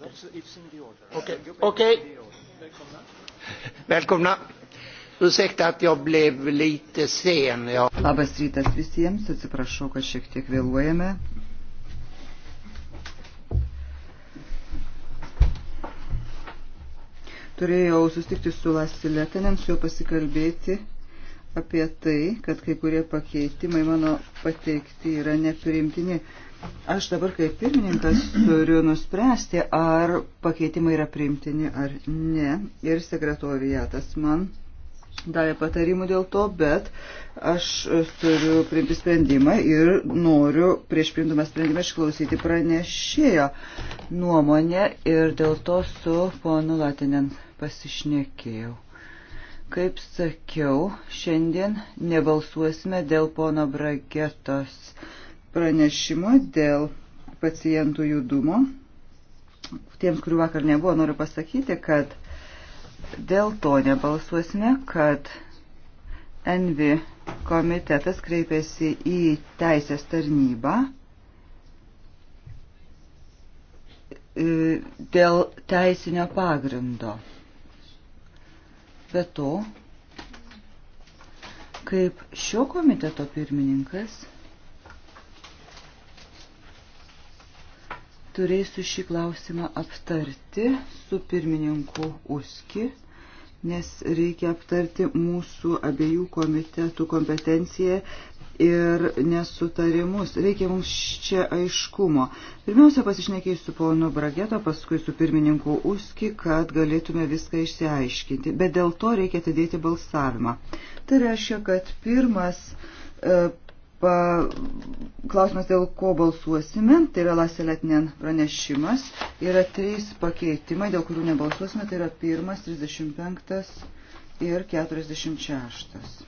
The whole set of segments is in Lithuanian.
Okej. Okay. Okay. Välkomna. Ursäkta att jag blev lite sen. Ja. Labas rytas visiems, atsiprašau, kad šiek tiek vėluojame. Turėjau sustikti su Lasiletinen, su juo pasikalbėti apie tai, kad kai kurie pakeitimai mano pateikti yra nepriimtini. Aš dabar kaip pirmininkas turiu nuspręsti, ar pakeitimai yra priimtini ar ne. Ir sekretorijatas man davė patarimų dėl to, bet aš turiu priimti sprendimą ir noriu prieš priimtumą sprendimą išklausyti pranešėjo nuomonę ir dėl to su ponu Latinen pasišnekėjau. Kaip sakiau, šiandien nebalsuosime dėl pono Bragetos pranešimo dėl pacientų judumo. Tiems, kurių vakar nebuvo, noriu pasakyti, kad dėl to nebalsuosime, kad Envi komitetas kreipėsi į teisės tarnybą e, dėl teisinio pagrindo. Be to, kaip šio komiteto pirmininkas, turėsiu šį klausimą aptarti su pirmininku Uski, nes reikia aptarti mūsų abiejų komitetų kompetenciją ir nesutarimus. Reikia mums čia aiškumo. Pirmiausia, pasišnekėjau su ponu Brageto, paskui su pirmininku Uski, kad galėtume viską išsiaiškinti. Bet dėl to reikia atidėti balsavimą. Tai reiškia, kad pirmas e, pa, klausimas, dėl ko balsuosime, tai yra Laseletnien pranešimas. Yra trys pakeitimai, dėl kurių nebalsuosime, tai yra pirmas, 35 ir 46.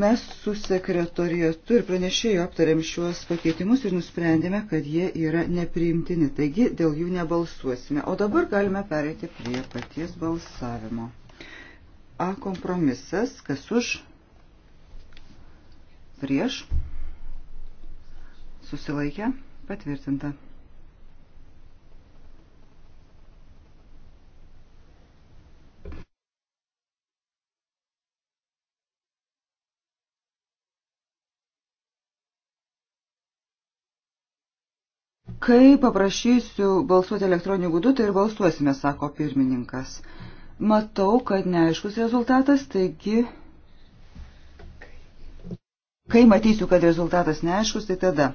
Mes su sekretorijatu ir pranešėju aptarėm šiuos pakeitimus ir nusprendėme, kad jie yra nepriimtini, taigi dėl jų nebalsuosime. O dabar galime pereiti prie paties balsavimo. A kompromisas, kas už, prieš, susilaikę, patvirtinta. Kai paprašysiu balsuoti elektroniniu būdu, tai ir balsuosime, sako pirmininkas matau, kad neaiškus rezultatas, taigi, kai matysiu, kad rezultatas neaiškus, tai tada.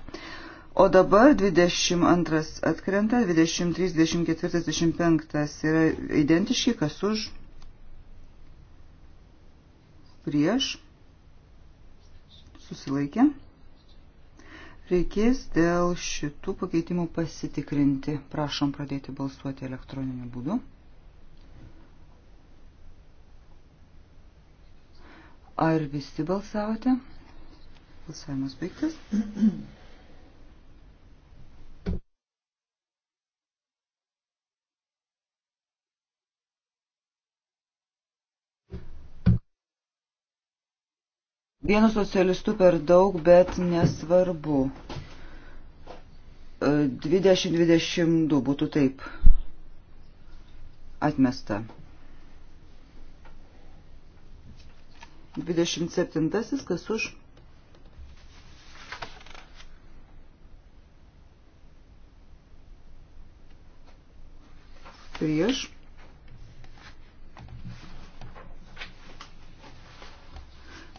O dabar 22 atkrenta, 23, 24, 25 yra identiški, kas už, prieš, susilaikė. Reikės dėl šitų pakeitimų pasitikrinti. Prašom pradėti balsuoti elektroniniu būdu. Ar visi balsavote? Balsavimas baigtas. Vienu socialistu per daug, bet nesvarbu. 20-22 būtų taip. Atmesta. 27. Kas už? Prieš.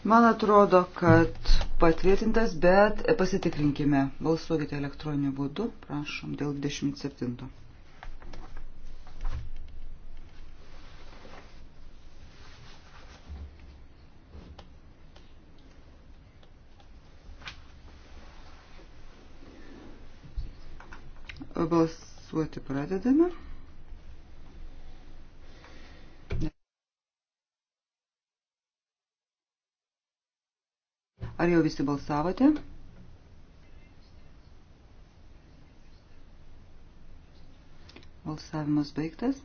Man atrodo, kad patvirtintas, bet pasitikrinkime. Balsuokite elektroniniu būdu, prašom, dėl 27. Balsuoti pradedame. Ar jau visi balsavote? Balsavimas baigtas.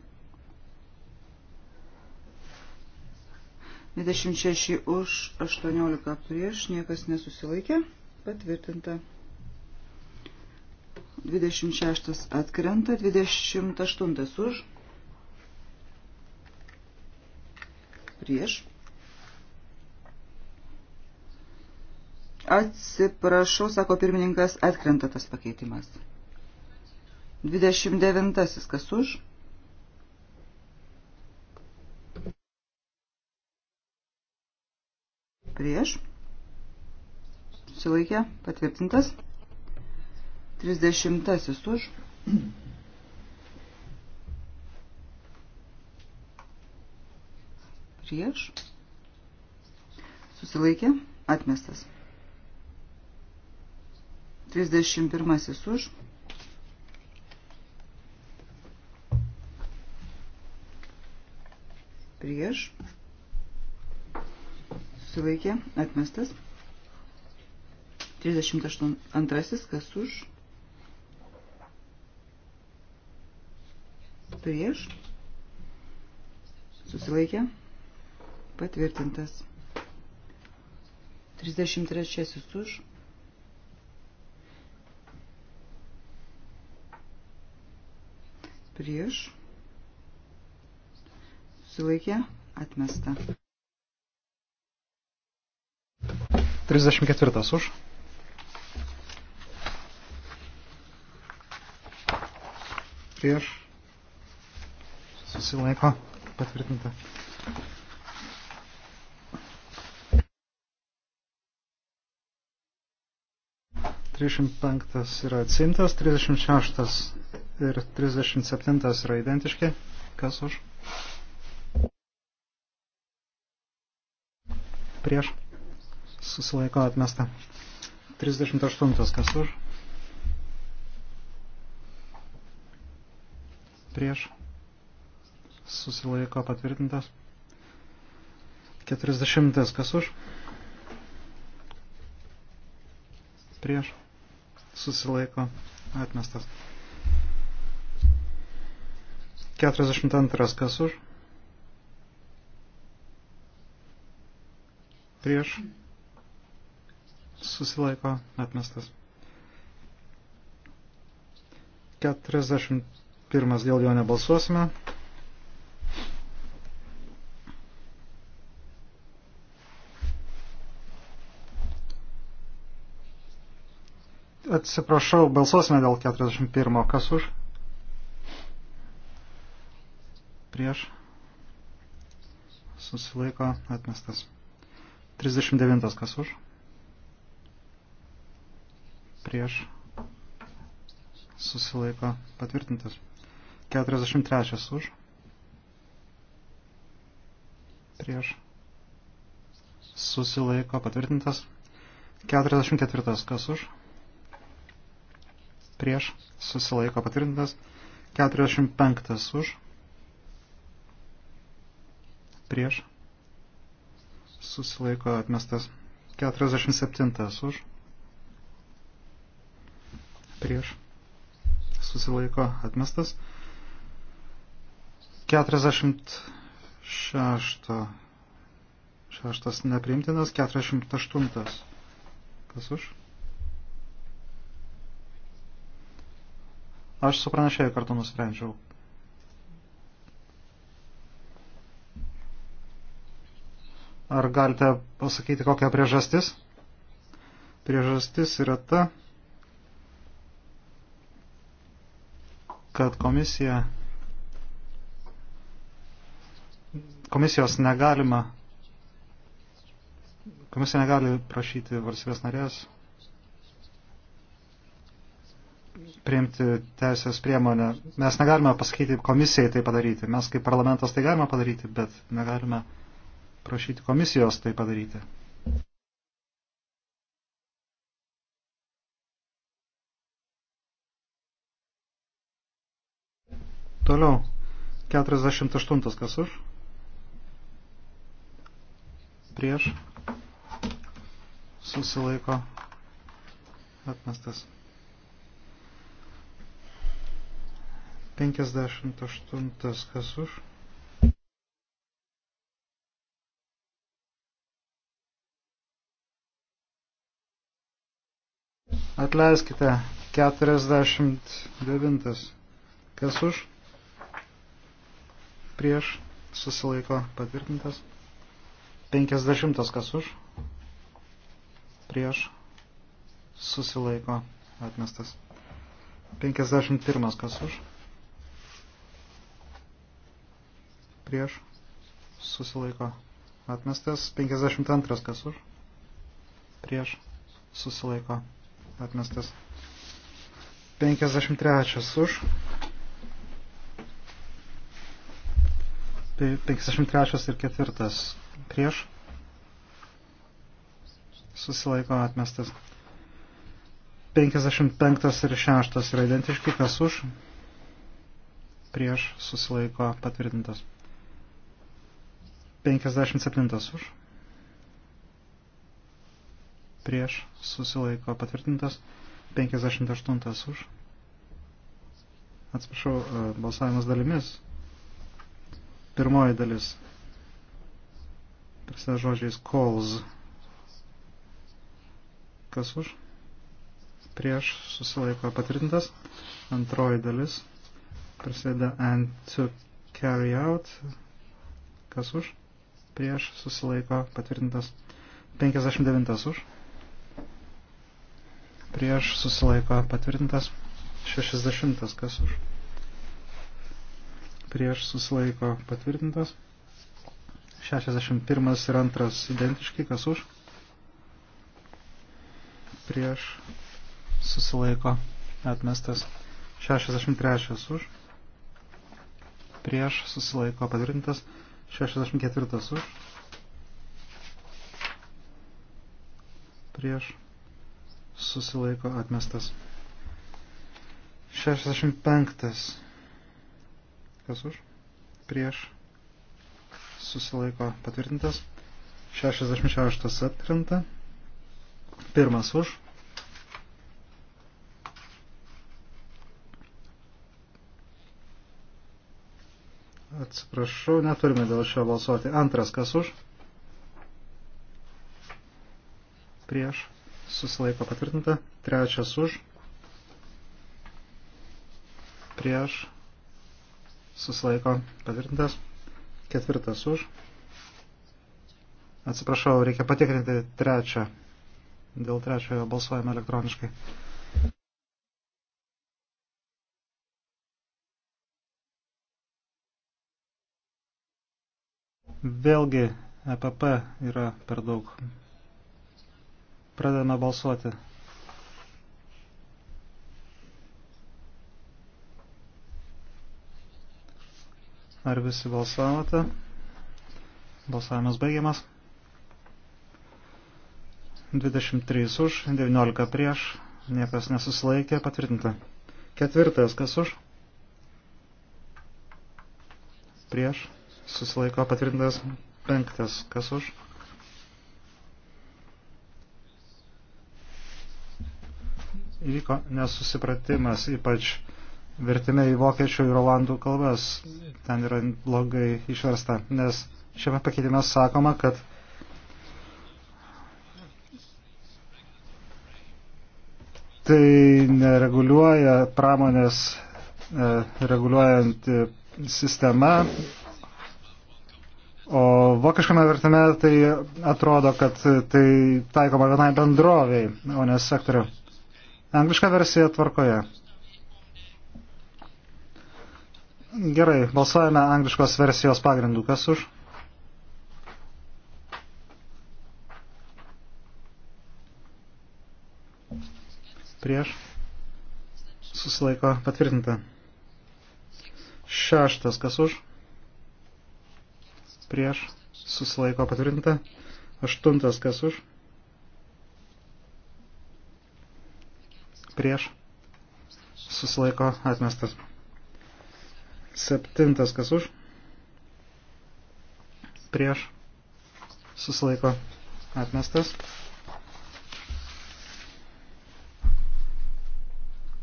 26 už, 18 prieš, niekas nesusilaikė, patvirtinta. 26 atkrenta, 28 už, prieš. Atsiprašau, sako pirmininkas, atkrenta tas pakeitimas. 29 kas už. Prieš. Susilaikė, patvirtintas. Trisdešimtasis už. Prieš. Susilaikė. Atmestas. Trisdešimt pirmasis už. Prieš. Susilaikė. Atmestas. 32. Kas už? prieš, susilaikė, patvirtintas. 33 už. Prieš. Susilaikė. Atmesta. 34 už. Prieš susilaiko patvirtinta. Trisdešimt penktas yra atsimtas, trisdešimt šeštas ir trisdešimt septintas yra identiški. Kas už? Prieš. Susilaiko atmesta. 38 kas už? Prieš susilaiko patvirtintas. 40 kas už. Prieš susilaiko atmestas. 42 kas už. Prieš susilaiko atmestas. 41 dėl jo nebalsuosime. Atsiprašau, balsuosime dėl 41. Kas už? Prieš. Susilaiko atmestas. 39. Kas už? Prieš. Susilaiko patvirtintas. 43. Už. Prieš. Susilaiko patvirtintas. 44. Kas už? prieš susilaiko patvirtintas, 45 už, prieš susilaiko atmestas, 47 už, prieš susilaiko atmestas, 46 šeštas nepriimtinas, 48 kas už Aš su pranešėjų kartu nusprendžiau. Ar galite pasakyti, kokia priežastis? Priežastis yra ta, kad komisija komisijos negalima komisija negali prašyti valstybės narės priimti teisės priemonę. Mes negalime pasakyti komisijai tai padaryti. Mes kaip parlamentas tai galime padaryti, bet negalime prašyti komisijos tai padaryti. Toliau. 48 kas už? Prieš. Susilaiko. Atmestas. 58 kas už. Atleiskite, 49 kas už. Prieš susilaiko patvirtintas. 50 kas už. Prieš susilaiko atmestas. 51 kas už prieš, susilaiko atmestas, 52 kas už, prieš, susilaiko atmestas, 53 už, 53 ir 4 prieš, susilaiko atmestas. 55 ir 6 yra identiški, kas už, prieš susilaiko patvirtintas. 57 už. Prieš susilaiko patvirtintas. 58 už. Atsiprašau, e, balsavimas dalimis. Pirmoji dalis. Prasideda žodžiais calls. Kas už? Prieš susilaiko patvirtintas. Antroji dalis. Prasideda and to carry out. Kas už? prieš susilaiko patvirtintas 59 už, prieš susilaiko patvirtintas 60 kas už, prieš susilaiko patvirtintas 61 ir 2 identiški kas už, prieš susilaiko atmestas 63 už, prieš susilaiko patvirtintas 61 64 už. Prieš. Susilaiko atmestas. 65. Kas už? Prieš. Susilaiko patvirtintas. 66 atkrinta. Pirmas už. atsiprašau, neturime dėl šio balsuoti. Antras, kas už? Prieš. Susilaiko patvirtinta. Trečias už. Prieš. Susilaiko patvirtintas. Ketvirtas už. Atsiprašau, reikia patikrinti trečią. Dėl trečiojo balsuojame elektroniškai. Vėlgi EPP yra per daug. Pradedame balsuoti. Ar visi balsavote? Balsavimas baigiamas. 23 už, 19 prieš, niekas nesusilaikė, patvirtinta. Ketvirtas, kas už? Prieš susilaiko patvirtintas penktas. Kas už? Įvyko nesusipratimas, ypač vertime į vokiečių ir olandų kalbas. Ten yra blogai išversta, nes šiame pakeitime sakoma, kad tai nereguliuoja pramonės e, reguliuojant e, sistema O vokiškame vertime tai atrodo, kad tai taikoma vienai bendroviai, o ne sektoriu. Angliška versija tvarkoje. Gerai, balsuojame angliškos versijos pagrindų. Kas už? Prieš. Susilaiko patvirtinta. Šeštas, kas už? prieš, susilaiko patvirtinta. Aštuntas kas už, prieš, susilaiko atmestas. Septintas kas už, prieš, susilaiko atmestas.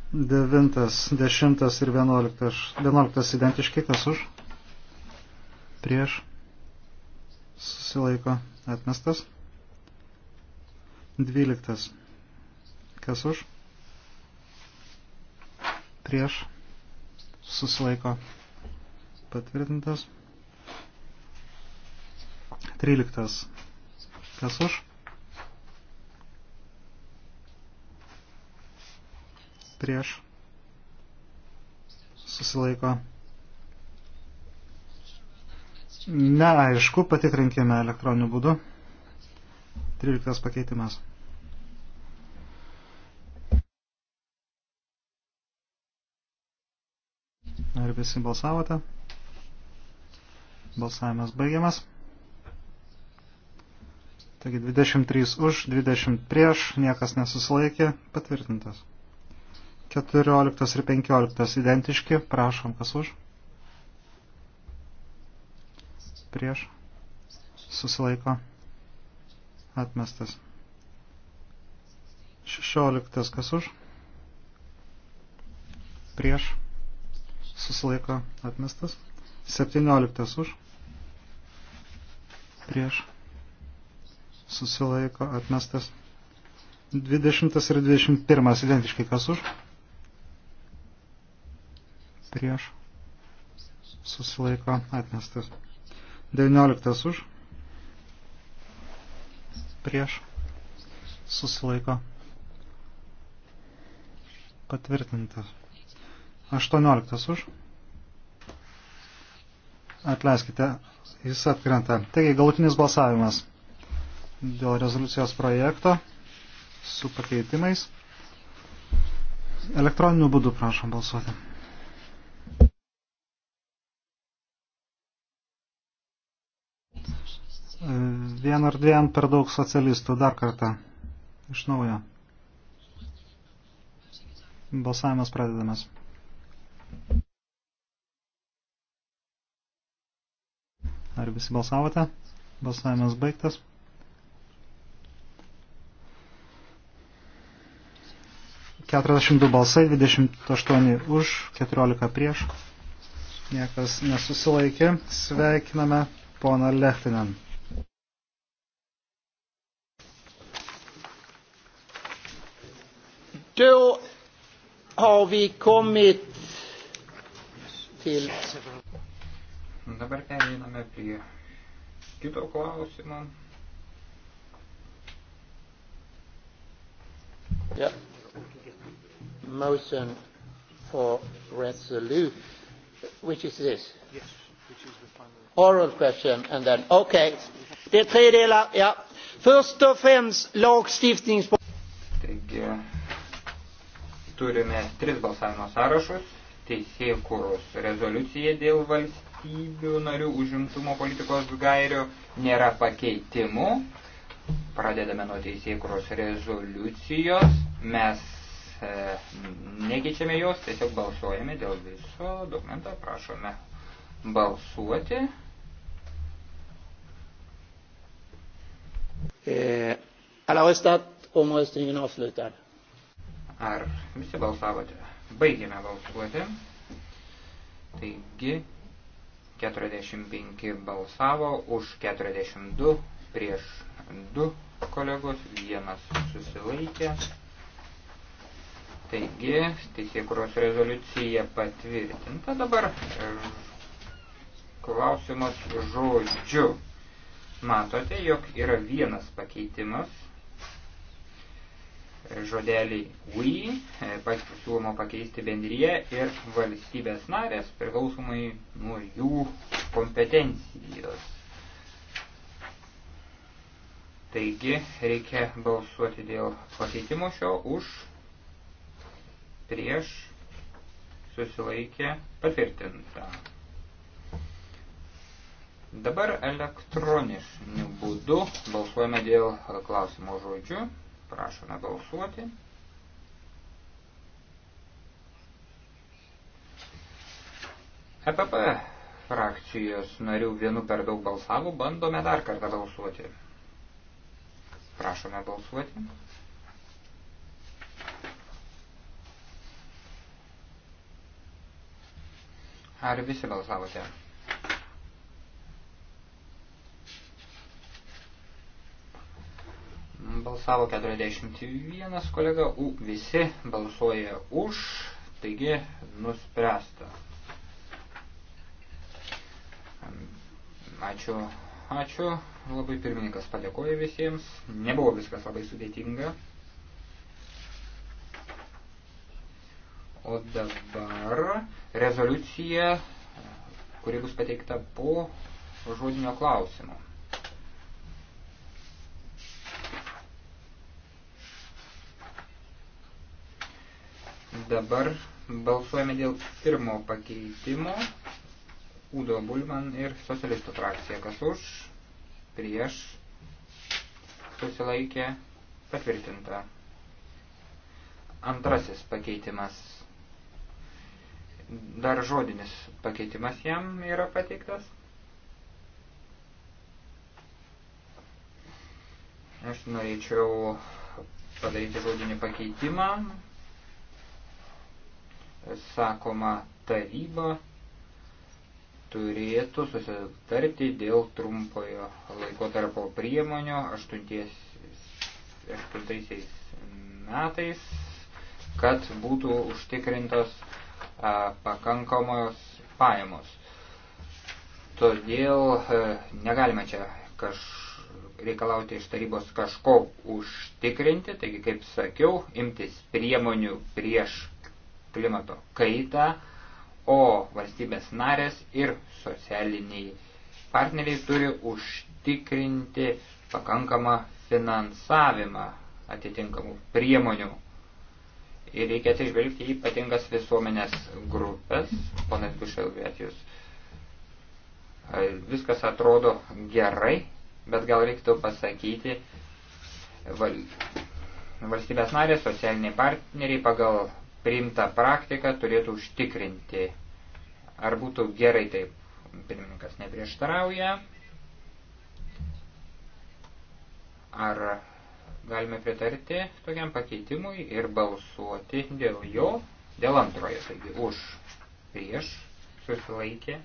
Devintas, dešimtas ir vienuoliktas, vienuoliktas identiškai kas už, prieš, susilaiko atmestas. 12. Kas už? Prieš susilaiko patvirtintas. 13. Kas už? Prieš susilaiko Neaišku, patikrinkime elektroniniu būdu. 13 pakeitimas. Ar visi balsavote? Balsavimas baigiamas. Taigi 23 už, 20 prieš, niekas nesusilaikė, patvirtintas. 14 ir 15 identiški, prašom kas už prieš, susilaiko, atmestas. 16 kas už, prieš, susilaiko, atmestas. 17 už, prieš, susilaiko, atmestas. 20 ir 21 identiškai kas už, prieš, susilaiko, atmestas. 19 už. Prieš. Susilaiko. Patvirtinta. 18 už. Atleiskite, jis atkrenta. Taigi, galutinis balsavimas dėl rezoliucijos projekto su pakeitimais. Elektroniniu būdu prašom balsuoti. Vien ar dviem per daug socialistų. Dar kartą. Iš naujo. Balsavimas pradedamas. Ar visi balsavote? Balsavimas baigtas. Keturiasdešimt du balsai, dvidešimt aštuoni už, keturiolika prieš. Niekas nesusilaikė. Sveikiname poną Lechtinen. Då har vi kommit till... Dabar pereiname prie kito klausimo. Yeah. Motion for resolution. Which is this? Yes. Which is the final. Oral question and then okay. Det är tre delar. Ja. Först och främst lagstiftnings... Taigi, turime tris balsavimo sąrašus, teisėjų kūros rezoliucija dėl valstybių narių užimtumo politikos gairių nėra pakeitimų. Pradedame nuo teisėjų kūros rezoliucijos. Mes e, nekeičiame jos, tiesiog balsuojame dėl viso dokumento, prašome balsuoti. Eh, alla röstat, omröstningen avslutad. Ar visi balsavote? Baigėme balsuoti. Taigi, 45 balsavo už 42 prieš 2 kolegos, vienas susilaikė. Taigi, teisėkuros rezoliucija patvirtinta dabar klausimas žodžiu. Matote, jog yra vienas pakeitimas žodeliai we, e, siūloma pakeisti bendryje ir valstybės narės priklausomai nuo jų kompetencijos. Taigi reikia balsuoti dėl pakeitimo šio už, prieš, susilaikė, patvirtinta. Dabar elektroniniu būdu balsuojame dėl klausimo žodžių. Prašome balsuoti. EPP frakcijos narių vienu per daug balsavo, bandome dar kartą balsuoti. Prašome balsuoti. Ar visi balsavote? balsavo 41 kolega, U visi balsuoja už, taigi nuspręsta. Ačiū, ačiū, labai pirmininkas padėkoja visiems, nebuvo viskas labai sudėtinga. O dabar rezoliucija, kuri bus pateikta po žodinio klausimo. Dabar balsuojame dėl pirmo pakeitimo. Udo Bulman ir socialistų frakcija. Kas už, prieš, susilaikė, patvirtinta. Antrasis pakeitimas. Dar žodinis pakeitimas jam yra pateiktas. Aš norėčiau padaryti žodinį pakeitimą sakoma, taryba turėtų susitarti dėl trumpojo laikotarpo priemonių 8 metais, kad būtų užtikrintos a, pakankamos pajamos. Todėl a, negalime čia kaž, reikalauti iš tarybos kažko užtikrinti, taigi kaip sakiau, imtis priemonių prieš klimato kaitą, o valstybės narės ir socialiniai partneriai turi užtikrinti pakankamą finansavimą atitinkamų priemonių. Ir reikia atsižvelgti į ypatingas visuomenės grupės, ponas Bušelvietijus. Viskas atrodo gerai, bet gal reiktų pasakyti, val, valstybės narės, socialiniai partneriai pagal priimta praktika turėtų užtikrinti. Ar būtų gerai taip? Pirmininkas neprieštarauja. Ar galime pritarti tokiam pakeitimui ir balsuoti dėl jo, dėl antrojo, taigi už, prieš, susilaikė,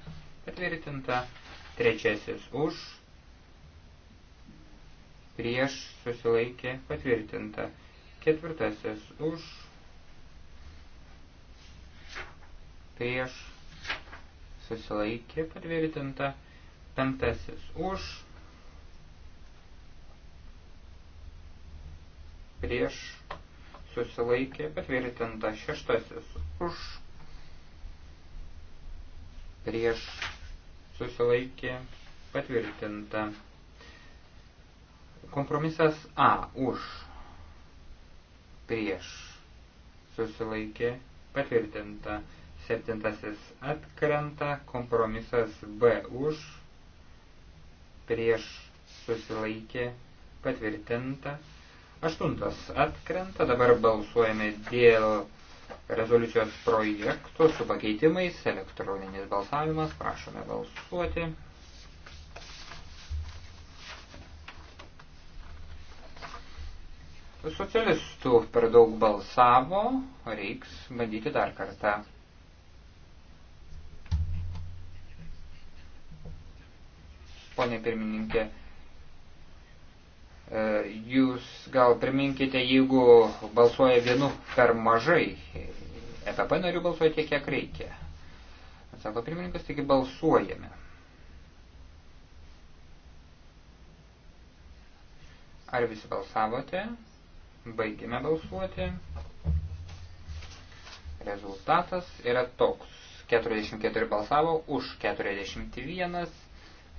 patvirtinta, trečiasis už, prieš, susilaikė, patvirtinta, ketvirtasis už, prieš susilaikė patvirtinta, penktasis už, prieš susilaikė patvirtinta, šeštasis už, prieš susilaikė patvirtinta. Kompromisas A už prieš susilaikė patvirtinta. Septintasis atkrenta, kompromisas B už, prieš susilaikė, patvirtinta. Aštuntas atkrenta, dabar balsuojame dėl rezoliucijos projektų su pakeitimais, elektroninis balsavimas, prašome balsuoti. Socialistų per daug balsavo, reiks bandyti dar kartą. ponė pirmininkė. E, jūs gal priminkite, jeigu balsuoja vienu per mažai, EPP narių balsuoja tiek, kiek reikia. Sako pirmininkas, taigi balsuojame. Ar visi balsavote? Baigėme balsuoti. Rezultatas yra toks. 44 balsavo už 41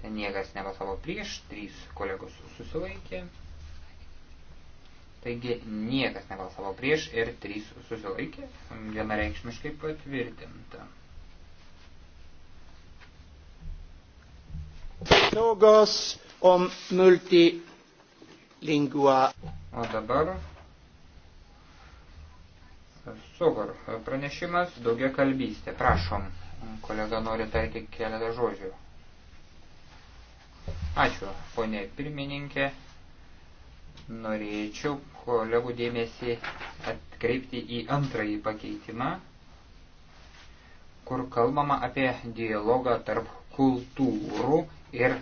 Niekas nebalsavo prieš, trys kolegos susilaikė. Taigi niekas nebalsavo prieš ir trys susilaikė, vienareikšmiškai patvirtinta. Saugos om multilingua. O dabar Sugor pranešimas daugia kalbystė. Prašom, kolega nori tarti keletą žodžių. Ačiū, ponė pirmininkė. Norėčiau kolegų dėmesį atkreipti į antrąjį pakeitimą, kur kalbama apie dialogą tarp kultūrų ir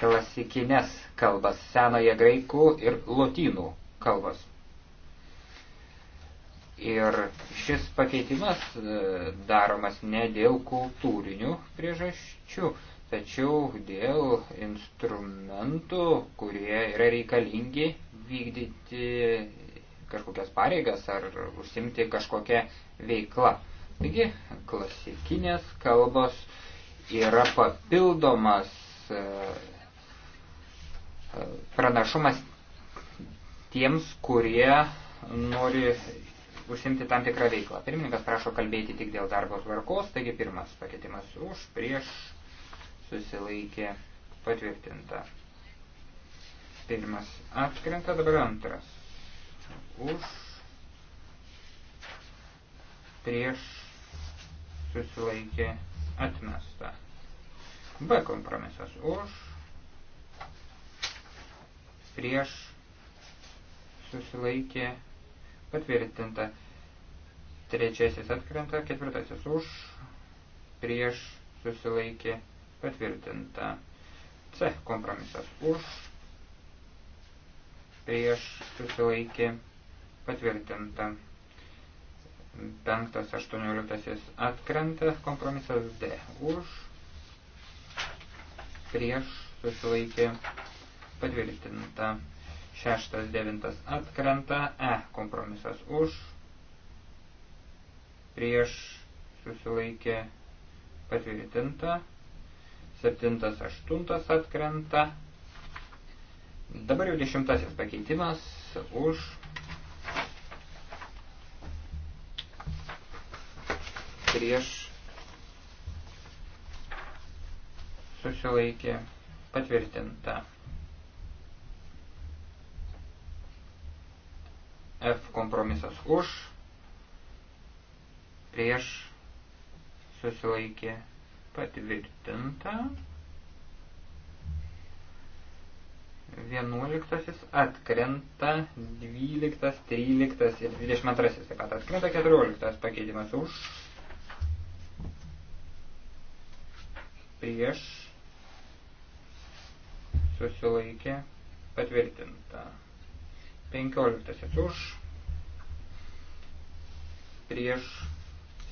klasikinės kalbas, senoje graikų ir lotynų kalbas. Ir šis pakeitimas e, daromas ne dėl kultūrinių priežasčių, Tačiau dėl instrumentų, kurie yra reikalingi vykdyti kažkokias pareigas ar užsimti kažkokią veiklą. Taigi, klasikinės kalbos yra papildomas e, e, pranašumas tiems, kurie nori užsimti tam tikrą veiklą. Pirmininkas prašo kalbėti tik dėl darbo tvarkos, taigi pirmas pakeitimas už, prieš susilaikė patvirtinta. Pirmas atkrenta, dabar antras. Už, prieš, susilaikė atmesta. B kompromisas už, prieš, susilaikė patvirtinta. Trečiasis atkrenta, ketvirtasis už, prieš, susilaikė patvirtinta. C kompromisas už, prieš susilaikė patvirtinta. Penktas aštuonioliktasis atkrenta kompromisas D už, prieš susilaikė patvirtinta. Šeštas devintas atkrenta E kompromisas už, prieš susilaikė patvirtinta septintas, aštuntas atkrenta. Dabar jau dešimtasis pakeitimas už prieš susilaikė patvirtinta. F kompromisas už, prieš susilaikė patvirtinta patvirtinta. Vienuoliktasis atkrenta, dvyliktas, tryliktas ir dvidešimt antrasis, kad atkrenta keturioliktas pakeitimas už, prieš, susilaikė, patvirtinta. Penkioliktasis už, prieš,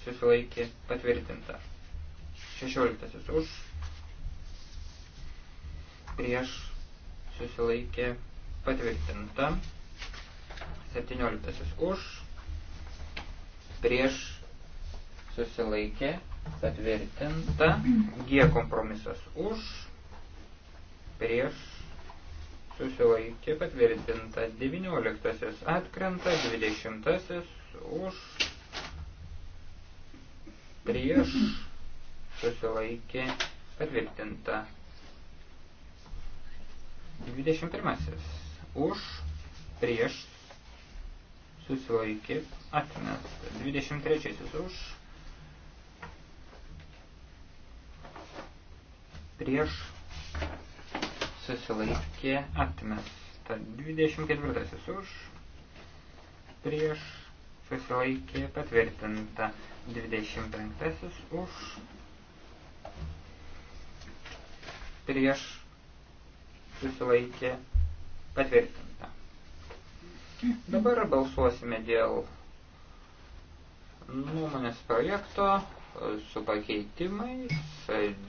susilaikė, patvirtinta. Šešioliktasis už, prieš susilaikė patvirtinta. Septynioliktasis už, prieš susilaikė patvirtinta. G kompromisas už, prieš susilaikė patvirtinta. Devynioliktasis atkrenta, dvidešimtasis už, prieš. Mm -hmm susilaikė patvirtinta. 21. Už, prieš, susilaikė, atmesta. 23. Už, prieš, susilaikė, atmesta. 24. Už, prieš, susilaikė, patvirtinta. 25. Už, prieš susilaikė patvirtinta. Dabar balsuosime dėl nuomonės projekto su pakeitimais.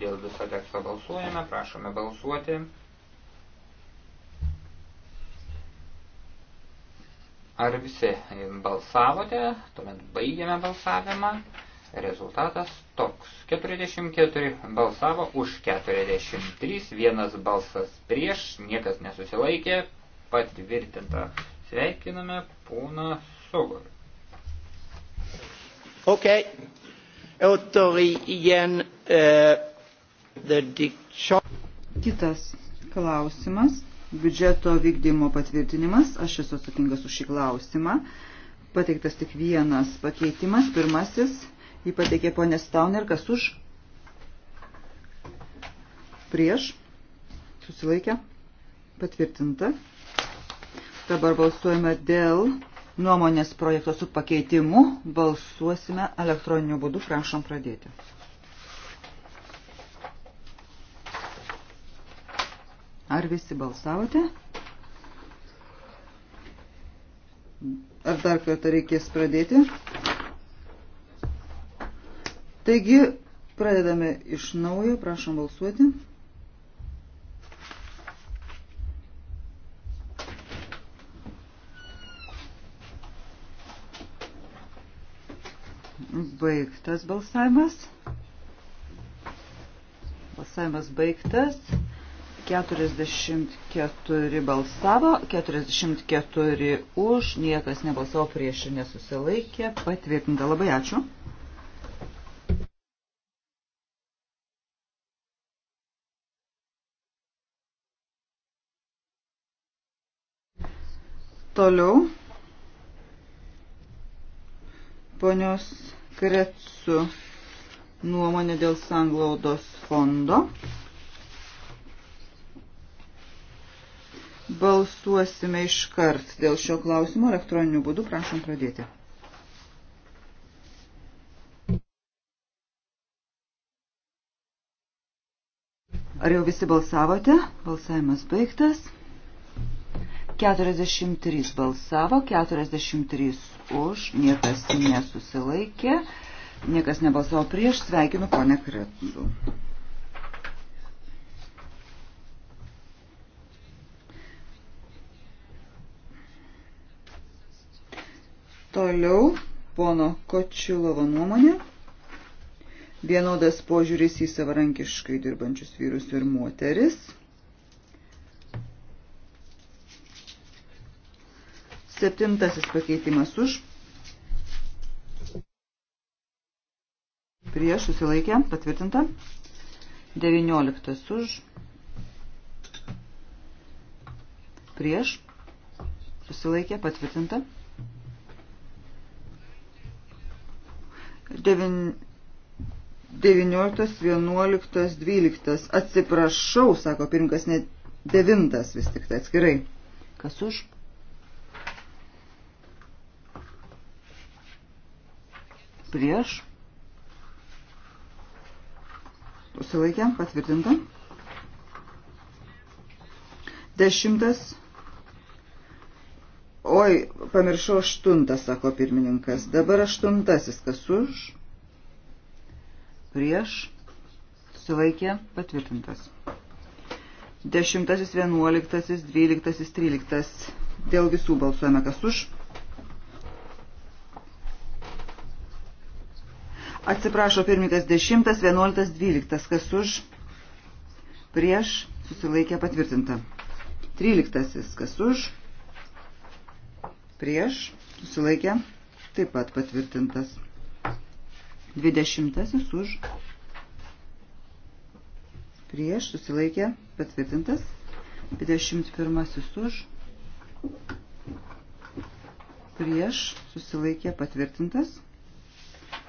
Dėl viso teksto balsuojame, prašome balsuoti. Ar visi balsavote? Tuomet baigiame balsavimą. Rezultatas toks. 44 balsavo už 43, vienas balsas prieš, niekas nesusilaikė, patvirtinta. Sveikiname pūną Sugor. Okej. Okay. Återigen uh, eh, the diction. Kitas klausimas. Biudžeto vykdymo patvirtinimas. Aš esu atsakingas už šį klausimą. Pateiktas tik vienas pakeitimas. Pirmasis Jį pateikė ponė Stauner, kas už, prieš, susilaikė, patvirtinta. Dabar balsuojame dėl nuomonės projekto su pakeitimu. Balsuosime elektroniniu būdu, prašom pradėti. Ar visi balsavote? Ar dar kartą reikės pradėti? Taigi, pradedame iš naujo, prašom balsuoti. Baigtas balsavimas. Balsavimas baigtas. 44 balsavo, 44 už, niekas nebalsavo prieš ir nesusilaikė. Patvirtinta, labai ačiū. Toliau. Ponios Kretsu nuomonė dėl sanglaudos fondo. Balsuosime iškart dėl šio klausimo elektroniniu būdu. Prašom pradėti. Ar jau visi balsavote? Balsavimas baigtas. 43 balsavo, 43 už, niekas nesusilaikė, niekas nebalsavo prieš, sveikinu ponę Kretų. Toliau pono Kočiulovo nuomonė. Vienodas požiūris į savarankiškai dirbančius vyrus ir moteris. Septintasis pakeitimas už. Prieš susilaikę, patvirtinta. Devynioliktas už. Prieš susilaikė, patvirtinta. Devin... 19, 11, 12. Atsiprašau, sako pirmkas, ne 9 vis tik tai atskirai. Kas už? prieš, susilaikė, patvirtinta. Dešimtas, oi, pamiršau aštuntas, sako pirmininkas, dabar aštuntasis, kas už, prieš, susilaikė, patvirtintas. Dešimtasis, vienuoliktasis, dvyliktasis, tryliktas, dėl visų balsuojame, kas už, Atsiprašo pirmininkas 10, 11, 12. Kas už? Prieš susilaikė patvirtinta. 13. Kas už? Prieš susilaikė taip pat patvirtintas. 20. Už. Prieš susilaikė patvirtintas. 21. Už. Prieš susilaikė patvirtintas.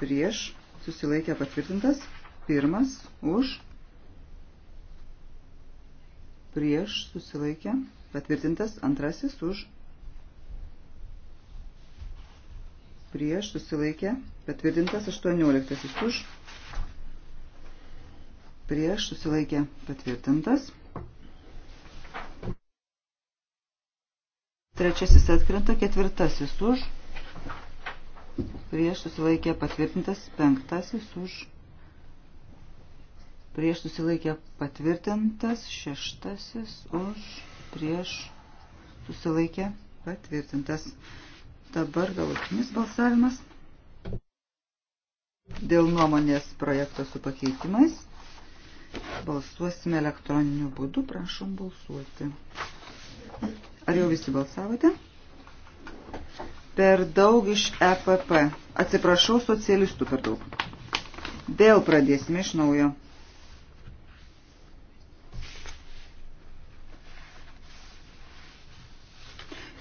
prieš, susilaikė patvirtintas, pirmas už, prieš, susilaikė patvirtintas, antrasis už, prieš, susilaikė patvirtintas, aštuonioliktasis už, prieš, susilaikė patvirtintas. Trečiasis atkrenta, ketvirtasis už, prieš susilaikė patvirtintas, penktasis už, prieš susilaikė patvirtintas, šeštasis už, prieš susilaikė patvirtintas. Dabar galutinis balsavimas dėl nuomonės projekto su pakeitimais. Balsuosime elektroniniu būdu, prašom balsuoti. Ar jau visi balsavote? per daug iš EPP. Atsiprašau, socialistų per daug. Vėl pradėsime iš naujo.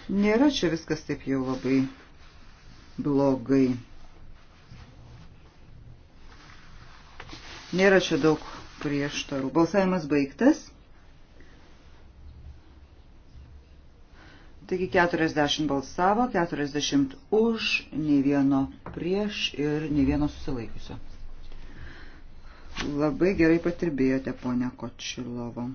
Nėra čia viskas taip jau labai blogai. Nėra čia daug prieštarų. Balsavimas baigtas. Taigi 40 balsavo, 40 už, nei vieno prieš ir nei vieno susilaikiusio. Labai gerai patirbėjote, ponia Kočilovo.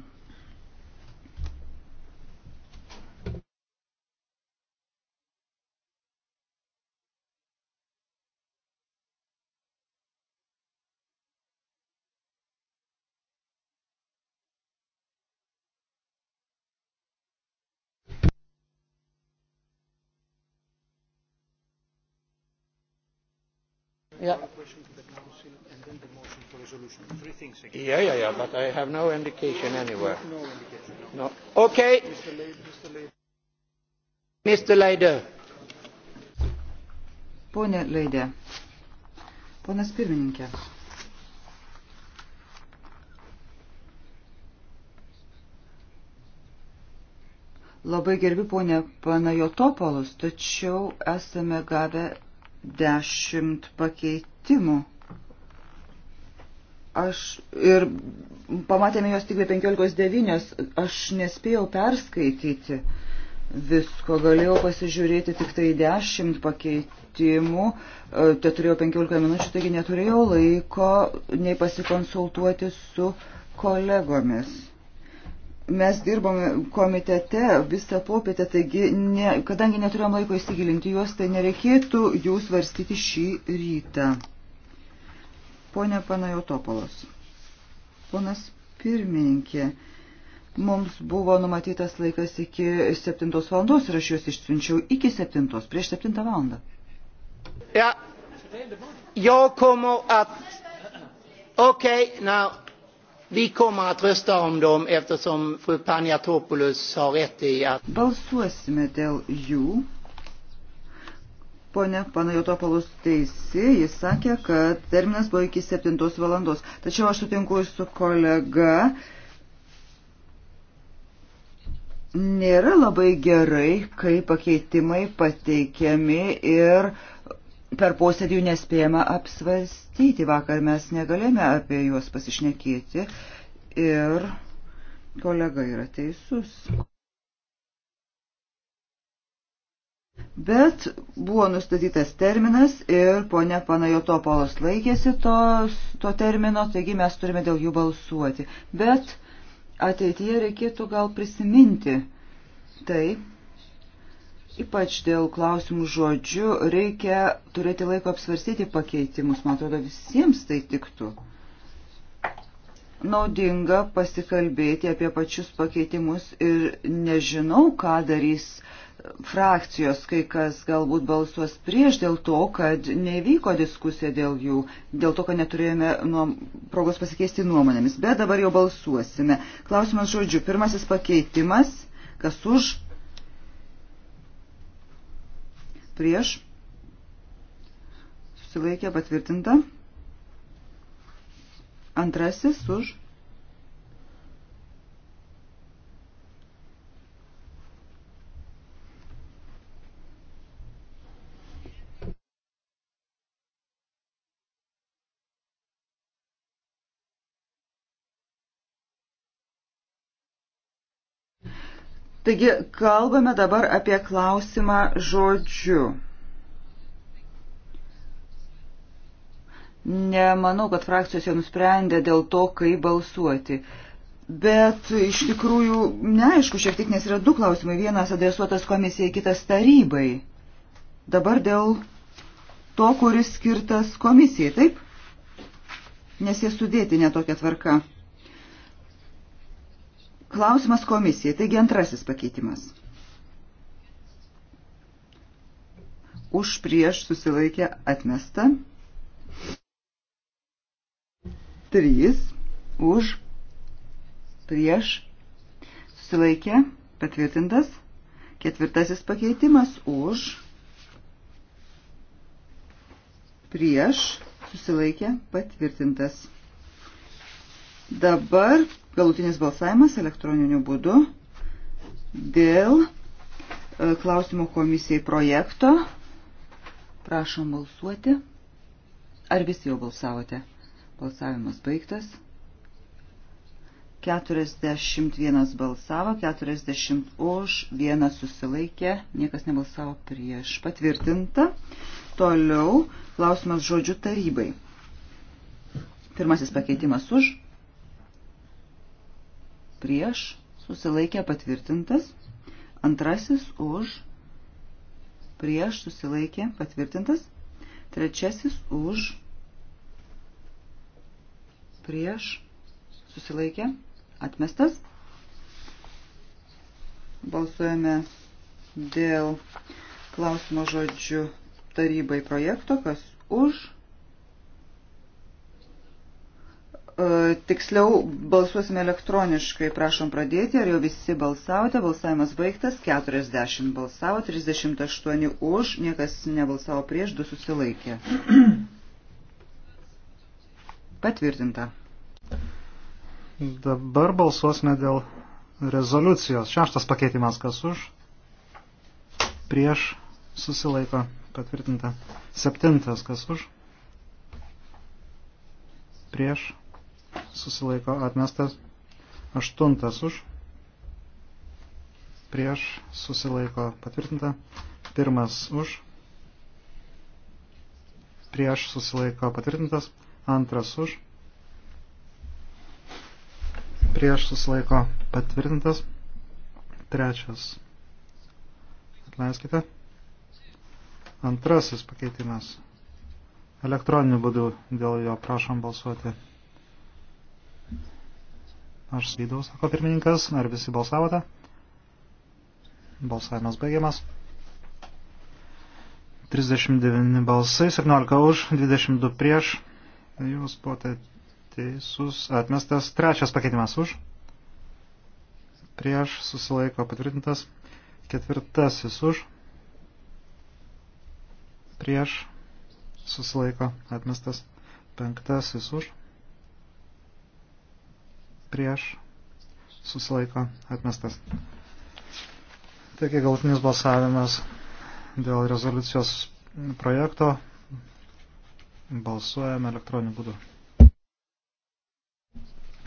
yeah. Yeah, yeah, yeah, but I have no indication anywhere. No, no indication. No. no. Okay. Mr. Leide. Pone Leide. Ponas pirmininkė. Labai gerbi ponė Panajotopolus, tačiau esame gavę dešimt pakeitimų. Aš ir pamatėme jos tik be 15.9, aš nespėjau perskaityti visko, galėjau pasižiūrėti tik tai 10 pakeitimų, e, te turėjau 15 minučių, taigi neturėjau laiko nei pasikonsultuoti su kolegomis mes dirbome komitete visą popietę, taigi ne, kadangi neturėjom laiko įsigilinti juos, tai nereikėtų jų svarstyti šį rytą. Pone Panajotopolos, ponas pirmininkė, mums buvo numatytas laikas iki 7 valandos ir aš juos išsiunčiau iki 7, prieš 7 valandą. Ja, jo komo at. Okay, now Vi kommer att rösta om dem eftersom fru Paniatopoulos har rätt i att... Balsuosime dėl jų. Pone Panajotopoulos teisė, jis sakė, kad terminas buvo iki 7 valandos. Tačiau aš sutinku su kolega, nėra labai gerai, kai pakeitimai pateikiami ir uh, per posėdį jų nespėjama apsvarstyti. Vakar mes negalėjome apie juos pasišnekėti ir kolega yra teisus. Bet buvo nustatytas terminas ir ponia Panajotopolos laikėsi to, to termino, taigi mes turime dėl jų balsuoti. Bet ateityje reikėtų gal prisiminti tai, Ypač dėl klausimų žodžių reikia turėti laiko apsvarstyti pakeitimus. Man atrodo, visiems tai tiktų. Naudinga pasikalbėti apie pačius pakeitimus ir nežinau, ką darys frakcijos, kai kas galbūt balsuos prieš dėl to, kad nevyko diskusija dėl jų, dėl to, kad neturėjome nuom, progos pasikeisti nuomonėmis. Bet dabar jau balsuosime. Klausimas žodžiu. Pirmasis pakeitimas. Kas už? prieš, susilaikė patvirtinta, antrasis už, Taigi kalbame dabar apie klausimą žodžiu. Nemanau, kad frakcijos jau nusprendė dėl to, kaip balsuoti. Bet iš tikrųjų neaišku šiek tiek, nes yra du klausimai. Vienas adresuotas komisijai, kitas tarybai. Dabar dėl to, kuris skirtas komisijai, taip? Nes jie sudėti netokia tvarka. Klausimas komisijai. Taigi antrasis pakeitimas. Už prieš susilaikė atmesta. Trys. Už prieš susilaikė patvirtintas. Ketvirtasis pakeitimas už prieš susilaikė patvirtintas. Dabar galutinis balsavimas elektroniniu būdu dėl e, klausimo komisijai projekto. Prašom balsuoti. Ar visi jau balsavote? Balsavimas baigtas. 41 balsavo, 40 už, vienas susilaikė, niekas nebalsavo prieš. Patvirtinta. Toliau klausimas žodžių tarybai. Pirmasis pakeitimas už, prieš, susilaikė patvirtintas. Antrasis už, prieš, susilaikė patvirtintas. Trečiasis už, prieš, susilaikė atmestas. Balsuojame dėl klausimo žodžių tarybai projekto, kas už, E, tiksliau balsuosime elektroniškai, prašom pradėti, ar jau visi balsavote, balsavimas baigtas, 40 balsavo, 38 už, niekas nebalsavo prieš, 2 susilaikė. Patvirtinta. Dabar balsuosime dėl rezoliucijos. Šeštas pakeitimas, kas už, prieš, susilaiko, patvirtinta. Septintas, kas už, prieš, susilaiko atmestas. Aštuntas už, prieš, susilaiko patvirtinta. Pirmas už, prieš, susilaiko patvirtintas. Antras už, prieš, susilaiko patvirtintas. Trečias. Atleiskite. Antrasis pakeitimas. Elektroniniu būdu dėl jo prašom balsuoti. Aš slydau, sako pirmininkas. Ar visi balsavote? Balsavimas baigiamas. 39 balsai, 17 už, 22 prieš. Jūs buvote teisus. Atmestas trečias pakeitimas už. Prieš susilaiko patvirtintas. Ketvirtasis už. Prieš susilaiko atmestas. Penktasis už prieš, susilaiko, atmestas. Taigi galutinis balsavimas dėl rezoliucijos projekto balsuojame elektroniniu būdu.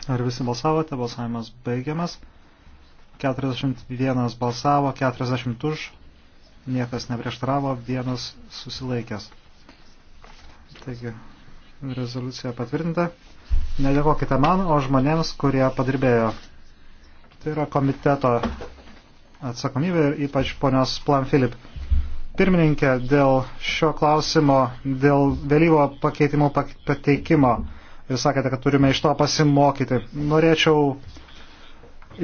Ar visi balsavote? Balsavimas baigiamas. 41 balsavo, 40 už, niekas neprieštaravo, vienas susilaikęs. Taigi, rezoliucija patvirtinta. Nedėkokite man, o žmonėms, kurie padirbėjo. Tai yra komiteto atsakomybė ir ypač ponios Plan Filip. Pirmininkė, dėl šio klausimo, dėl vėlyvo pakeitimo pateikimo, jūs sakėte, kad turime iš to pasimokyti. Norėčiau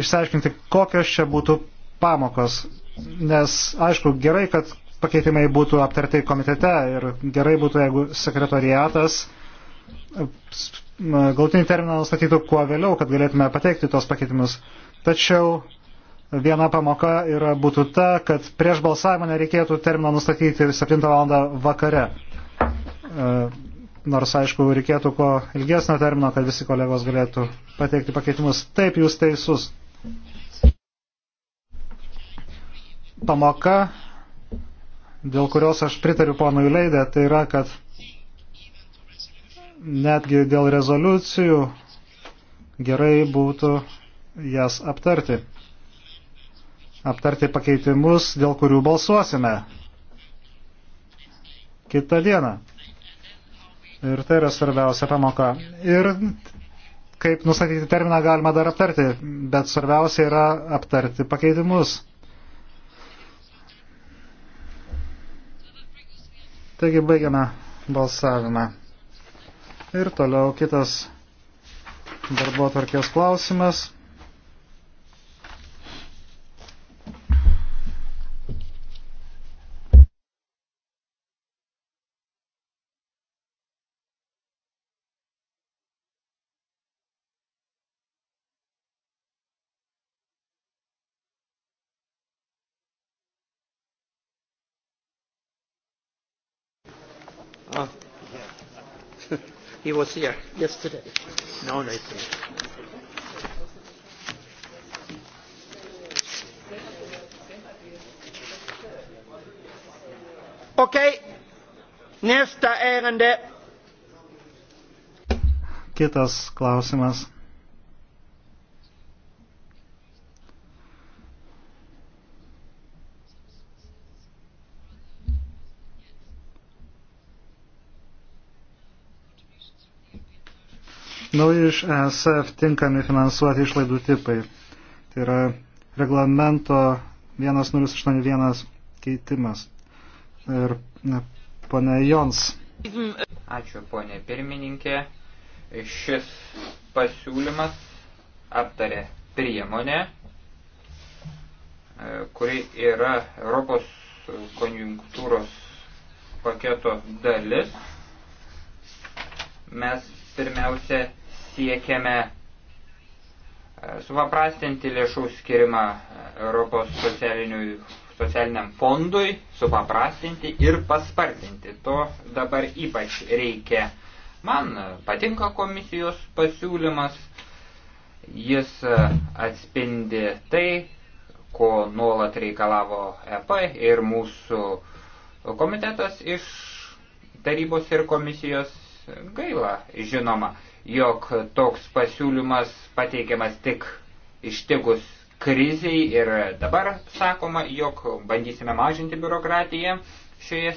išsiaiškinti, kokios čia būtų pamokos, nes aišku, gerai, kad pakeitimai būtų aptartai komitete ir gerai būtų, jeigu sekretariatas Gautinį terminą nustatytų kuo vėliau, kad galėtume pateikti tos pakeitimus. Tačiau viena pamoka yra būtų ta, kad prieš balsavimą nereikėtų terminą nustatyti 7 val. vakare. E, nors, aišku, reikėtų ko ilgesnio termino, kad visi kolegos galėtų pateikti pakeitimus. Taip, jūs teisus. Pamoka, dėl kurios aš pritariu ponui Leidė, tai yra, kad netgi dėl rezoliucijų gerai būtų jas aptarti. Aptarti pakeitimus, dėl kurių balsuosime kitą dieną. Ir tai yra svarbiausia pamoka. Ir kaip nustatyti terminą galima dar aptarti, bet svarbiausia yra aptarti pakeitimus. Taigi baigiame balsavimą. Ir toliau kitas darbo tvarkės klausimas. He was here yesterday. No, no, it's here. Okei, okay. nästa ärende. Kitas klausimas. Nauji iš ESF tinkami finansuoti išlaidų tipai. Tai yra reglamento 1081 keitimas. Ir ponė Jons. Ačiū ponė pirmininkė. Šis pasiūlymas aptarė priemonę, e, kuri yra Europos konjunktūros paketo dalis. Mes pirmiausia siekiame e, supaprastinti lėšų skirimą e, Europos socialiniam fondui, supaprastinti ir paspartinti. To dabar ypač reikia. Man patinka komisijos pasiūlymas, jis e, atspindi tai, ko nuolat reikalavo EP ir mūsų komitetas iš tarybos ir komisijos gaila, žinoma, jog toks pasiūlymas pateikiamas tik ištikus kriziai ir dabar sakoma, jog bandysime mažinti biurokratiją šioje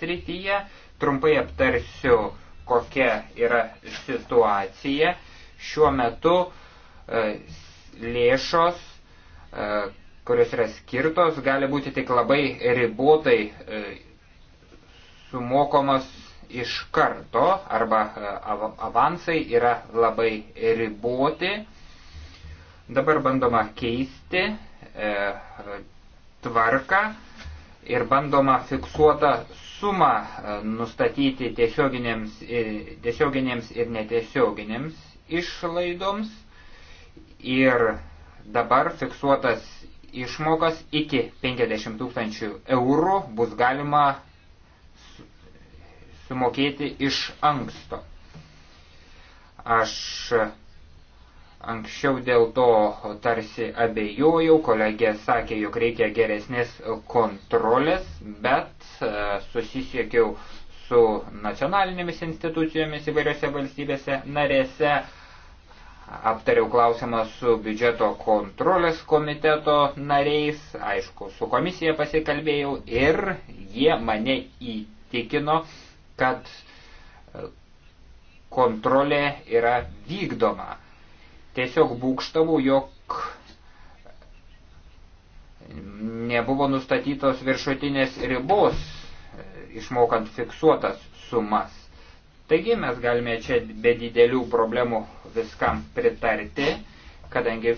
srityje. Trumpai aptarsiu, kokia yra situacija. Šiuo metu e, lėšos, e, kurios yra skirtos, gali būti tik labai ribotai e, sumokomas iš karto arba e, avansai yra labai riboti. Dabar bandoma keisti e, tvarką ir bandoma fiksuotą sumą e, nustatyti tiesioginėms, e, tiesioginėms ir netiesioginėms išlaidoms ir dabar fiksuotas išmokas iki 50 tūkstančių eurų bus galima sumokėti iš anksto. Aš anksčiau dėl to tarsi abejojau, kolegė sakė, jog reikia geresnės kontrolės, bet e, susisiekiau su nacionalinėmis institucijomis įvairiose valstybėse narėse, aptariau klausimą su biudžeto kontrolės komiteto nariais, aišku, su komisija pasikalbėjau ir jie mane įtikino, kad e, kontrolė yra vykdoma. Tiesiog būkštavau, jog nebuvo nustatytos viršutinės ribos, e, išmokant fiksuotas sumas. Taigi mes galime čia be didelių problemų viskam pritarti, kadangi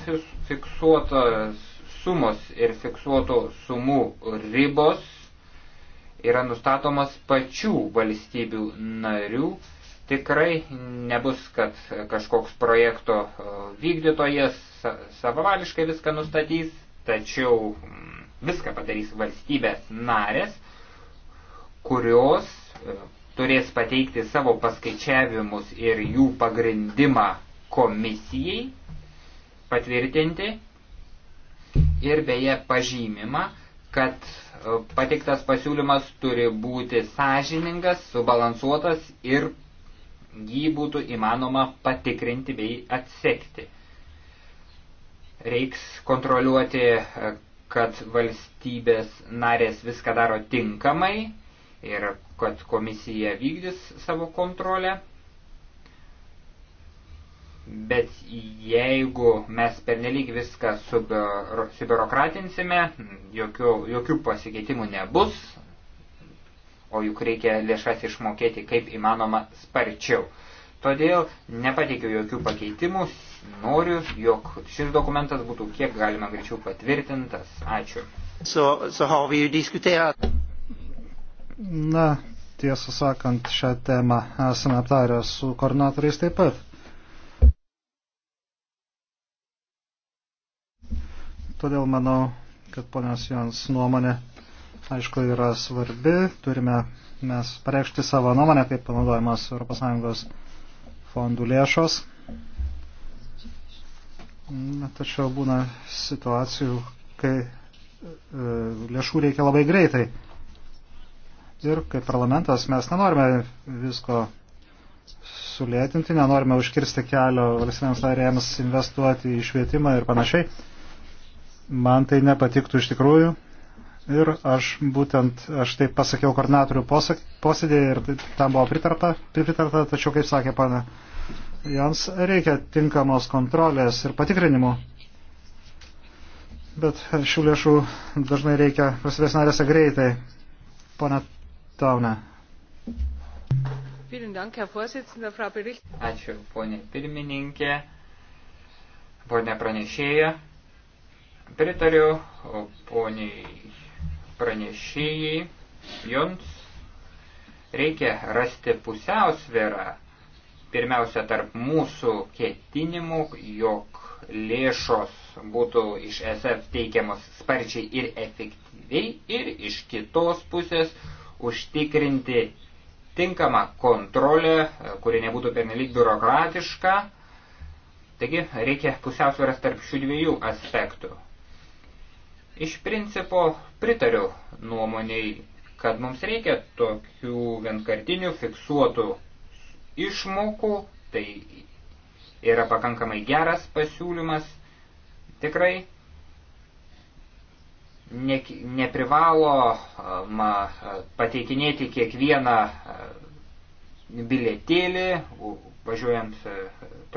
fiksuotos sumos ir fiksuotų sumų ribos yra nustatomas pačių valstybių narių. Tikrai nebus, kad kažkoks projekto e, vykdytojas savavališkai viską nustatys, tačiau mm, viską padarys valstybės narės, kurios e, turės pateikti savo paskaičiavimus ir jų pagrindimą komisijai patvirtinti ir beje pažymimą, kad e, pateiktas pasiūlymas turi būti sąžiningas, subalansuotas ir jį būtų įmanoma patikrinti bei atsekti. Reiks kontroliuoti, e, kad valstybės narės viską daro tinkamai ir kad komisija vykdys savo kontrolę. Bet jeigu mes pernelyg viską subiurokratinsime, jokių, jokių pasikeitimų nebus, o juk reikia lėšas išmokėti kaip įmanoma sparčiau. Todėl nepateikiu jokių pakeitimų, noriu, jog šis dokumentas būtų kiek galima greičiau patvirtintas. Ačiū. So, so Na, tiesą sakant, šią temą esame aptarę su koordinatoriais taip pat. Todėl manau, kad ponios Jons nuomonė, aišku, yra svarbi. Turime mes pareikšti savo nuomonę, kaip panaudojamas ES fondų lėšos. Na, tačiau būna situacijų, kai e, lėšų reikia labai greitai. Ir kaip parlamentas mes nenorime visko sulėtinti, nenorime užkirsti kelio valstybėms narėms investuoti į švietimą ir panašiai. Man tai nepatiktų iš tikrųjų. Ir aš būtent, aš taip pasakiau koordinatorių posėdėje ir tam buvo pritarta, pritarta, tačiau, kaip sakė pana, jiems reikia tinkamos kontrolės ir patikrinimų. Bet šių lėšų dažnai reikia prasidės narėse greitai. Pana Taune. Ačiū, ponė pirmininkė, ponė pranešėja. Pritariu poniai pranešėjai, jums reikia rasti pusiausvėrą pirmiausia tarp mūsų ketinimų, jog lėšos būtų iš SF teikiamos sparčiai ir efektyviai ir iš kitos pusės užtikrinti tinkamą kontrolę, kuri nebūtų pernelyg biurokratiška. Taigi reikia pusiausvėras tarp šių dviejų aspektų. Iš principo pritariu nuomoniai, kad mums reikia tokių vienkartinių fiksuotų išmokų, tai yra pakankamai geras pasiūlymas, tikrai ne, neprivalo ma, pateikinėti kiekvieną e, bilietėlį, važiuojant e,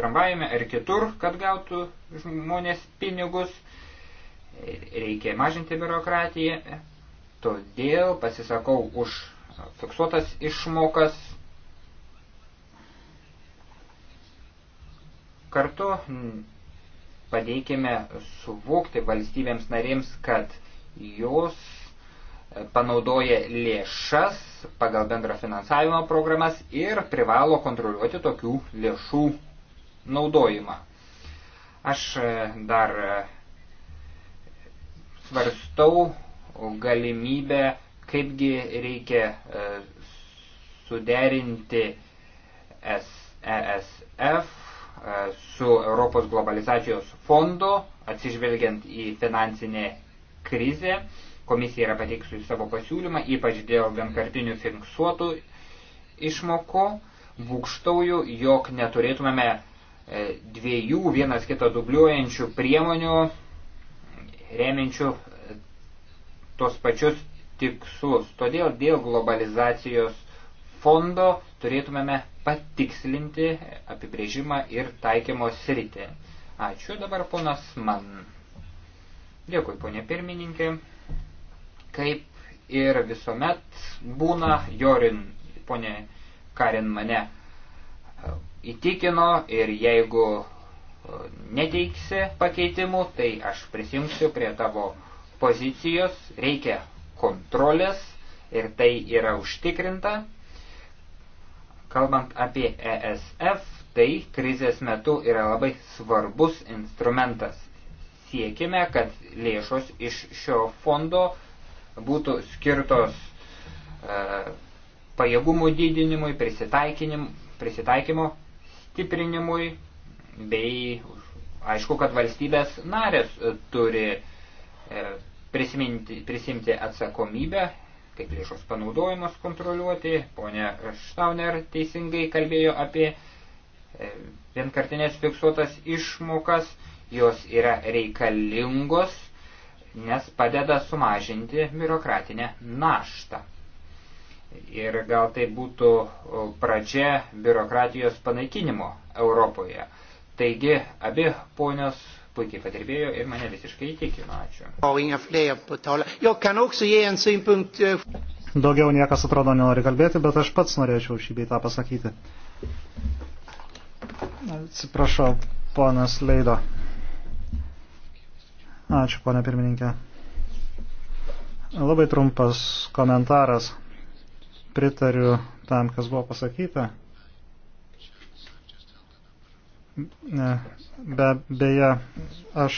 tramvajame ar kitur, kad gautų žmonės pinigus reikia mažinti biurokratiją, todėl pasisakau už fiksuotas išmokas. Kartu pateikime suvokti valstybėms narėms, kad jos panaudoja lėšas pagal bendro finansavimo programas ir privalo kontroliuoti tokių lėšų naudojimą. Aš dar svarstau galimybę, kaipgi reikia e, suderinti ESF e, su Europos globalizacijos fondu, atsižvelgiant į finansinę krizę. Komisija yra pateikusi savo pasiūlymą, ypač dėl vienkartinių fiksuotų išmokų. Būkštauju, jog neturėtumėme e, dviejų vienas kitą dubliuojančių priemonių remiančių e, tos pačius tikslus. Todėl dėl globalizacijos fondo turėtumėme patikslinti apibrėžimą ir taikymo sritį. Ačiū dabar ponas man. Dėkui, ponė pirmininkė. Kaip ir visuomet būna, Jorin, ponė Karin mane e, įtikino ir jeigu neteiksi pakeitimų, tai aš prisijungsiu prie tavo pozicijos, reikia kontrolės ir tai yra užtikrinta. Kalbant apie ESF, tai krizės metu yra labai svarbus instrumentas. Siekime, kad lėšos iš šio fondo būtų skirtos e, pajėgumų didinimui, prisitaikymo stiprinimui bei aišku, kad valstybės narės e, turi e, prisiminti, prisimti atsakomybę, kaip lėšos panaudojimas kontroliuoti. Pone Štauner teisingai kalbėjo apie e, vienkartinės fiksuotas išmokas, jos yra reikalingos, nes padeda sumažinti biurokratinę naštą. Ir gal tai būtų pradžia biurokratijos panaikinimo Europoje. Taigi, abi ponios puikiai padirbėjo ir mane visiškai įtikino. Ačiū. E, Daugiau niekas atrodo nenori kalbėti, bet aš pats norėčiau šį beitą pasakyti. Atsiprašau, ponas Leido. Ačiū, ponė pirmininkė. Labai trumpas komentaras. Pritariu tam, kas buvo pasakyta. Be, beje, aš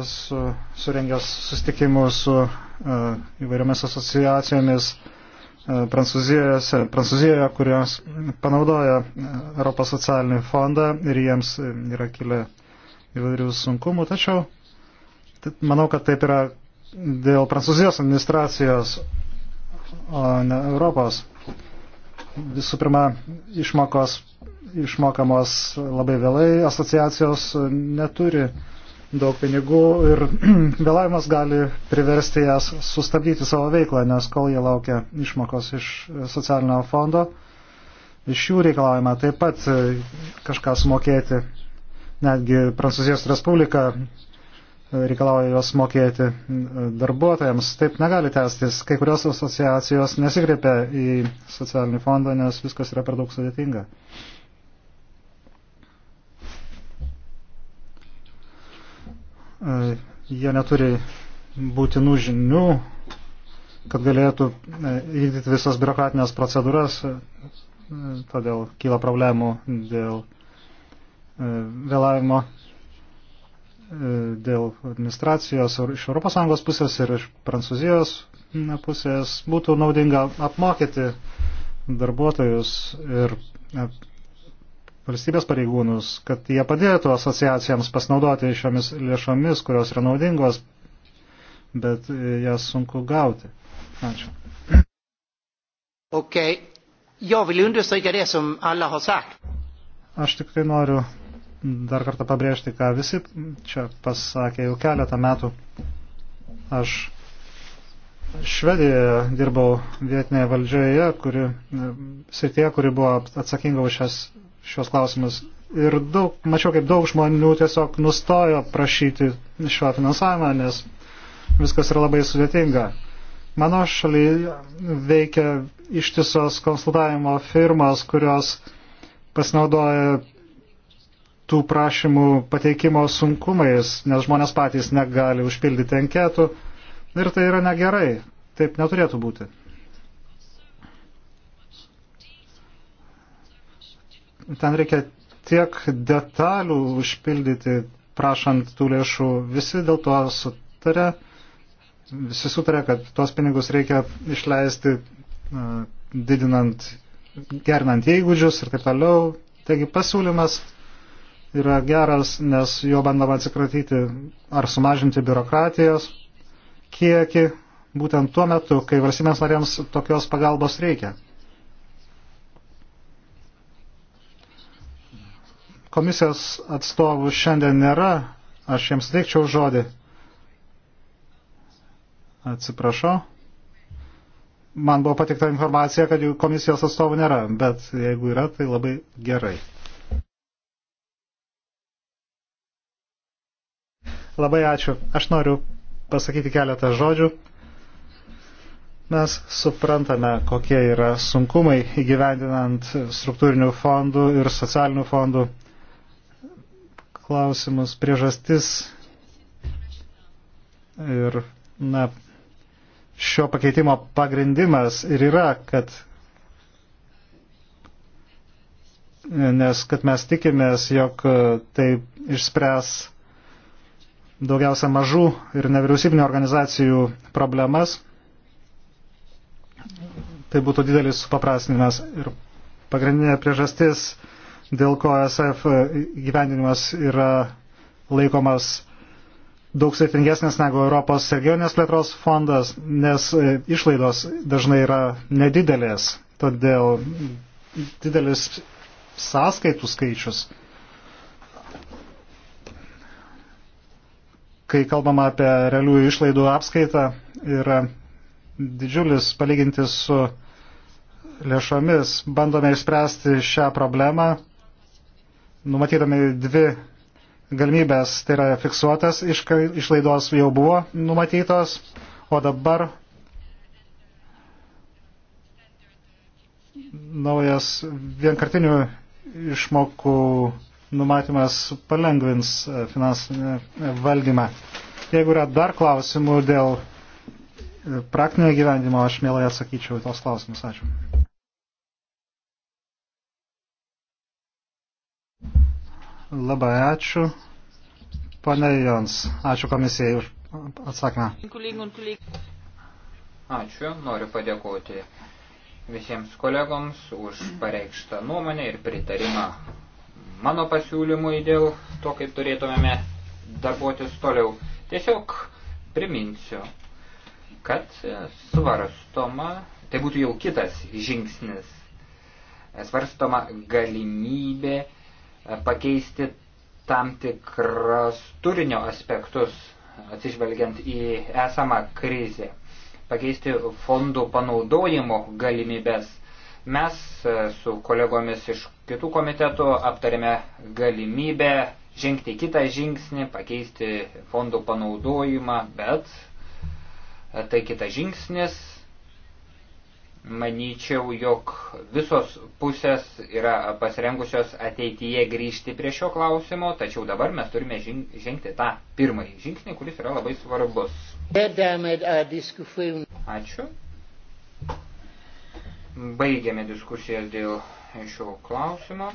esu surengęs sustikimų su uh, įvairiomis asociacijomis uh, e, Prancūzijoje, Prancūzijoje, kurios panaudoja e, Europos socialinį fondą ir jiems yra kilę įvairių sunkumų, tačiau manau, kad taip yra dėl Prancūzijos administracijos, o ne Europos. Visų pirma, išmokos išmokamos labai vėlai, asociacijos neturi daug pinigų ir vėlavimas gali priversti jas sustabdyti savo veiklą, nes kol jie laukia išmokos iš socialinio fondo, iš jų reikalavimą taip pat kažką sumokėti. Netgi Prancūzijos Respublika reikalauja juos mokėti darbuotojams. Taip negali tęstis. Kai kurios asociacijos nesikreipia į socialinį fondą, nes viskas yra per daug sudėtinga. E, jie neturi būtinų žinių, kad galėtų e, vykdyti visas biurokratinės procedūras, e, todėl kyla problemų dėl vėlavimo, dėl administracijos iš ES pusės ir iš Prancūzijos pusės. Būtų naudinga apmokyti darbuotojus ir valstybės pareigūnus, kad jie padėtų asociacijams pasinaudoti šiomis lėšomis, kurios yra naudingos, bet e, jas sunku gauti. Ačiū. Okay. Jag vill understryka det som alla har sagt. Aš tikrai noriu dar kartą pabrėžti, ką visi čia pasakė jau keletą metų. Aš Švedijoje dirbau vietinėje valdžioje, kuri, e, srityje, kuri buvo atsakinga už šias šios klausimus. Ir daug, mačiau, kaip daug žmonių tiesiog nustojo prašyti šio finansavimo, nes viskas yra labai sudėtinga. Mano šalyje veikia ištisos konsultavimo firmas, kurios pasinaudoja tų prašymų pateikimo sunkumais, nes žmonės patys negali užpildyti anketų. Ir tai yra negerai. Taip neturėtų būti. ten reikia tiek detalių užpildyti, prašant tų lėšų. Visi dėl to sutarė, visi sutarė, kad tuos pinigus reikia išleisti didinant, gernant įgūdžius ir taip toliau. Taigi pasiūlymas yra geras, nes jo bandoma atsikratyti ar sumažinti biurokratijos kiekį būtent tuo metu, kai valstybės narėms tokios pagalbos reikia. Komisijos atstovų šiandien nėra, aš jiems teikčiau žodį. Atsiprašau. Man buvo patikta informacija, kad jų komisijos atstovų nėra, bet jeigu yra, tai labai gerai. Labai ačiū. Aš noriu pasakyti keletą žodžių. Mes suprantame, kokie yra sunkumai įgyvendinant struktūrinių fondų ir socialinių fondų klausimus, priežastis ir na, šio pakeitimo pagrindimas ir yra, kad nes kad mes tikimės, jog tai išspręs daugiausia mažų ir nevyriausybinio organizacijų problemas. Tai būtų didelis supaprastinimas ir pagrindinė priežastis dėl ko e SF e, gyvendinimas yra laikomas daug sveitingesnės negu Europos regioninės plėtros fondas, nes e, išlaidos dažnai yra nedidelės, todėl didelis sąskaitų skaičius. Kai kalbama apie realiųjų išlaidų apskaitą, yra didžiulis palyginti su lėšomis. Bandome išspręsti šią problemą numatydami dvi galimybės, tai yra fiksuotas išlaidos jau buvo numatytos, o dabar naujas vienkartinių išmokų numatymas palengvins e, finansinį e, valdymą. Jeigu yra dar klausimų dėl e, praktinio gyvendimo, aš mielai atsakyčiau į tos klausimus. Ačiū. Labai ačiū. Pane Jons, ačiū komisijai už atsakymą. Ačiū, noriu padėkoti visiems kolegoms už pareikštą nuomonę ir pritarimą mano pasiūlymui dėl to, kaip turėtumėme darbuotis toliau. Tiesiog priminsiu, kad svarstoma, tai būtų jau kitas žingsnis, svarstoma galimybė E, pakeisti tam tikras turinio aspektus, atsižvelgiant į esamą krizę, pakeisti fondų panaudojimo galimybės. Mes e, su kolegomis iš kitų komitetų aptarėme galimybę žengti kitą žingsnį, pakeisti fondų panaudojimą, bet e, tai kitas žingsnis manyčiau, jog visos pusės yra pasirengusios ateityje grįžti prie šio klausimo, tačiau dabar mes turime žengti tą pirmąjį žingsnį, kuris yra labai svarbus. Ačiū. Baigėme diskusijas dėl šio klausimo.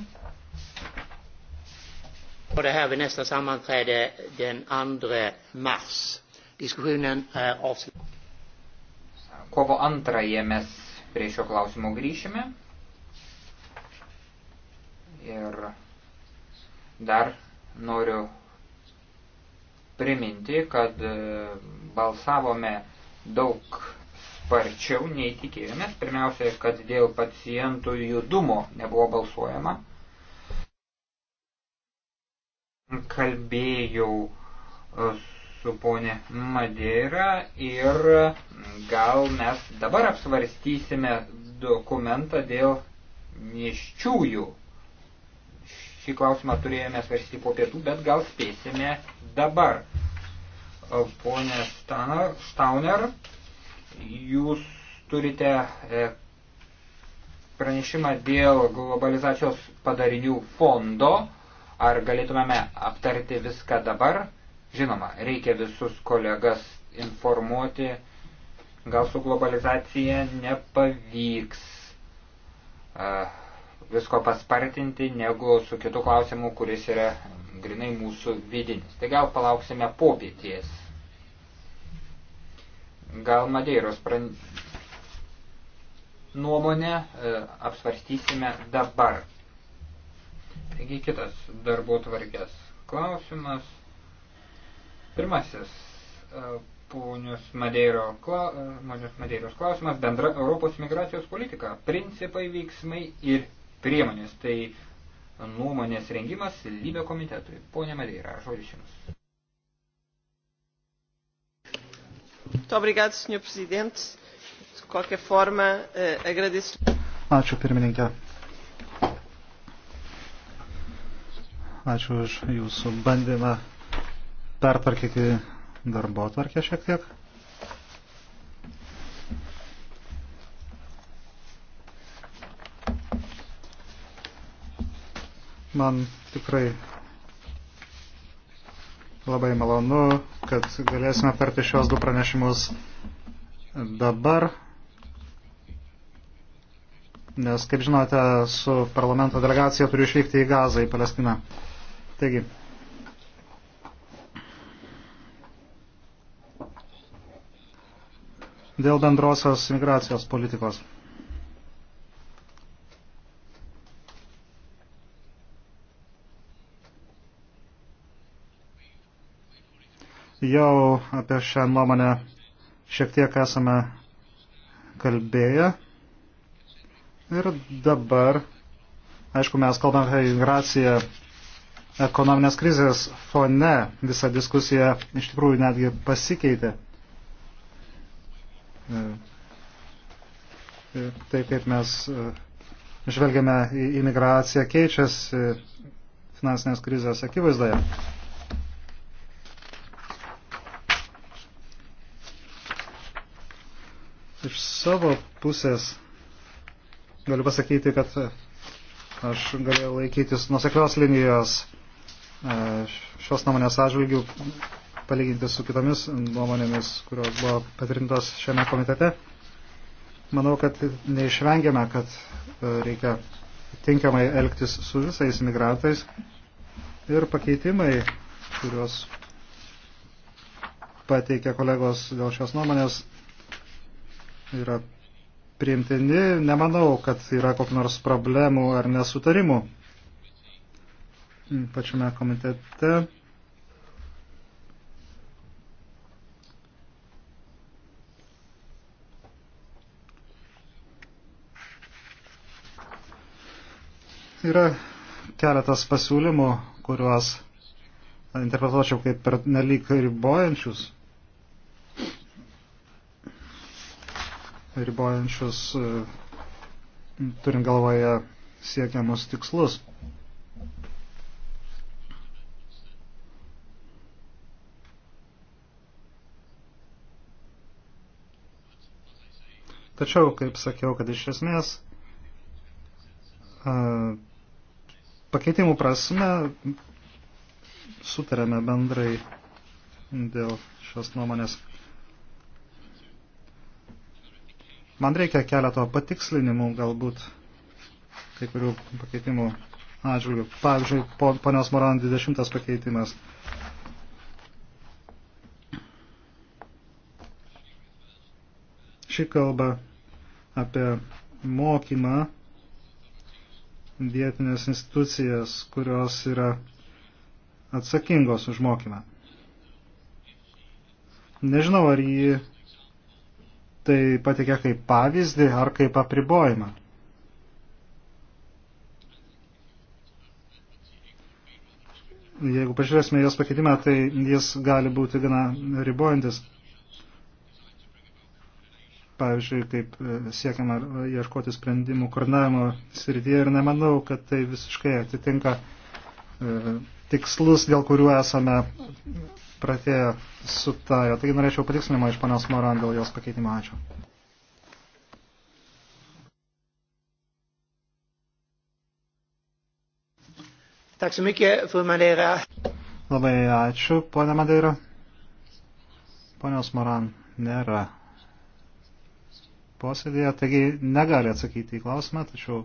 Och det här vid nästa sammanträde den 2 mars. Diskussionen är avslutad. Kovo antrąją mes Prie šio klausimo grįšime. Ir dar noriu priminti, kad e, balsavome daug sparčiau nei tikėjomės. Pirmiausia, kad dėl pacientų judumo nebuvo balsuojama. Kalbėjau e, su ponė Madeira ir gal mes dabar apsvarstysime dokumentą dėl niščiųjų. Šį klausimą turėjome svarstyti po pietų, bet gal spėsime dabar. Pone Stauner, jūs turite e, pranešimą dėl globalizacijos padarinių fondo. Ar galėtumėme aptarti viską dabar? Žinoma, reikia visus kolegas informuoti, gal su globalizacija nepavyks uh, visko paspartinti, negu su kitu klausimu, kuris yra grinai mūsų vidinis. Tai gal palauksime popieties. Gal Madeiros pran... nuomonę uh, apsvarstysime dabar. Taigi kitas darbo tvarkės klausimas. Pirmasis e, ponios Madeiro, e, ponios Madeiros klausimas - bendra Europos migracijos politika, principai, veiksmai ir priemonės. Tai nuomonės rengimas lybė komitetui. Pone Madeira, žodis jums. Obrigado, senhor presidente. De qualquer forma, eh, agradeço. Ačiū pirmininkė. Ačiū už jūsų bandymą pertvarkyti darbo atvarkę šiek tiek. Man tikrai labai malonu, kad galėsime perti šios du pranešimus dabar, nes, kaip žinote, su parlamento delegacija turiu išvykti į Gazą, į Palestiną. Taigi, dėl bendrosios migracijos politikos. Jau apie šią nuomonę šiek tiek esame kalbėję. Ir dabar, aišku, mes kalbame apie migraciją ekonominės krizės fone. Visa diskusija iš tikrųjų netgi pasikeitė. E, tai kaip mes e, žvelgiame į imigraciją keičiasi finansinės krizės akivaizdoje. Iš savo pusės galiu pasakyti, kad aš galėjau laikytis nuseklios linijos e, šios nuomonės atžvilgių palyginti su kitomis nuomonėmis, kurios buvo patrintos šiame komitete. Manau, kad neišvengiame, kad e, reikia tinkamai elgtis su visais imigrantais ir pakeitimai, kuriuos pateikė kolegos dėl šios nuomonės, yra priimtini. Nemanau, kad yra kokių nors problemų ar nesutarimų pačiame komitete Yra keletas pasiūlymų, kuriuos interpretuočiau kaip per nelik ribojančius. Ribojančius e, turint galvoje siekiamus tikslus. Tačiau, kaip sakiau, kad iš esmės e, Pakeitimų prasme sutarėme bendrai dėl šios nuomonės. Man reikia keleto patikslinimų galbūt kai kurių pakeitimų atžvilgių. Pavyzdžiui, ponios Moran 20 pakeitimas. Ši kalba apie mokymą vietinės institucijas, kurios yra atsakingos už mokymą. Nežinau, ar jį tai patikė kaip pavyzdį ar kaip apribojimą. Jeigu pažiūrėsime jos pakeitimą, tai jis gali būti gana ribojantis pavyzdžiui, kaip e, siekiama ieškoti sprendimų koordinavimo srityje ir nemanau, kad tai visiškai atitinka e, tikslus, dėl kurių esame pratėję su tajo. Taigi norėčiau patikslinimą iš panios Moran dėl jos pakeitimo. Ačiū. Labai ačiū, ponia Madeira. Ponios Moran nėra posėdėje, taigi negali atsakyti į klausimą, tačiau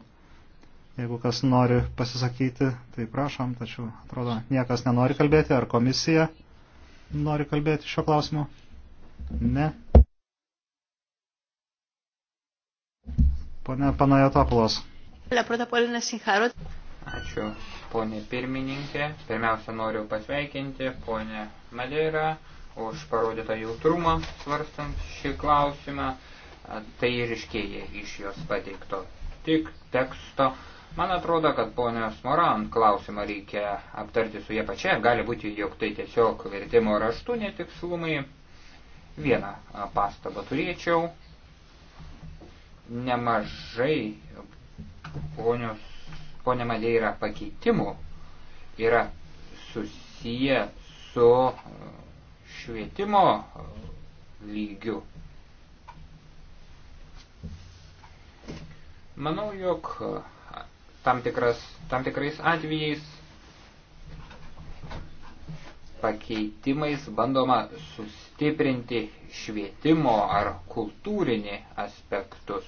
jeigu kas nori pasisakyti, tai prašom, tačiau atrodo, niekas nenori kalbėti, ar komisija nori kalbėti šio klausimu? Ne. Pone Panajotopulos. Ačiū, ponė pirmininkė. Pirmiausia, noriu pasveikinti ponę Madeirą už parodytą jautrumą svarstant šį klausimą tai ryškėja iš jos pateikto tik teksto. Man atrodo, kad ponios Moran klausimą reikia aptarti su jie pačia. Gali būti, jog tai tiesiog vertimo raštų netikslumai. Vieną pastabą turėčiau. Nemažai ponios, ponė Madeira pakeitimų yra susiję su švietimo lygiu Manau, jog tam, tikras, tam tikrais atvejais pakeitimais bandoma sustiprinti švietimo ar kultūrinį aspektus.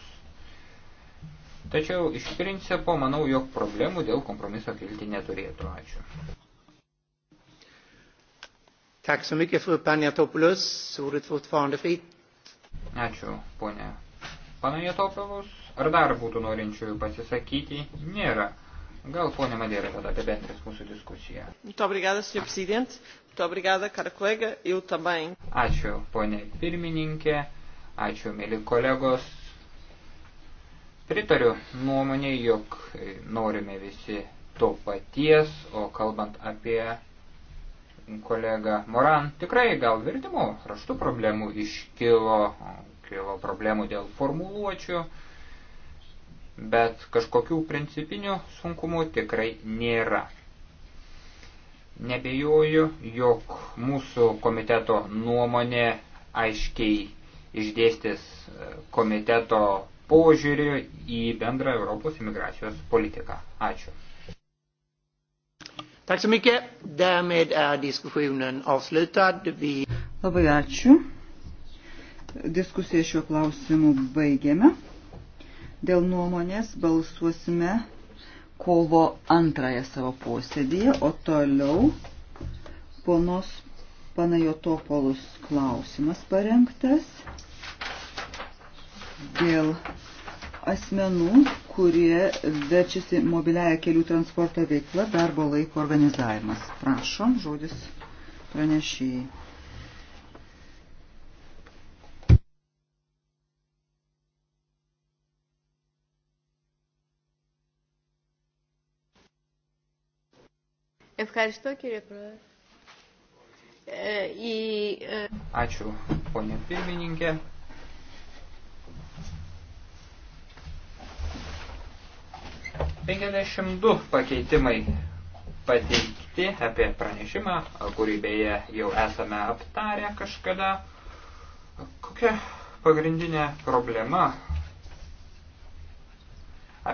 Tačiau iš principo manau, jog problemų dėl kompromiso kilti neturėtų. Ačiū. Tack så mycket fru Panjatopoulos. Ordet fortfarande fritt. Ačiū, ponė Panajatopoulos. Ar dar būtų norinčiųjų pasisakyti? Nėra. Gal ponia Madeira tada apibendrės mūsų diskusiją. Muito obrigada, senhor presidente. Muito obrigada, cara colega. Eu também. Ačiū, ponia pirmininkė. Ačiū, mėly kolegos. Pritariu nuomonė, jog norime visi to paties, o kalbant apie kolegą Moran, tikrai gal vertimo raštų problemų iškilo, kilo problemų dėl formuluočių bet kažkokių principinių sunkumų tikrai nėra. Nebejoju, jog mūsų komiteto nuomonė aiškiai išdėstis e, komiteto požiūrį į bendrą Europos imigracijos politiką. Ačiū. Tack så mycket. Därmed är diskussionen avslutad. Vi... Labai ačiū. Diskusiją šiuo klausimu baigiame. Dėl nuomonės balsuosime kovo antrąją savo posėdėje, o toliau ponos Panajotopolus klausimas parengtas dėl asmenų, kurie verčiasi mobiliaja kelių transporto veikla, darbo laiko organizavimas. Prašom, žodis pranešėjai. Ευχαριστώ κύριε Πρόεδρε. Į... Ačiū, ponė pirmininkė. Penkiasdešimt du pakeitimai pateikti apie pranešimą, kurį beje jau esame aptarę kažkada. Kokia pagrindinė problema?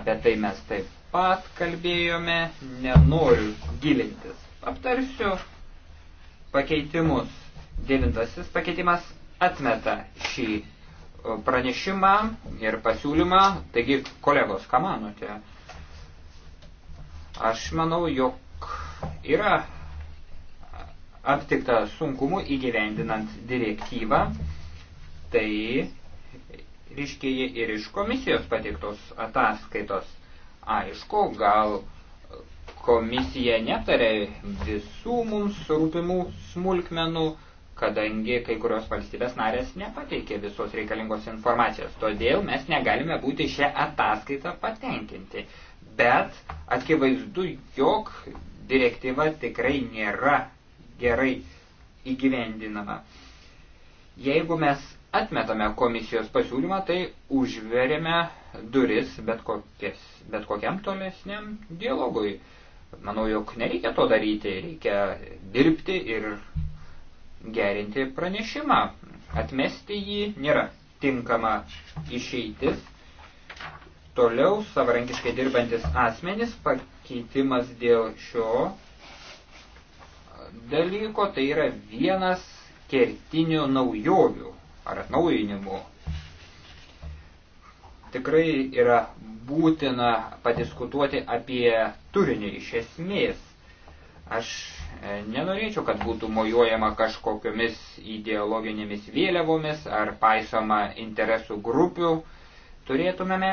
Apie tai mes taip pat kalbėjome, nenoriu gilintis. Aptarsiu pakeitimus. Devintasis pakeitimas atmeta šį pranešimą ir pasiūlymą. Taigi, kolegos, ką manote? Aš manau, jog yra aptikta sunkumų įgyvendinant direktyvą. Tai ryškėja ir iš komisijos pateiktos ataskaitos aišku, gal komisija netarė visų mums rūpimų smulkmenų, kadangi kai kurios valstybės narės nepateikė visos reikalingos informacijos. Todėl mes negalime būti šią ataskaitą patenkinti. Bet akivaizdu, jog direktyva tikrai nėra gerai įgyvendinama. Jeigu mes atmetame komisijos pasiūlymą, tai užveriame duris bet, kokies, bet kokiam tolesniam dialogui. Manau, jog nereikia to daryti, reikia dirbti ir gerinti pranešimą. Atmesti jį nėra tinkama išeitis. Toliau savarankiškai dirbantis asmenis pakeitimas dėl šio dalyko tai yra vienas kertinių naujovių ar atnaujinimų tikrai yra būtina padiskutuoti apie turinį iš esmės. Aš e, nenorėčiau, kad būtų mojuojama kažkokiomis ideologinėmis vėliavomis ar paisoma interesų grupių. Turėtumėme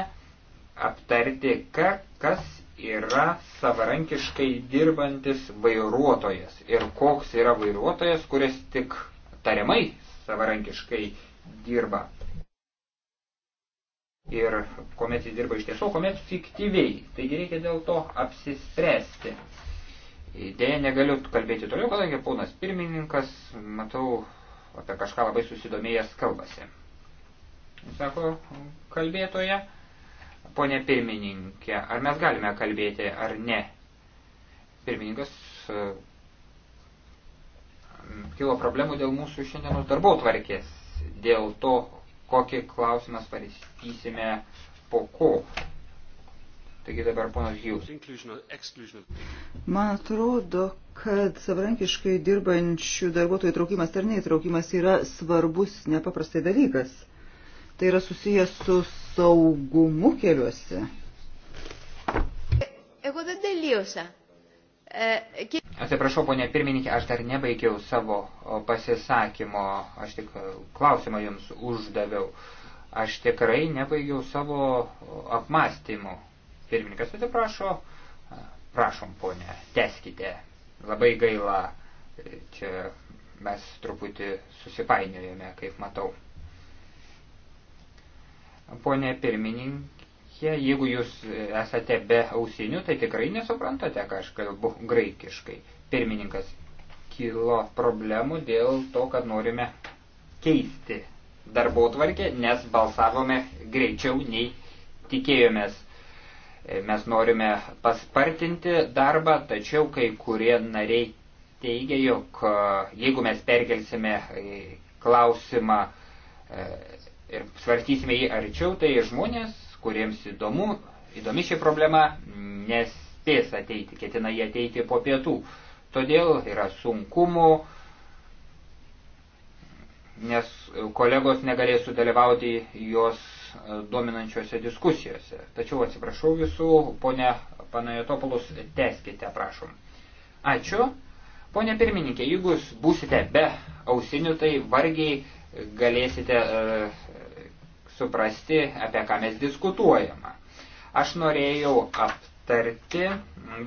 aptarti, ka, kas yra savarankiškai dirbantis vairuotojas ir koks yra vairuotojas, kuris tik tariamai savarankiškai dirba ir kuomet jis dirba iš tiesų, kuomet fiktyviai. Taigi reikia dėl to apsispręsti. Dėja negaliu kalbėti toliau, kadangi ponas pirmininkas, matau, apie kažką labai susidomėjęs kalbasi. Sako kalbėtoja, ponė pirmininkė, ar mes galime kalbėti ar ne? Pirmininkas e, kilo problemų dėl mūsų šiandienos darbo tvarkės. Dėl to kokį klausimą svarstysime po ko. Taigi dabar ponas Jūs. Man atrodo, kad savarankiškai dirbančių darbuotojų įtraukimas ar neįtraukimas yra svarbus nepaprastai dalykas. Tai yra susijęs su saugumu keliuose. Εγώ δεν τελείωσα. Atsiprašau, ponė pirmininkė, aš dar nebaigiau savo pasisakymo, aš tik klausimą jums uždaviau. Aš tikrai nebaigiau savo apmąstymų. Pirmininkas atsiprašo, prašom, ponė, teskite. Labai gaila, čia mes truputį susipainiojame, kaip matau. Ponė pirmininkė jeigu jūs e, esate be ausinių, tai tikrai nesuprantate, ką aš kalbu graikiškai. Pirmininkas kilo problemų dėl to, kad norime keisti darbo tvarkę, nes balsavome greičiau nei tikėjomės. E, mes norime paspartinti darbą, tačiau kai kurie nariai teigia, jog e, jeigu mes perkelsime klausimą ir svarstysime jį arčiau, tai žmonės kuriems įdomu, įdomi ši problema, nespės ateiti, ketina jie ateiti po pietų. Todėl yra sunkumų, nes kolegos negalės sudalyvauti jos e, dominančiose diskusijose. Tačiau atsiprašau visų, ponė Panajotopoulos, teskite, prašom. Ačiū. Pone pirmininkė, jeigu jūs būsite be ausinių, tai vargiai galėsite e, suprasti, apie ką mes diskutuojama. Aš norėjau aptarti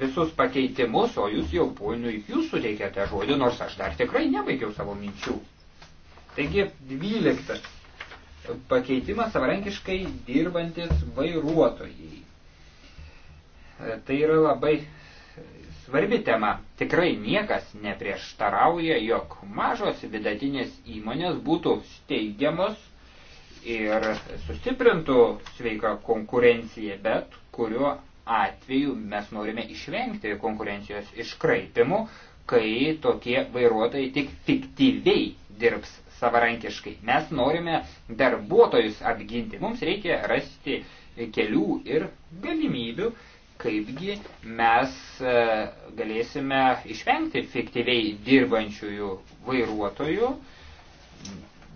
visus pakeitimus, o jūs jau ponui jūs suteikėte žodį, nors aš dar tikrai nebaigiau savo minčių. Taigi, dvyliktas pakeitimas savarankiškai dirbantis vairuotojai. Tai yra labai svarbi tema. Tikrai niekas neprieštarauja, jog mažos vidatinės įmonės būtų steigiamos ir sustiprintų sveiką konkurenciją, bet kuriuo atveju mes norime išvengti konkurencijos iškraipimų, kai tokie vairuotojai tik fiktyviai dirbs savarankiškai. Mes norime darbuotojus apginti. Mums reikia rasti kelių ir galimybių, kaipgi mes e, galėsime išvengti fiktyviai dirbančiųjų vairuotojų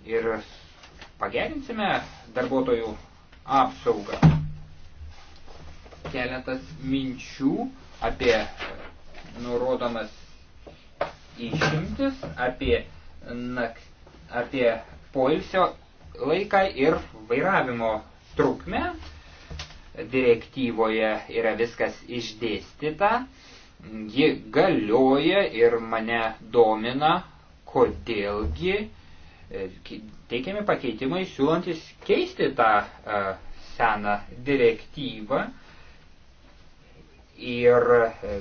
ir pagerinsime darbuotojų apsaugą. Keletas minčių apie e, nurodomas išimtis, apie, nak, apie poilsio laiką ir vairavimo trukmę. Direktyvoje yra viskas išdėstyta ji galioja ir mane domina, kodėlgi E, teikiami pakeitimai siūlantis keisti tą e, seną direktyvą ir e,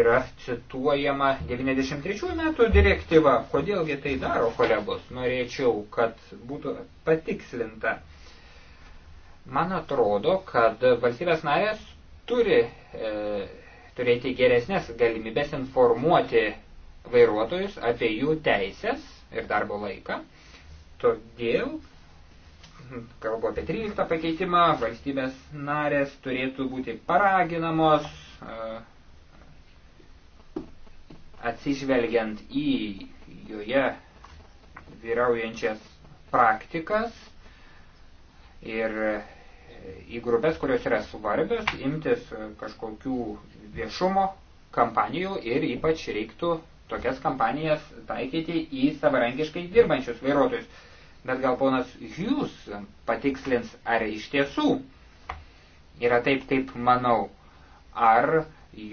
yra cituojama 93 metų direktyva. Kodėlgi tai daro kolegos? Norėčiau, kad būtų patikslinta. Man atrodo, kad valstybės narės turi e, turėti geresnės galimybės informuoti vairuotojus apie jų teisės ir darbo laiką. Todėl, kalbu apie 13 pakeitimą, valstybės narės turėtų būti paraginamos atsižvelgiant į joje vyraujančias praktikas ir į grupės, kurios yra svarbios, imtis kažkokių viešumo kampanijų ir ypač reiktų tokias kampanijas taikyti į savarankiškai dirbančius vairuotojus. Bet gal ponas Hughes patikslins, ar iš tiesų yra taip, kaip manau, ar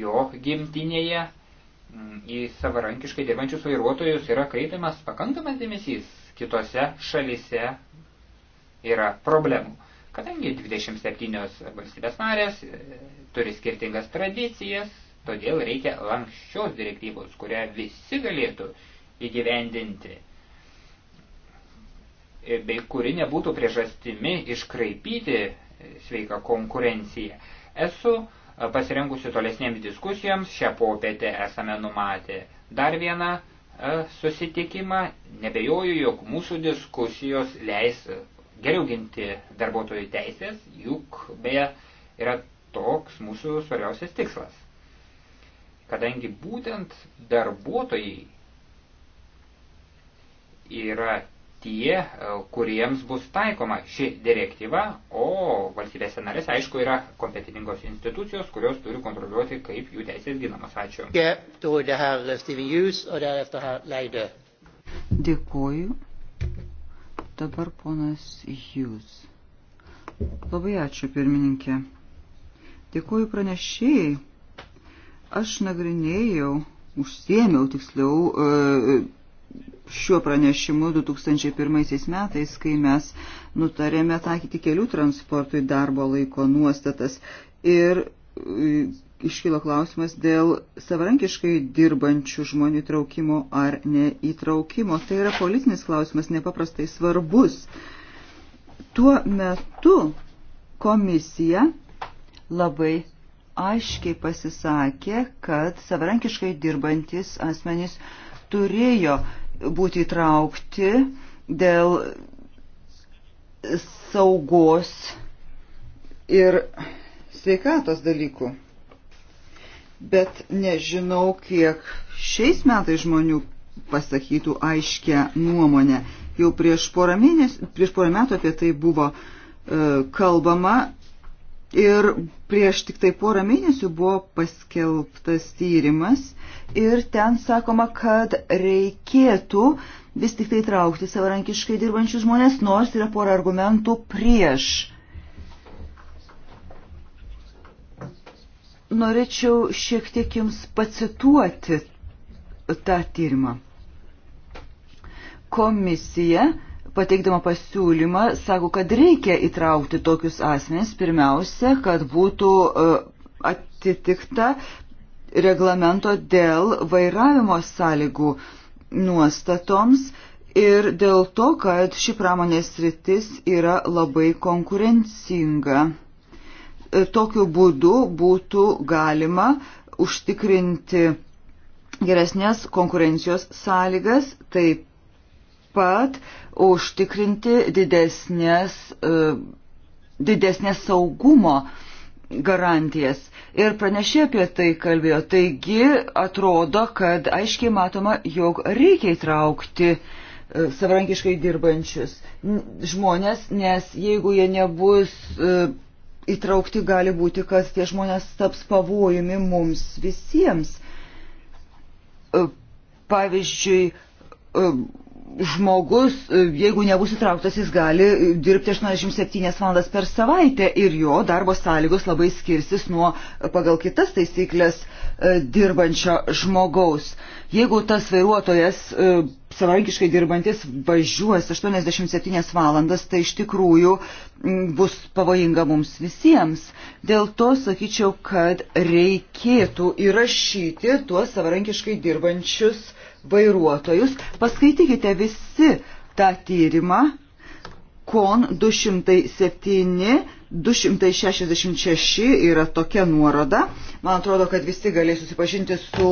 jo gimtinėje mm, į savarankiškai dirbančius vairuotojus yra kreipiamas pakankamas dėmesys, kitose šalise yra problemų. Kadangi 27 valstybės narės e, turi skirtingas tradicijas, Todėl reikia lankščios direktyvos, kurią visi galėtų įgyvendinti e, bei kuri nebūtų priežastimi iškraipyti sveiką konkurenciją. Esu e, pasirengusi tolesnėms diskusijoms, šią popietę esame numatę dar vieną e, susitikimą, nebejoju, jog mūsų diskusijos leis geriau ginti darbuotojų teisės, juk beje yra toks mūsų svarbiausias tikslas kadangi būtent darbuotojai yra tie, e, kuriems bus taikoma ši direktyva, o valstybėse narės, aišku, yra kompetitingos institucijos, kurios turi kontroliuoti, kaip jų teisės ginamos. Ačiū. Äh, Dėkuoju. Dabar ponas Hughes. Labai ačiū, pirmininkė. Dėkuoju pranešėjai Aš nagrinėjau, užsiemiau tiksliau e, šiuo pranešimu 2001 metais, kai mes nutarėme taikyti kelių transportui darbo laiko nuostatas ir e, iškilo klausimas dėl savarankiškai dirbančių žmonių įtraukimo ar neįtraukimo. Tai yra politinis klausimas, nepaprastai svarbus. Tuo metu komisija labai aiškiai pasisakė, kad savarankiškai dirbantis asmenys turėjo būti įtraukti dėl saugos ir sveikatos dalykų. Bet nežinau, kiek šiais metais žmonių pasakytų aiškę nuomonę. Jau prieš porą, mėnes, prieš porą metų apie tai buvo e, kalbama Ir prieš tik tai porą mėnesių buvo paskelbtas tyrimas ir ten sakoma, kad reikėtų vis tik tai traukti savarankiškai dirbančių žmonės, nors yra pora argumentų prieš. Norėčiau šiek tiek jums pacituoti tą tyrimą. Komisija pateikdama pasiūlymą sako, kad reikia įtraukti tokius asmenys pirmiausia, kad būtų e, atitikta reglamento dėl vairavimo sąlygų nuostatoms ir dėl to, kad ši pramonės rytis yra labai konkurencinga. E, tokiu būdu būtų galima užtikrinti geresnės konkurencijos sąlygas, taip pat užtikrinti didesnės, e, didesnės saugumo garantijas. Ir pranešė apie tai kalbėjo. Taigi atrodo, kad aiškiai matoma, jog reikia įtraukti e, savarankiškai dirbančius žmonės, nes jeigu jie nebus e, įtraukti, gali būti, kad tie žmonės taps pavojumi mums visiems. Pavyzdžiui, žmogus, e, jeigu nebus įtrauktas, jis gali dirbti 87 valandas per savaitę ir jo darbo sąlygos labai skirsis nuo e, pagal kitas taisyklės e, dirbančio žmogaus. Jeigu tas vairuotojas savarankiškai dirbantis važiuos 87 valandas, tai iš tikrųjų bus pavojinga mums visiems. Dėl to sakyčiau, kad reikėtų įrašyti tuos savarankiškai dirbančius vairuotojus. Paskaitykite visi tą tyrimą KON 207 266 yra tokia nuoroda. Man atrodo, kad visi galės susipažinti su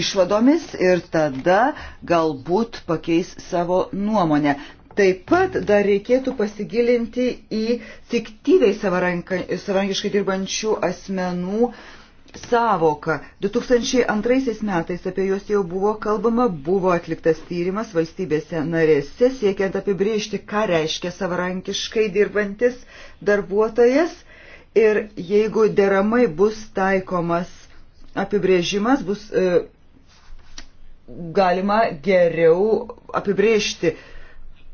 išvadomis ir tada galbūt pakeis savo nuomonę. Taip pat dar reikėtų pasigilinti į fiktyviai savarankiškai dirbančių asmenų uh, savoką. 2002 metais apie juos jau buvo kalbama, buvo atliktas tyrimas valstybėse narėse, siekiant apibriežti, ką reiškia savarankiškai dirbantis darbuotojas ir jeigu deramai bus taikomas apibrėžimas, bus e, galima geriau apibriežti,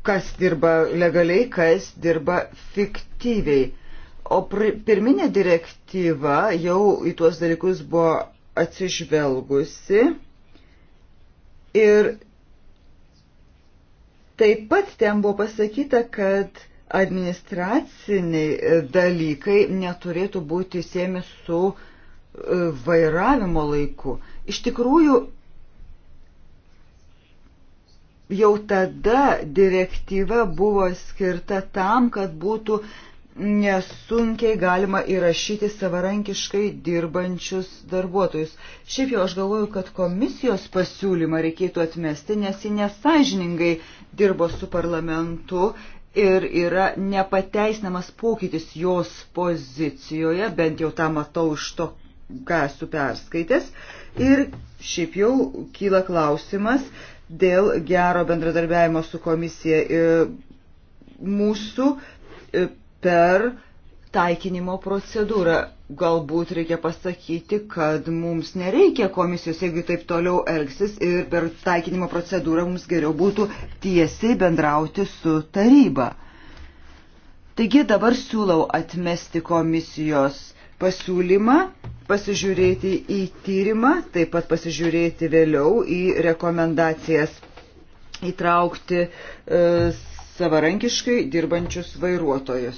kas dirba legaliai, kas dirba fiktyviai O pirminė direktyva jau į tuos dalykus buvo atsižvelgusi ir taip pat ten buvo pasakyta, kad administraciniai dalykai neturėtų būti siemi su e, vairavimo laiku. Iš tikrųjų, jau tada direktyva buvo skirta tam, kad būtų nesunkiai galima įrašyti savarankiškai dirbančius darbuotojus. Šiaip jau aš galvoju, kad komisijos pasiūlymą reikėtų atmesti, nes ji nesažiningai dirbo su parlamentu ir yra nepateisinamas pokytis jos pozicijoje, bent jau tą matau iš to, ką esu perskaitęs. Ir šiaip jau kyla klausimas dėl gero bendradarbiavimo su komisija mūsų per taikinimo procedūrą. Galbūt reikia pasakyti, kad mums nereikia komisijos, jeigu taip toliau elgsis ir per taikinimo procedūrą mums geriau būtų tiesiai bendrauti su taryba. Taigi dabar siūlau atmesti komisijos pasiūlymą, pasižiūrėti į tyrimą, taip pat pasižiūrėti vėliau į rekomendacijas įtraukti e, savarankiškai dirbančius vairuotojus.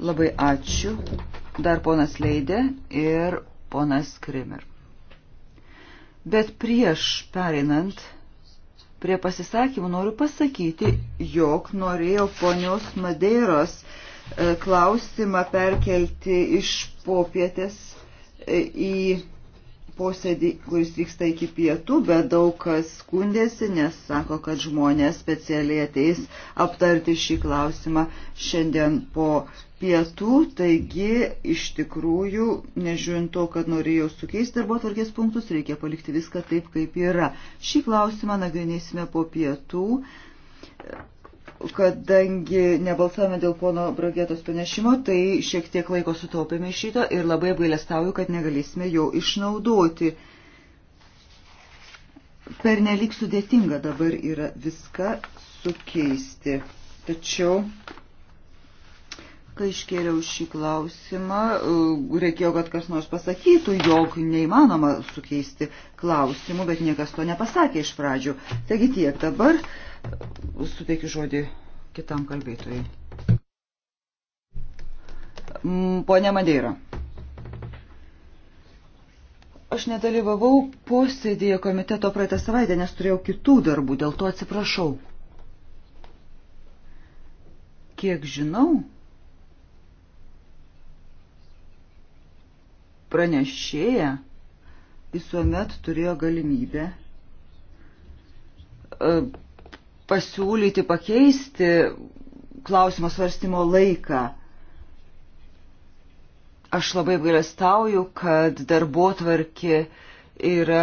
Labai ačiū. Dar ponas Leidė ir ponas Krimer. Bet prieš perinant prie pasisakymų noriu pasakyti, jog norėjau ponios Madeiros e, klausimą perkelti iš popietės e, į posėdį, kuris vyksta iki pietų, bet daug kas skundėsi, nes sako, kad žmonės specialiai ateis aptarti šį klausimą šiandien po pietų. Taigi, iš tikrųjų, nežiūrint to, kad norėjau sukeisti darbo tvarkės punktus, reikia palikti viską taip, kaip yra. Šį klausimą nagrinėsime po pietų kadangi nebalsavome dėl pono Bragėtos panešimo, tai šiek tiek laiko sutaupėme iš šito ir labai apgailestauju, kad negalėsime jo išnaudoti. Per nelik sudėtinga dabar yra viską sukeisti. Tačiau Kai iškėliau šį klausimą, e, reikėjo, kad kas nors pasakytų, jog neįmanoma sukeisti klausimų, bet niekas to nepasakė iš pradžių. Taigi tiek dabar, suteikiu žodį kitam kalbėtojui. Pone Madeira. Aš nedalyvavau posėdėje komiteto praeitą savaitę, nes turėjau kitų darbų, dėl to atsiprašau. Kiek žinau, pranešėja visuomet turėjo galimybę e, pasiūlyti pakeisti klausimo svarstymo laiką. Aš labai apgailestauju, kad darbo tvarkė yra,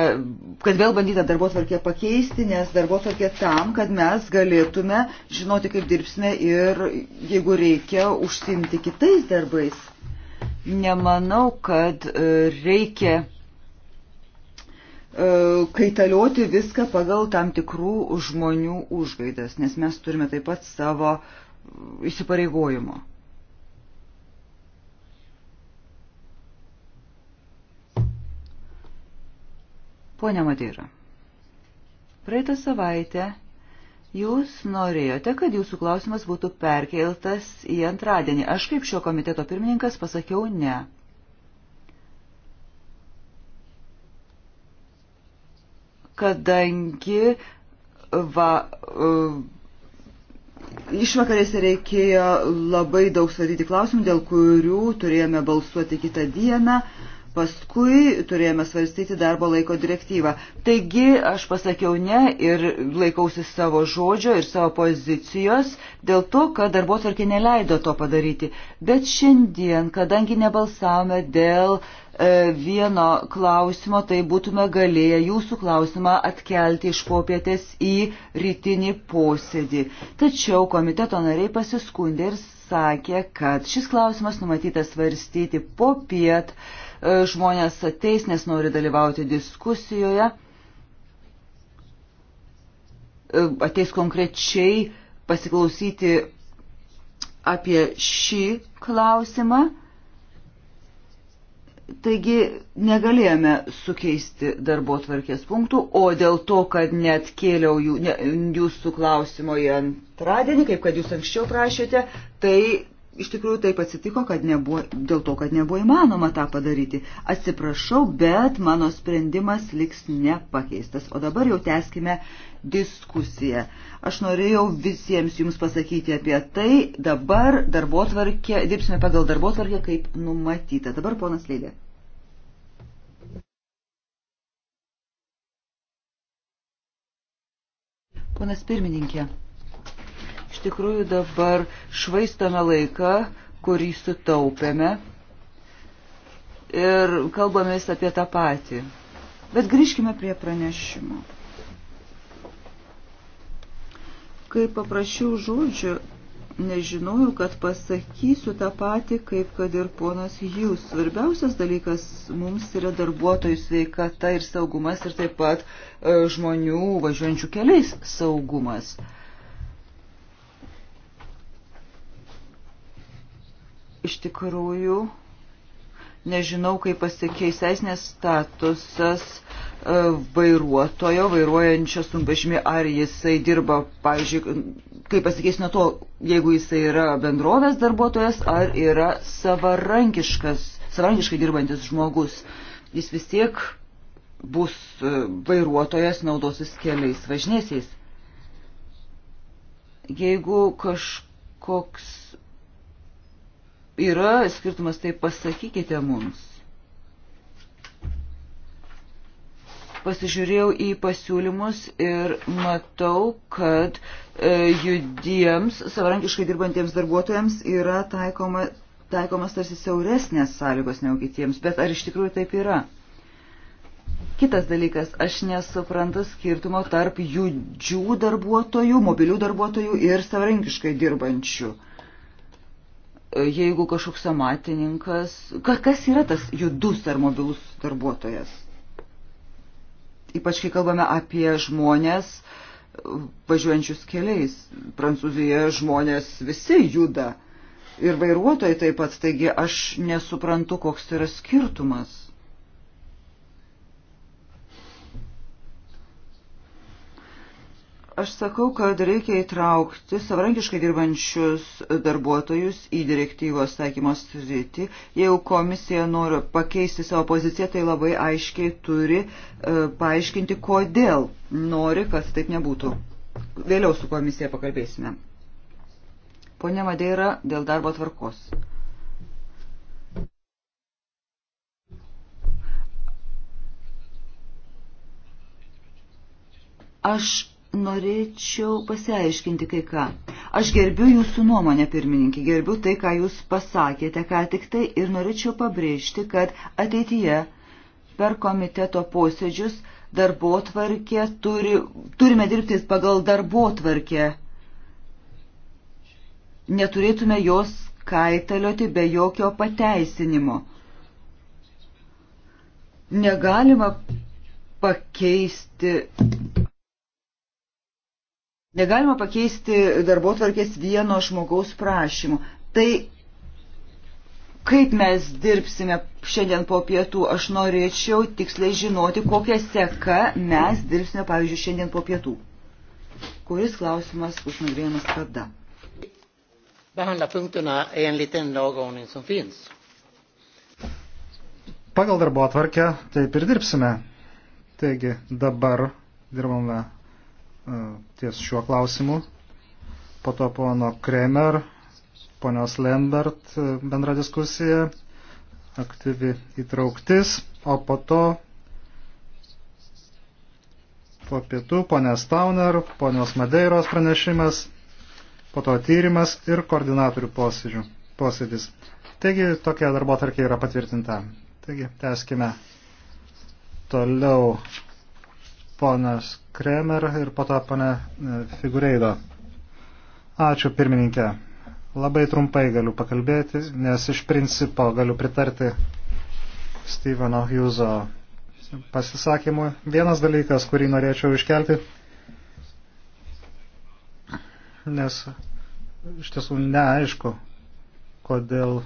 kad vėl bandyta darbo tvarkė pakeisti, nes darbo tvarkė tam, kad mes galėtume žinoti, kaip dirbsime ir, jeigu reikia, užsimti kitais darbais nemanau, kad e, reikia e, kaitalioti viską pagal tam tikrų žmonių užgaidas, nes mes turime taip pat savo įsipareigojimo. Pone Madeira, praeitą savaitę Jūs norėjote, kad jūsų klausimas būtų perkeltas į antradienį. Aš kaip šio komiteto pirmininkas pasakiau ne. Kadangi va, e, išvakarėse reikėjo labai daug svaryti klausimų, dėl kurių turėjome balsuoti kitą dieną. Uh, Paskui turėjome svarstyti darbo laiko direktyvą. Taigi aš pasakiau ne ir laikausi savo žodžio ir savo pozicijos dėl to, kad darbo tvarkė neleido to padaryti. Bet šiandien, kadangi nebalsavome dėl e, vieno klausimo, tai būtume galėję jūsų klausimą atkelti iš popietės į rytinį posėdį. Tačiau komiteto nariai pasiskundė ir sakė, kad šis klausimas numatytas svarstyti popiet. piet E, žmonės ateis, nes nori dalyvauti diskusijoje, e, ateis konkrečiai pasiklausyti apie šį klausimą. Taigi negalėjome sukeisti darbo tvarkės punktų, o dėl to, kad net kėliau jų, ne, jūsų klausimo į antradienį, kaip kad jūs anksčiau prašėte, tai iš tikrųjų taip atsitiko, kad nebuvo, dėl to, kad nebuvo įmanoma tą padaryti. Atsiprašau, bet mano sprendimas liks nepakeistas. O dabar jau tęskime diskusiją. Aš norėjau visiems jums pasakyti apie tai. Dabar darbotvarkė, dirbsime pagal darbotvarkę kaip numatyta. Dabar ponas Leidė. Ponas pirmininkė. Iš tikrųjų dabar švaistame laiką, kurį sutaupėme ir kalbamės apie tą patį. Bet grįžkime prie pranešimo. Kai paprašiau žodžių, nežinojau, kad pasakysiu tą patį, kaip kad ir ponas jūs. Svarbiausias dalykas mums yra darbuotojų sveikata ir saugumas ir taip pat e, žmonių važiuojančių keliais saugumas. E, iš tikrųjų nežinau, kaip pasikeis esnės statusas e, vairuotojo, vairuojančio sunkvežimį, ar jisai dirba, pavyzdžiui, kaip pasikeis nuo to, jeigu jisai yra bendrovės darbuotojas, ar yra savarankiškas, savarankiškai dirbantis žmogus. Jis vis tiek bus e, vairuotojas, naudosis keliais važinėsiais. Jeigu kažkoks yra skirtumas, tai pasakykite mums. Pasižiūrėjau į pasiūlymus ir matau, kad e, judiems, savarankiškai dirbantiems darbuotojams yra taikoma, taikomas tarsi siauresnės sąlygos negu kitiems, bet ar iš tikrųjų taip yra? Kitas dalykas, aš nesuprantu skirtumo tarp judžių darbuotojų, mobilių darbuotojų ir savarankiškai dirbančių. E, jeigu kažkoks amatininkas, kas yra tas judus ar mobilus darbuotojas? Ypač kai kalbame apie žmonės e, važiuojančius keliais. Prancūzijoje žmonės visi juda ir vairuotojai taip pat, taigi aš nesuprantu, koks yra skirtumas. Aš sakau, kad reikia įtraukti savarankiškai dirbančius darbuotojus į direktyvos taikymos sritį. Jeigu komisija nori pakeisti savo poziciją, tai labai aiškiai turi e, paaiškinti, kodėl nori, kad taip nebūtų. Vėliau su komisija pakalbėsime. Pone Madeira, dėl darbo tvarkos. Aš norėčiau pasiaiškinti kai ką. Aš gerbiu jūsų nuomonę, pirmininkė, gerbiu tai, ką jūs pasakėte ką tik tai ir norėčiau pabrėžti, kad ateityje per komiteto posėdžius darbo tvarkė turi, turime dirbti pagal darbo tvarkę. Neturėtume jos kaitalioti be jokio pateisinimo. Negalima pakeisti Negalima pakeisti darbo tvarkės vieno žmogaus prašymu. Tai kaip mes dirbsime šiandien po pietų, aš norėčiau tiksliai žinoti, kokią seką mes dirbsime, pavyzdžiui, šiandien po pietų. Kuris klausimas bus nagrinėjamas kada? Pagal darbo atvarkę taip ir dirbsime. Taigi dabar dirbame E, ties šiuo klausimu. Po to pono Kremer, ponios Lambert e, bendra diskusija, aktyvi įtrauktis, o po to po pietų ponės Tauner, ponios Madeiros pranešimas, po to tyrimas ir koordinatorių posėdžių, posėdis. Taigi tokia darbo tarkė yra patvirtinta. Taigi, teskime toliau ponas Kremer ir po to ponė e, Figureido. Ačiū pirmininkė. Labai trumpai galiu pakalbėti, nes iš principo galiu pritarti Steveno Hugheso pasisakymui. Vienas dalykas, kurį norėčiau iškelti, nes iš tiesų neaišku, kodėl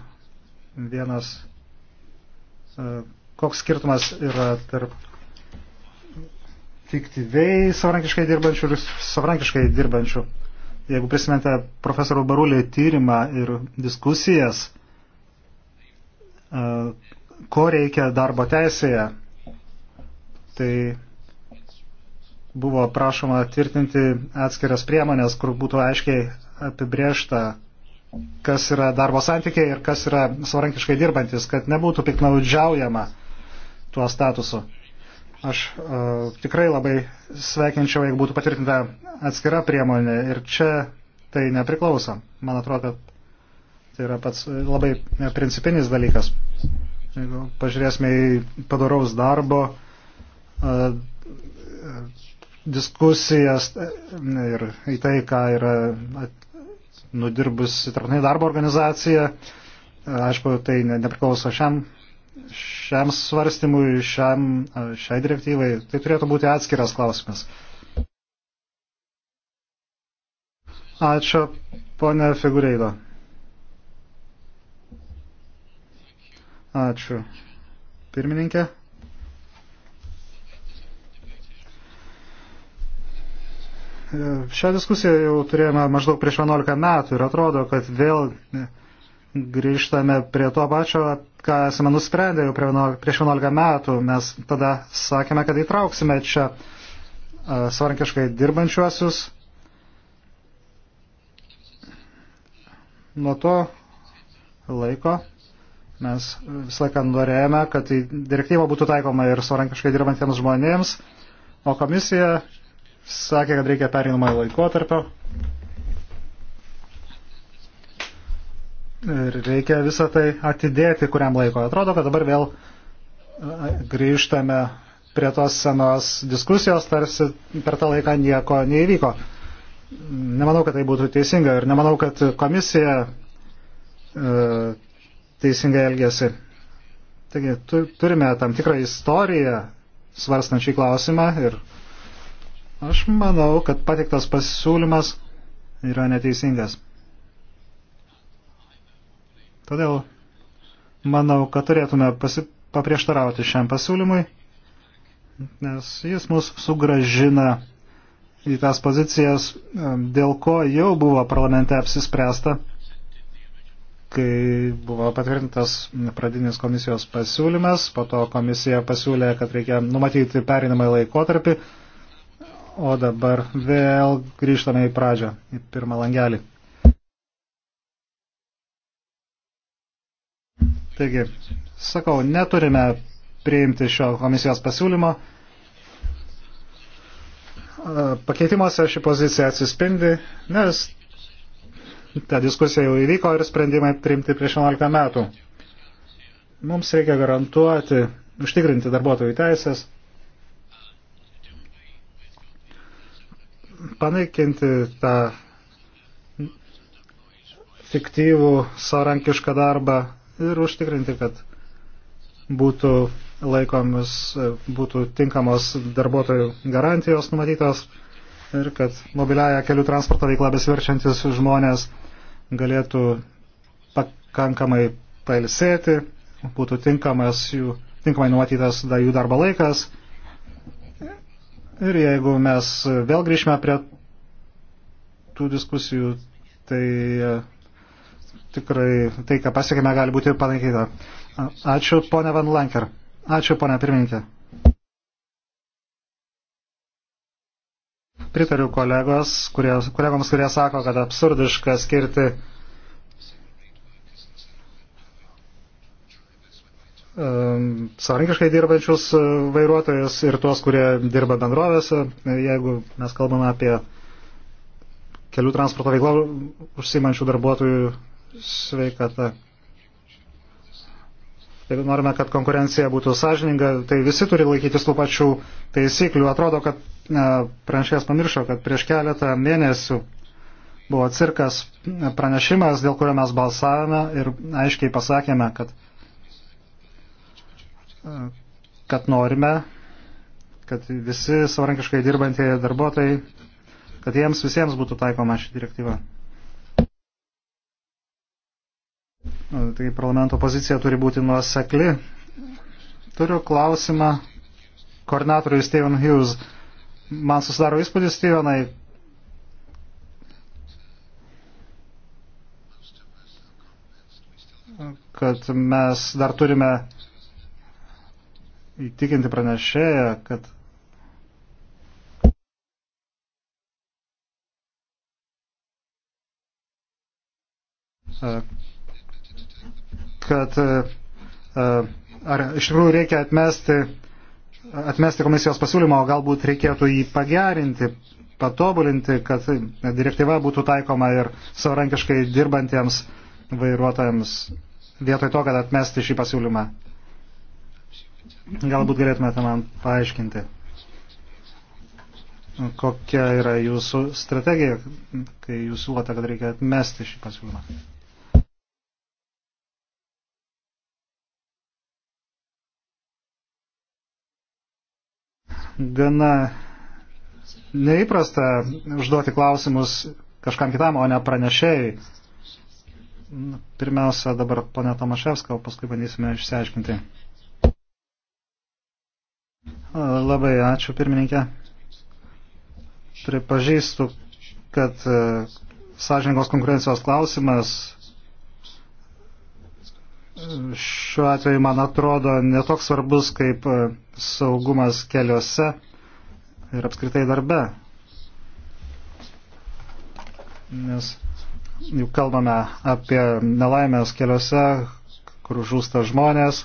vienas, e, koks skirtumas yra tarp fiktyviai savarankiškai dirbančių ir savarankiškai dirbančių. Jeigu prisimente profesorių Barulį tyrimą ir diskusijas, e, ko reikia darbo teisėje, tai buvo prašoma tvirtinti atskiras priemonės, kur būtų aiškiai apibriešta, kas yra darbo santykiai ir kas yra savarankiškai dirbantis, kad nebūtų piknaudžiaujama tuo statusu. Aš a, e, tikrai labai sveikinčiau, jeigu būtų patvirtinta atskira priemonė ir čia tai nepriklauso. Man atrodo, kad tai yra pats e, labai principinis dalykas. Jeigu pažiūrėsime į padaraus darbo a, e, diskusijas ir į tai, ką yra nudirbusi tarptautinė darbo organizacija, aišku, tai nepriklauso šiam šiam svarstymui, šiam, šiai direktyvai, tai turėtų būti atskiras klausimas. Ačiū, ponė Figureido. Ačiū, pirmininkė. Šią diskusiją jau turėjome maždaug prieš 11 metų ir atrodo, kad vėl grįžtame prie to pačio, ką esame nusprendę jau prieš 11 metų. Mes tada sakėme, kad įtrauksime čia e, svarkiškai dirbančiuosius. Nuo to laiko mes visą laiką norėjome, kad direktyva būtų taikoma ir savarankiškai dirbantiems žmonėms, o komisija sakė, kad reikia perinamąjį laikotarpio. ir reikia visą tai atidėti kuriam laiko. Atrodo, kad dabar vėl e, grįžtame prie tos senos diskusijos, tarsi per tą laiką nieko neįvyko. Nemanau, kad tai būtų teisinga ir nemanau, kad komisija e, teisingai elgėsi. Taigi tu, turime tam tikrą istoriją svarstant šį klausimą ir aš manau, kad patiktas pasiūlymas yra neteisingas. Todėl manau, kad turėtume pasi, paprieštarauti šiam pasiūlymui, nes jis mus sugražina į tas pozicijas, e, dėl ko jau buvo parlamente apsispręsta, kai buvo patvirtintas pradinis komisijos pasiūlymas, po to komisija pasiūlė, kad reikia numatyti perinamą laikotarpį, o dabar vėl grįžtame į pradžią, į pirmą langelį. Taigi, sakau, neturime priimti šio komisijos pasiūlymo. E, pakeitimuose ši pozicija atsispindi, nes ta diskusija jau įvyko ir sprendimai priimti prieš 11 metų. Mums reikia garantuoti, užtikrinti darbuotojų teisės, panaikinti tą fiktyvų savarankišką darbą ir užtikrinti, kad būtų laikomis, būtų tinkamos darbuotojų garantijos numatytos ir kad mobiliaja kelių transporto veikla besverčiantis žmonės galėtų pakankamai pailsėti, būtų tinkamas jų, tinkamai numatytas da, jų darbo laikas. Ir jeigu mes vėl grįžime prie tų diskusijų, tai tikrai tai, ką pasiekėme, gali būti panaikyta. Ačiū, ponia Van Lanker. Ačiū, ponia pirmininkė. Pritariu kolegos, kurie, kolegoms, kurie sako, kad absurdiška skirti um, savarankiškai dirbančius uh, vairuotojus ir tuos, kurie dirba bendrovėse, jeigu mes kalbame apie kelių transporto veiklą užsimančių darbuotojų sveikata. Jeigu norime, kad konkurencija būtų sąžininga, tai visi turi laikytis tų pačių taisyklių. Atrodo, kad e, pranešėjas pamiršo, kad prieš keletą mėnesių buvo cirkas e, pranešimas, dėl kurio mes balsavome ir aiškiai pasakėme, kad, e, kad norime, kad visi savarankiškai dirbantieji darbuotojai, kad jiems visiems būtų taikoma ši direktyva. Tai parlamento pozicija turi būti nuosekli. Turiu klausimą koordinatoriui Steven Hughes. Man susidaro įspūdis, Stevenai, kad mes dar turime įtikinti pranešėją, kad kad e, e, ar iš tikrųjų reikia atmesti, atmesti komisijos pasiūlymą, o galbūt reikėtų jį pagerinti, patobulinti, kad direktyva būtų taikoma ir savarankiškai dirbantiems vairuotojams vietoj to, kad atmesti šį pasiūlymą. Galbūt galėtumėte man paaiškinti, kokia yra jūsų strategija, kai jūs siūlote, kad reikia atmesti šį pasiūlymą. gana neįprasta užduoti klausimus kažkam kitam, o ne pranešėjai. Pirmiausia, dabar ponė Tomaševska, o paskui bandysime išsiaiškinti. Labai ačiū, pirmininkė. Pripažįstu, kad e, sąžininkos konkurencijos klausimas e, šiuo atveju man atrodo netoks svarbus kaip e, saugumas keliuose ir apskritai darbe. Nes jau kalbame apie nelaimės keliuose, kur žūsta žmonės.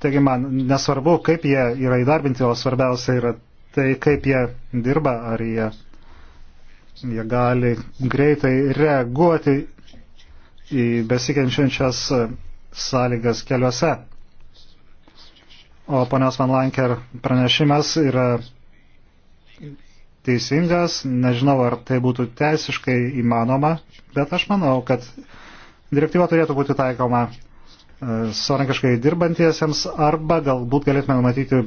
Taigi man nesvarbu, kaip jie yra įdarbinti, o svarbiausia yra tai, kaip jie dirba, ar jie, jie gali greitai reaguoti į besikenčiančias sąlygas keliuose. O ponios Van Lanker pranešimas yra teisingas, nežinau ar tai būtų teisiškai įmanoma, bet aš manau, kad direktyva turėtų būti taikoma e, savarankiškai dirbantiesiems arba galbūt galėtume numatyti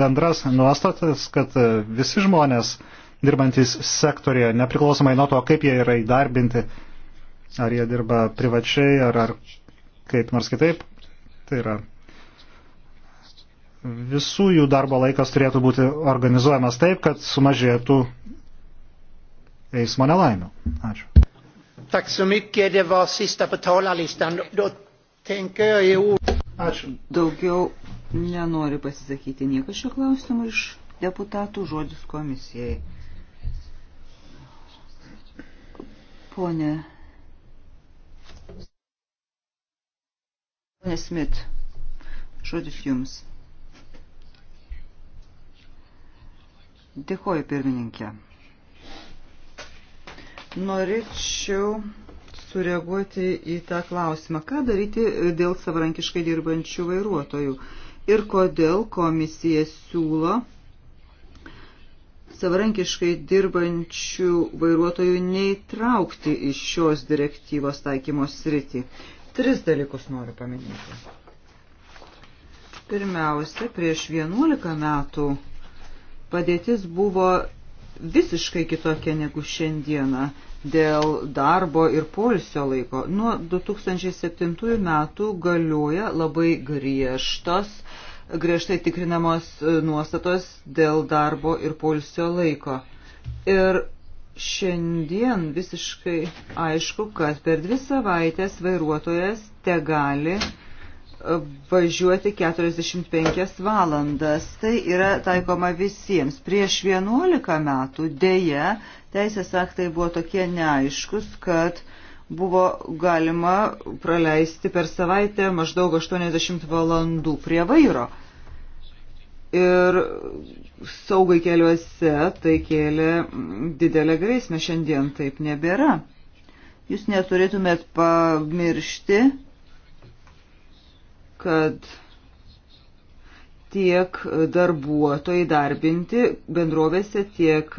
bendras nuostatas, kad e, visi žmonės dirbantys sektorėje, nepriklausomai nuo to, kaip jie yra įdarbinti, ar jie dirba privačiai, ar, ar kaip nors kitaip. Tai yra visų jų darbo laikas turėtų būti organizuojamas taip, kad sumažėtų eismo nelaimių. Ačiū. Tack så mycket. Det var sista på talarlistan. Då tänker jag i ord. Ačiū. Daugiau nenori pasisakyti niekas šio klausimu iš deputatų žodis komisijai. Pone Pane Smith, žodis jums. Dėkoju, pirmininkė. Norėčiau sureaguoti į tą klausimą, ką daryti dėl savarankiškai dirbančių vairuotojų ir kodėl komisija siūlo savarankiškai dirbančių vairuotojų neįtraukti iš šios direktyvos taikymos sritį. Tris dalykus noriu paminėti. Pirmiausia, prieš 11 metų padėtis buvo visiškai kitokia negu šiandieną dėl darbo ir polsio laiko. Nuo 2007 metų galioja labai griežtos, griežtai tikrinamos nuostatos dėl darbo ir polsio laiko. Ir šiandien visiškai aišku, kad per dvi savaitės vairuotojas te gali e, važiuoti 45 valandas. Tai yra taikoma visiems. Prieš 11 metų dėja teisės aktai buvo tokie neaiškus, kad buvo galima praleisti per savaitę maždaug 80 valandų prie vairo ir saugai keliuose tai kėlė didelę grėsmę, šiandien taip nebėra. Jūs neturėtumėt pamiršti, kad tiek darbuotojai darbinti bendrovėse, tiek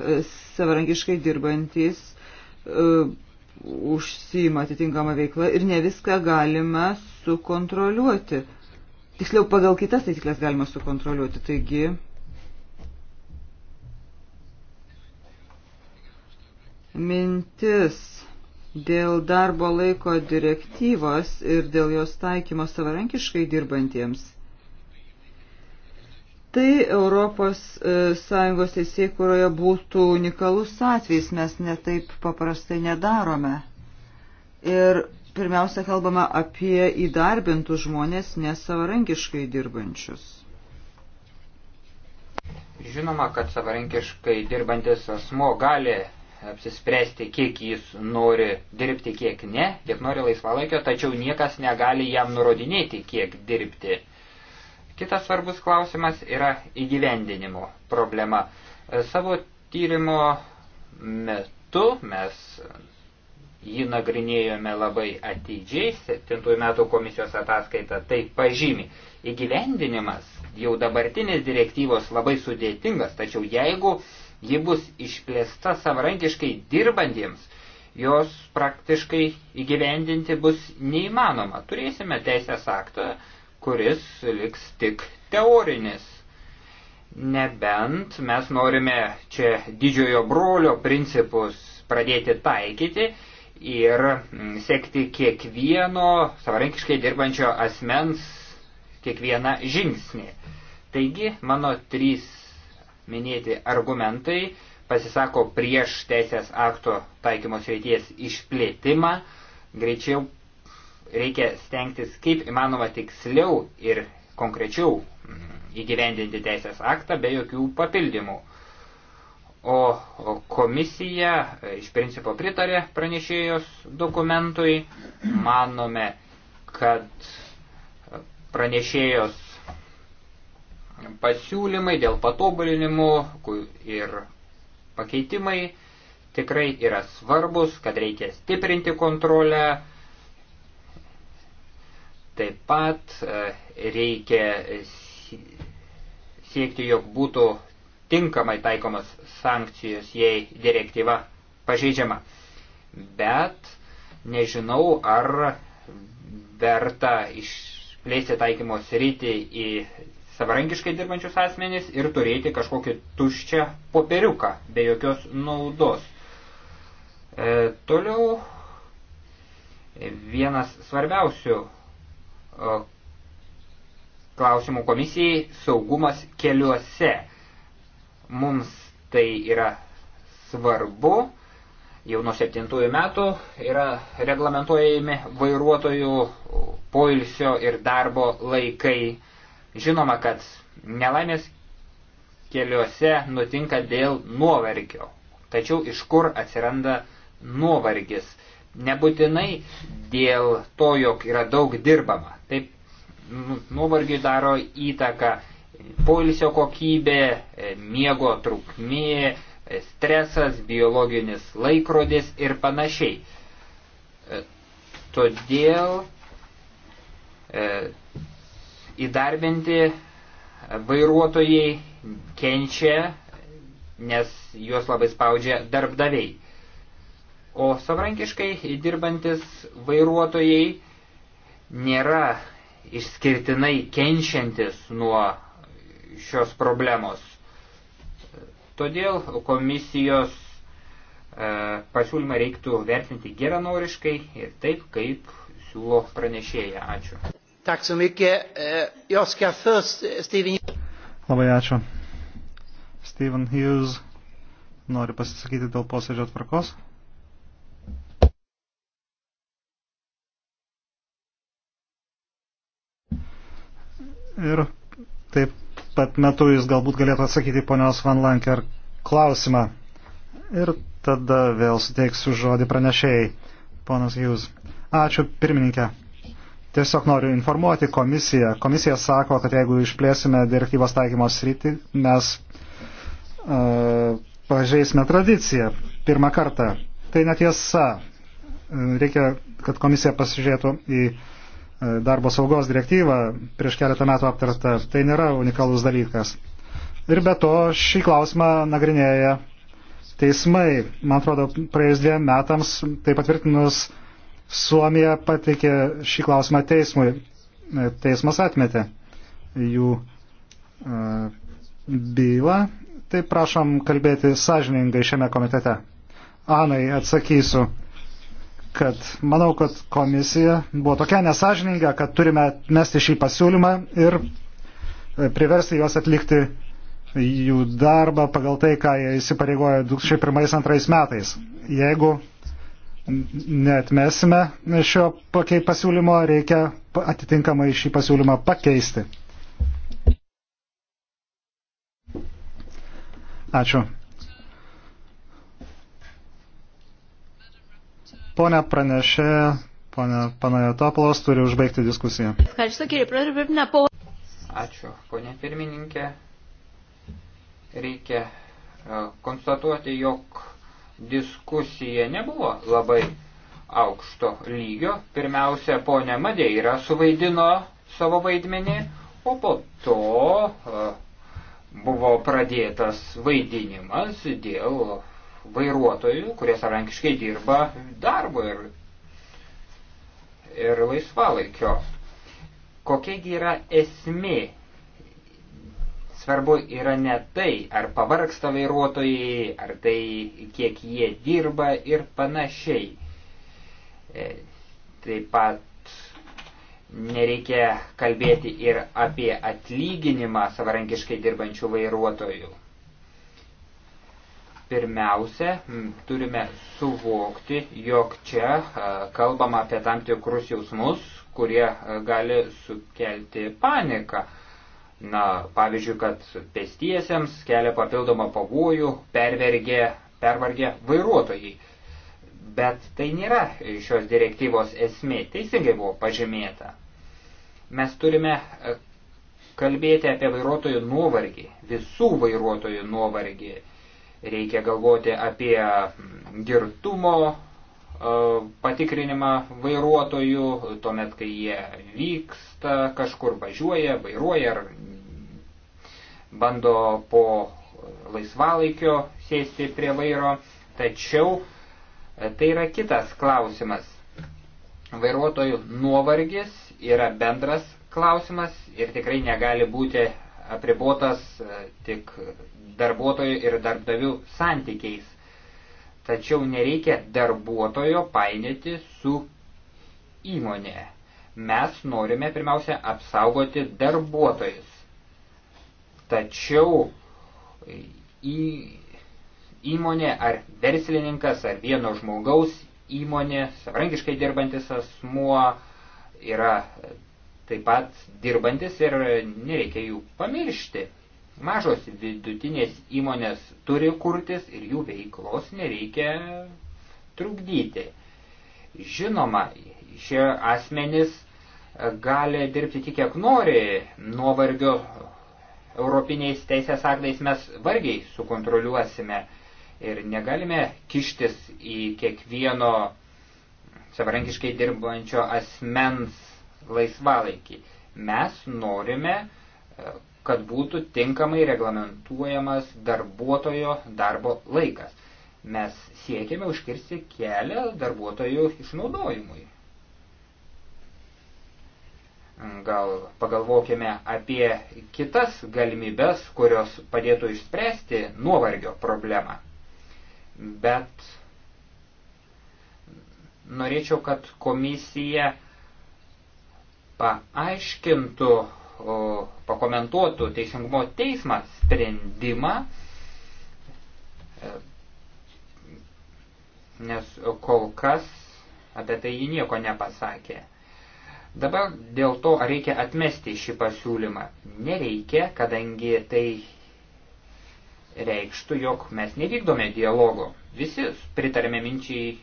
savarankiškai dirbantis uh, e, užsima atitinkamą veiklą ir ne viską galima sukontroliuoti. Uh, tiksliau pagal kitas taisyklės galima sukontroliuoti. Taigi, mintis dėl darbo laiko direktyvos ir dėl jos taikymo savarankiškai dirbantiems. Tai ES e, teisėkuroje būtų unikalus atvejs, mes netaip paprastai nedarome. Ir Pirmiausia, kalbama apie įdarbintų žmonės nesavarankiškai dirbančius. Žinoma, kad savarankiškai dirbantis asmo gali apsispręsti, kiek jis nori dirbti, kiek ne, kiek nori laisvalaikio, tačiau niekas negali jam nurodinėti, kiek dirbti. Kitas svarbus klausimas yra įgyvendinimo problema. Savo tyrimo metu mes jį nagrinėjome labai atidžiai, 7 metų komisijos ataskaita tai pažymi. Įgyvendinimas jau dabartinės direktyvos labai sudėtingas, tačiau jeigu ji bus išplėsta savarankiškai dirbantiems, jos praktiškai įgyvendinti bus neįmanoma. Turėsime teisės aktą, kuris liks tik teorinis. Nebent mes norime čia didžiojo brolio principus pradėti taikyti ir mm, sekti kiekvieno savarankiškai dirbančio asmens kiekvieną žingsnį. Taigi, mano trys minėti argumentai pasisako prieš teisės akto taikymo sveities išplėtimą, greičiau reikia stengtis kaip įmanoma tiksliau ir konkrečiau mm, įgyvendinti teisės aktą be jokių papildymų o komisija e, iš principo pritarė pranešėjos dokumentui. Manome, kad pranešėjos pasiūlymai dėl patobulinimų ir pakeitimai tikrai yra svarbus, kad reikia stiprinti kontrolę. Taip pat e, reikia siekti, jog būtų tinkamai taikomas sankcijos, jei direktyva pažeidžiama. Bet nežinau, ar verta išplėsti taikymo sritį į savarankiškai dirbančius asmenys ir turėti kažkokį tuščią popieriuką be jokios naudos. E, toliau e, vienas svarbiausių e, klausimų komisijai saugumas keliuose. Mums tai yra svarbu. Jau nuo septintųjų metų yra reglamentojami vairuotojų poilsio ir darbo laikai. Žinoma, kad nelaimės keliuose nutinka dėl nuovargio. Tačiau iš kur atsiranda nuovargis? Nebūtinai dėl to, jog yra daug dirbama. Taip nu, nuovargiai daro įtaką poilsio kokybė, e, miego trukmė, e, stresas, biologinis laikrodis ir panašiai. E, todėl įdarbinti vairuotojai kenčia, nes juos labai spaudžia darbdaviai. O savrankiškai dirbantis vairuotojai nėra išskirtinai kenčiantis nuo šios problemos. Todėl komisijos e, pasiūlymą reiktų vertinti geranoriškai ir taip, kaip siūlo pranešėja. Ačiū. E, Labai ačiū. Steven Hughes nori pasisakyti dėl posėdžio tvarkos. Ir taip pat metu jūs galbūt galėtų atsakyti ponios Van Lanker klausimą. Ir tada vėl suteiksiu žodį pranešėjai. Ponas Jūs. Ačiū pirmininkė. Tiesiog noriu informuoti komisiją. Komisija sako, kad jeigu išplėsime direktyvos taikymos rytį, mes uh, pažeisime tradiciją pirmą kartą. Tai netiesa. Reikia, kad komisija pasižiūrėtų į uh, E, darbo saugos direktyvą prieš keletą metų aptarta. Tai nėra unikalus dalykas. Ir be to šį klausimą nagrinėja teismai. Man atrodo, praėjus dviem metams, tai patvirtinus, Suomija pateikė šį klausimą teismui. E, teismas atmetė jų e, bylą. Tai prašom kalbėti sąžiningai šiame komitete. Anai atsakysiu kad manau, kad komisija buvo tokia nesažininga, kad turime mesti šį pasiūlymą ir e, priversti juos atlikti jų darbą pagal tai, ką jie įsipareigojo 2001-2002 metais. Jeigu netmesime šio pasiūlymo, reikia atitinkamai šį pasiūlymą pakeisti. Ačiū. Pone pranešė, pone Panajotopolos turi užbaigti diskusiją. Ačiū, ponė pirmininkė. Reikia e, konstatuoti, jog diskusija nebuvo labai aukšto lygio. Pirmiausia, ponė Madeira suvaidino savo vaidmenį, o po to e, buvo pradėtas vaidinimas dėl vairuotojų, kurie savarankiškai dirba darbo ir, ir laisvalaikio. Kokiegi yra esmė? Svarbu yra ne tai, ar pavarksta vairuotojai, ar tai, kiek jie dirba ir panašiai. E, taip pat nereikia kalbėti ir apie atlyginimą savarankiškai dirbančių vairuotojų. Pirmiausia, turime suvokti, jog čia kalbama apie tam tikrus jausmus, kurie gali sukelti paniką. Na, pavyzdžiui, kad pėstiesiems kelia papildomą pavojų, pervergė, pervargė vairuotojai. Bet tai nėra šios direktyvos esmė, teisingai buvo pažymėta. Mes turime kalbėti apie vairuotojų nuovargį, visų vairuotojų nuovargį reikia galvoti apie girtumo e, patikrinimą vairuotojų, tuomet, kai jie vyksta kažkur važiuoja, vairuoja ar bando po laisvalaikio sėsti prie vairo. Tačiau e, tai yra kitas klausimas. Vairuotojų nuovargis yra bendras klausimas ir tikrai negali būti apribotas e, tik darbuotojų ir darbdavių santykiais. Tačiau nereikia darbuotojo painėti su įmonė. Mes norime pirmiausia apsaugoti darbuotojus. Tačiau į, įmonė ar verslininkas ar vieno žmogaus įmonė, savarankiškai dirbantis asmuo yra taip pat dirbantis ir nereikia jų pamiršti. Mažos vidutinės įmonės turi kurtis ir jų veiklos nereikia trukdyti. Žinoma, šie asmenys gali dirbti tik kiek nori, nuovargio europiniais teisės aktais mes vargiai sukontroliuosime ir negalime kištis į kiekvieno savarankiškai dirbančio asmens laisvalaikį. Mes norime kad būtų tinkamai reglamentuojamas darbuotojo darbo laikas. Mes siekime užkirsti kelią darbuotojų išnaudojimui. Gal pagalvokime apie kitas galimybės, kurios padėtų išspręsti nuovargio problemą. Bet norėčiau, kad komisija paaiškintų pakomentuotų teisingumo teismą sprendimą, e, nes kol kas apie tai ji nieko nepasakė. Dabar dėl to, ar reikia atmesti šį pasiūlymą? Nereikia, kadangi tai reikštų, jog mes nevykdome dialogo. Visi pritarėme minčiai,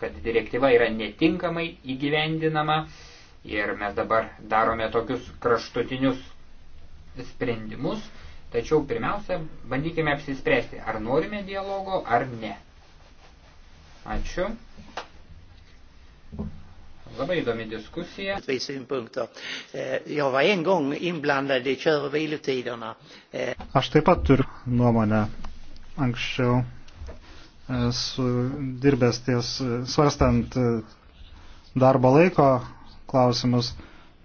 kad direktyva yra netinkamai įgyvendinama ir mes dabar darome tokius kraštutinius sprendimus, tačiau pirmiausia, bandykime apsispręsti, ar norime dialogo, ar ne. Ačiū. Labai įdomi diskusija. Eh, eh, Aš taip pat turiu nuomonę. Anksčiau esu dirbęs ties svarstant eh, darbo laiko klausimus.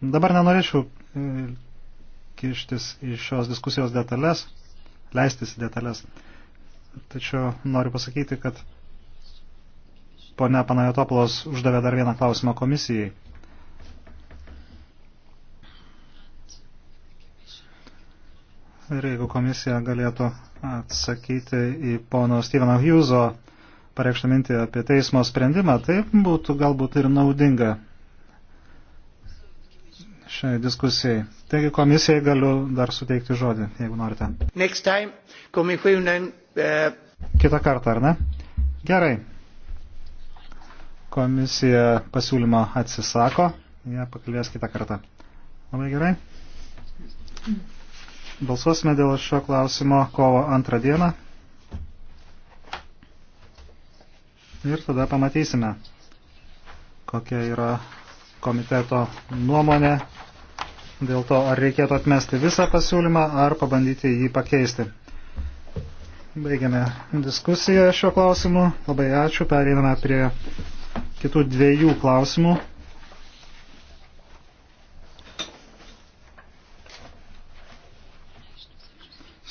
Dabar nenorėčiau e, kištis į šios diskusijos detalės, leistis į detalės. Tačiau noriu pasakyti, kad ponia Panajotopoulos uždavė dar vieną klausimą komisijai. Ir jeigu komisija galėtų atsakyti į pono Steveno Hugheso pareikštą mintį apie teismo sprendimą, tai būtų galbūt ir naudinga šiai diskusijai. Taigi komisijai galiu dar suteikti žodį, jeigu norite. Time, commission... E, Kita kartą, ar ne? Gerai. Komisija pasiūlymo atsisako. Jie ja, pakalbės kitą kartą. Labai gerai. Balsuosime dėl šio klausimo kovo antrą dieną. Ir tada pamatysime, kokia yra komiteto nuomonę dėl to, ar reikėtų atmesti visą pasiūlymą, ar pabandyti jį pakeisti. Baigiame diskusiją šiuo klausimu. Labai ačiū. Pereiname prie kitų dviejų klausimų.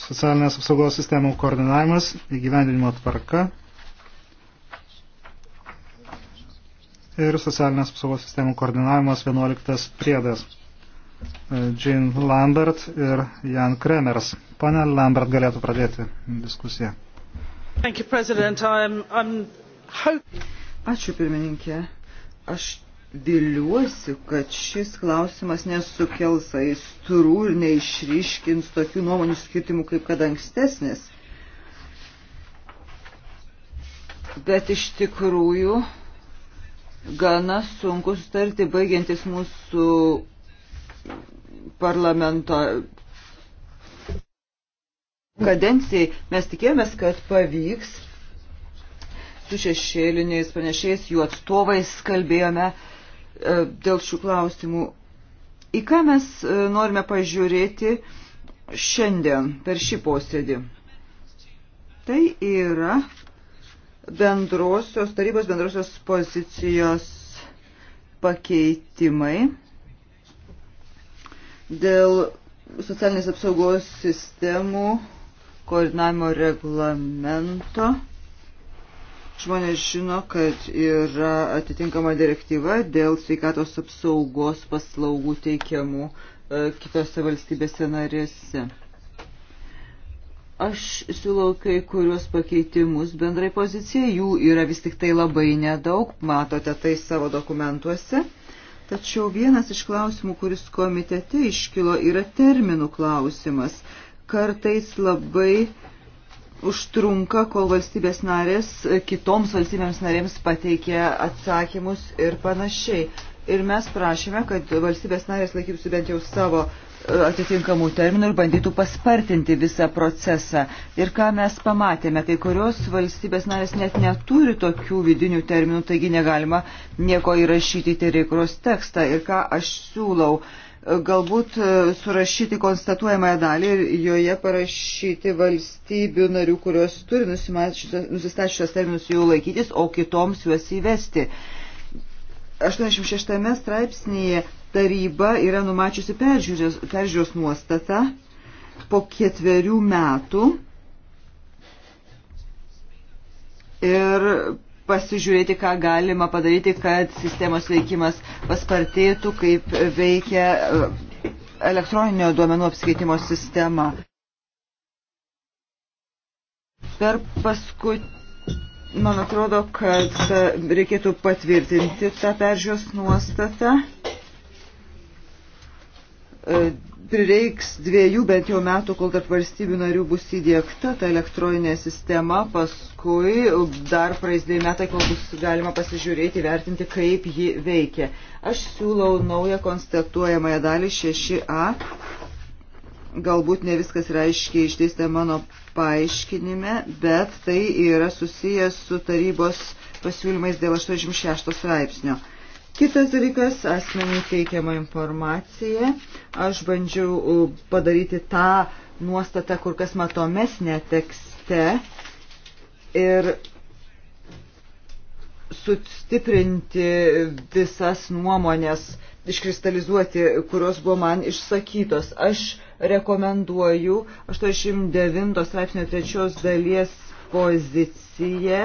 Socialinės apsaugos sistemų koordinavimas, įgyvendinimo tvarka ir socialinės apsaugos sistemų koordinavimas 11 priedas. E, Jean Lambert ir Jan Kremers. Pane Lambert galėtų pradėti diskusiją. You, I'm, I'm hope... Ačiū pirmininkė. Aš viliuosi, kad šis klausimas nesukels aistrų ir neišryškins tokių nuomonių skirtimų kaip kad ankstesnis. Bet iš tikrųjų gana sunku sustarti, baigiantis mūsų parlamento kadencijai. Mes tikėjomės, kad pavyks su šešėliniais pranešėjais, jų atstovais kalbėjome e, dėl šių klausimų. Į ką mes e, norime pažiūrėti šiandien per šį posėdį? Tai yra bendrosios tarybos bendrosios pozicijos pakeitimai dėl socialinės apsaugos sistemų koordinavimo reglamento. Žmonės žino, kad yra atitinkama direktyva dėl sveikatos apsaugos paslaugų teikiamų e, kitose valstybėse narėse. Aš siūlau kai kuriuos pakeitimus. Bendrai pozicija jų yra vis tik tai labai nedaug, matote tai savo dokumentuose. Tačiau vienas iš klausimų, kuris komitete iškilo, yra terminų klausimas. Kartais labai užtrunka, kol valstybės narės kitoms valstybėms narėms pateikia atsakymus ir panašiai. Ir mes prašėme, kad valstybės narės laikytųsi bent jau savo uh, atitinkamų terminų ir bandytų paspartinti visą procesą. Ir ką mes pamatėme, kai kurios valstybės narės net neturi tokių vidinių terminų, taigi negalima nieko įrašyti į tereikros tekstą. Ir ką aš siūlau, galbūt e, surašyti konstatuojamąją dalį ir joje parašyti valstybių narių, kurios turi nusistačiusios terminus jų laikytis, o kitoms juos įvesti. 86 straipsnėje taryba yra numačiusi peržiūrės, peržiūros nuostatą po ketverių metų ir pasižiūrėti, ką galima padaryti, kad sistemos veikimas paspartėtų, kaip veikia e, elektroninio duomenų apskaitimo sistema. Per paskutinį Man atrodo, kad e, reikėtų patvirtinti tą peržiūros nuostatą. E, prireiks dviejų bent jau metų, kol tarp valstybių narių bus įdėkta ta elektroninė sistema, paskui dar praeis dviejų metai, kol bus galima pasižiūrėti, vertinti, kaip ji veikia. Aš siūlau naują konstatuojamąją dalį 6a. Galbūt ne viskas yra aiškiai išdėstę mano paaiškinime, bet tai yra susijęs su tarybos pasiūlymais dėl 86 straipsnio. Kitas dalykas - asmeniai teikiama informacija. Aš bandžiau padaryti tą nuostatą kur kas matomesnė tekste ir sustiprinti visas nuomonės, iškristalizuoti, kurios buvo man išsakytos. Aš rekomenduoju 89 straipsnio trečios dalies poziciją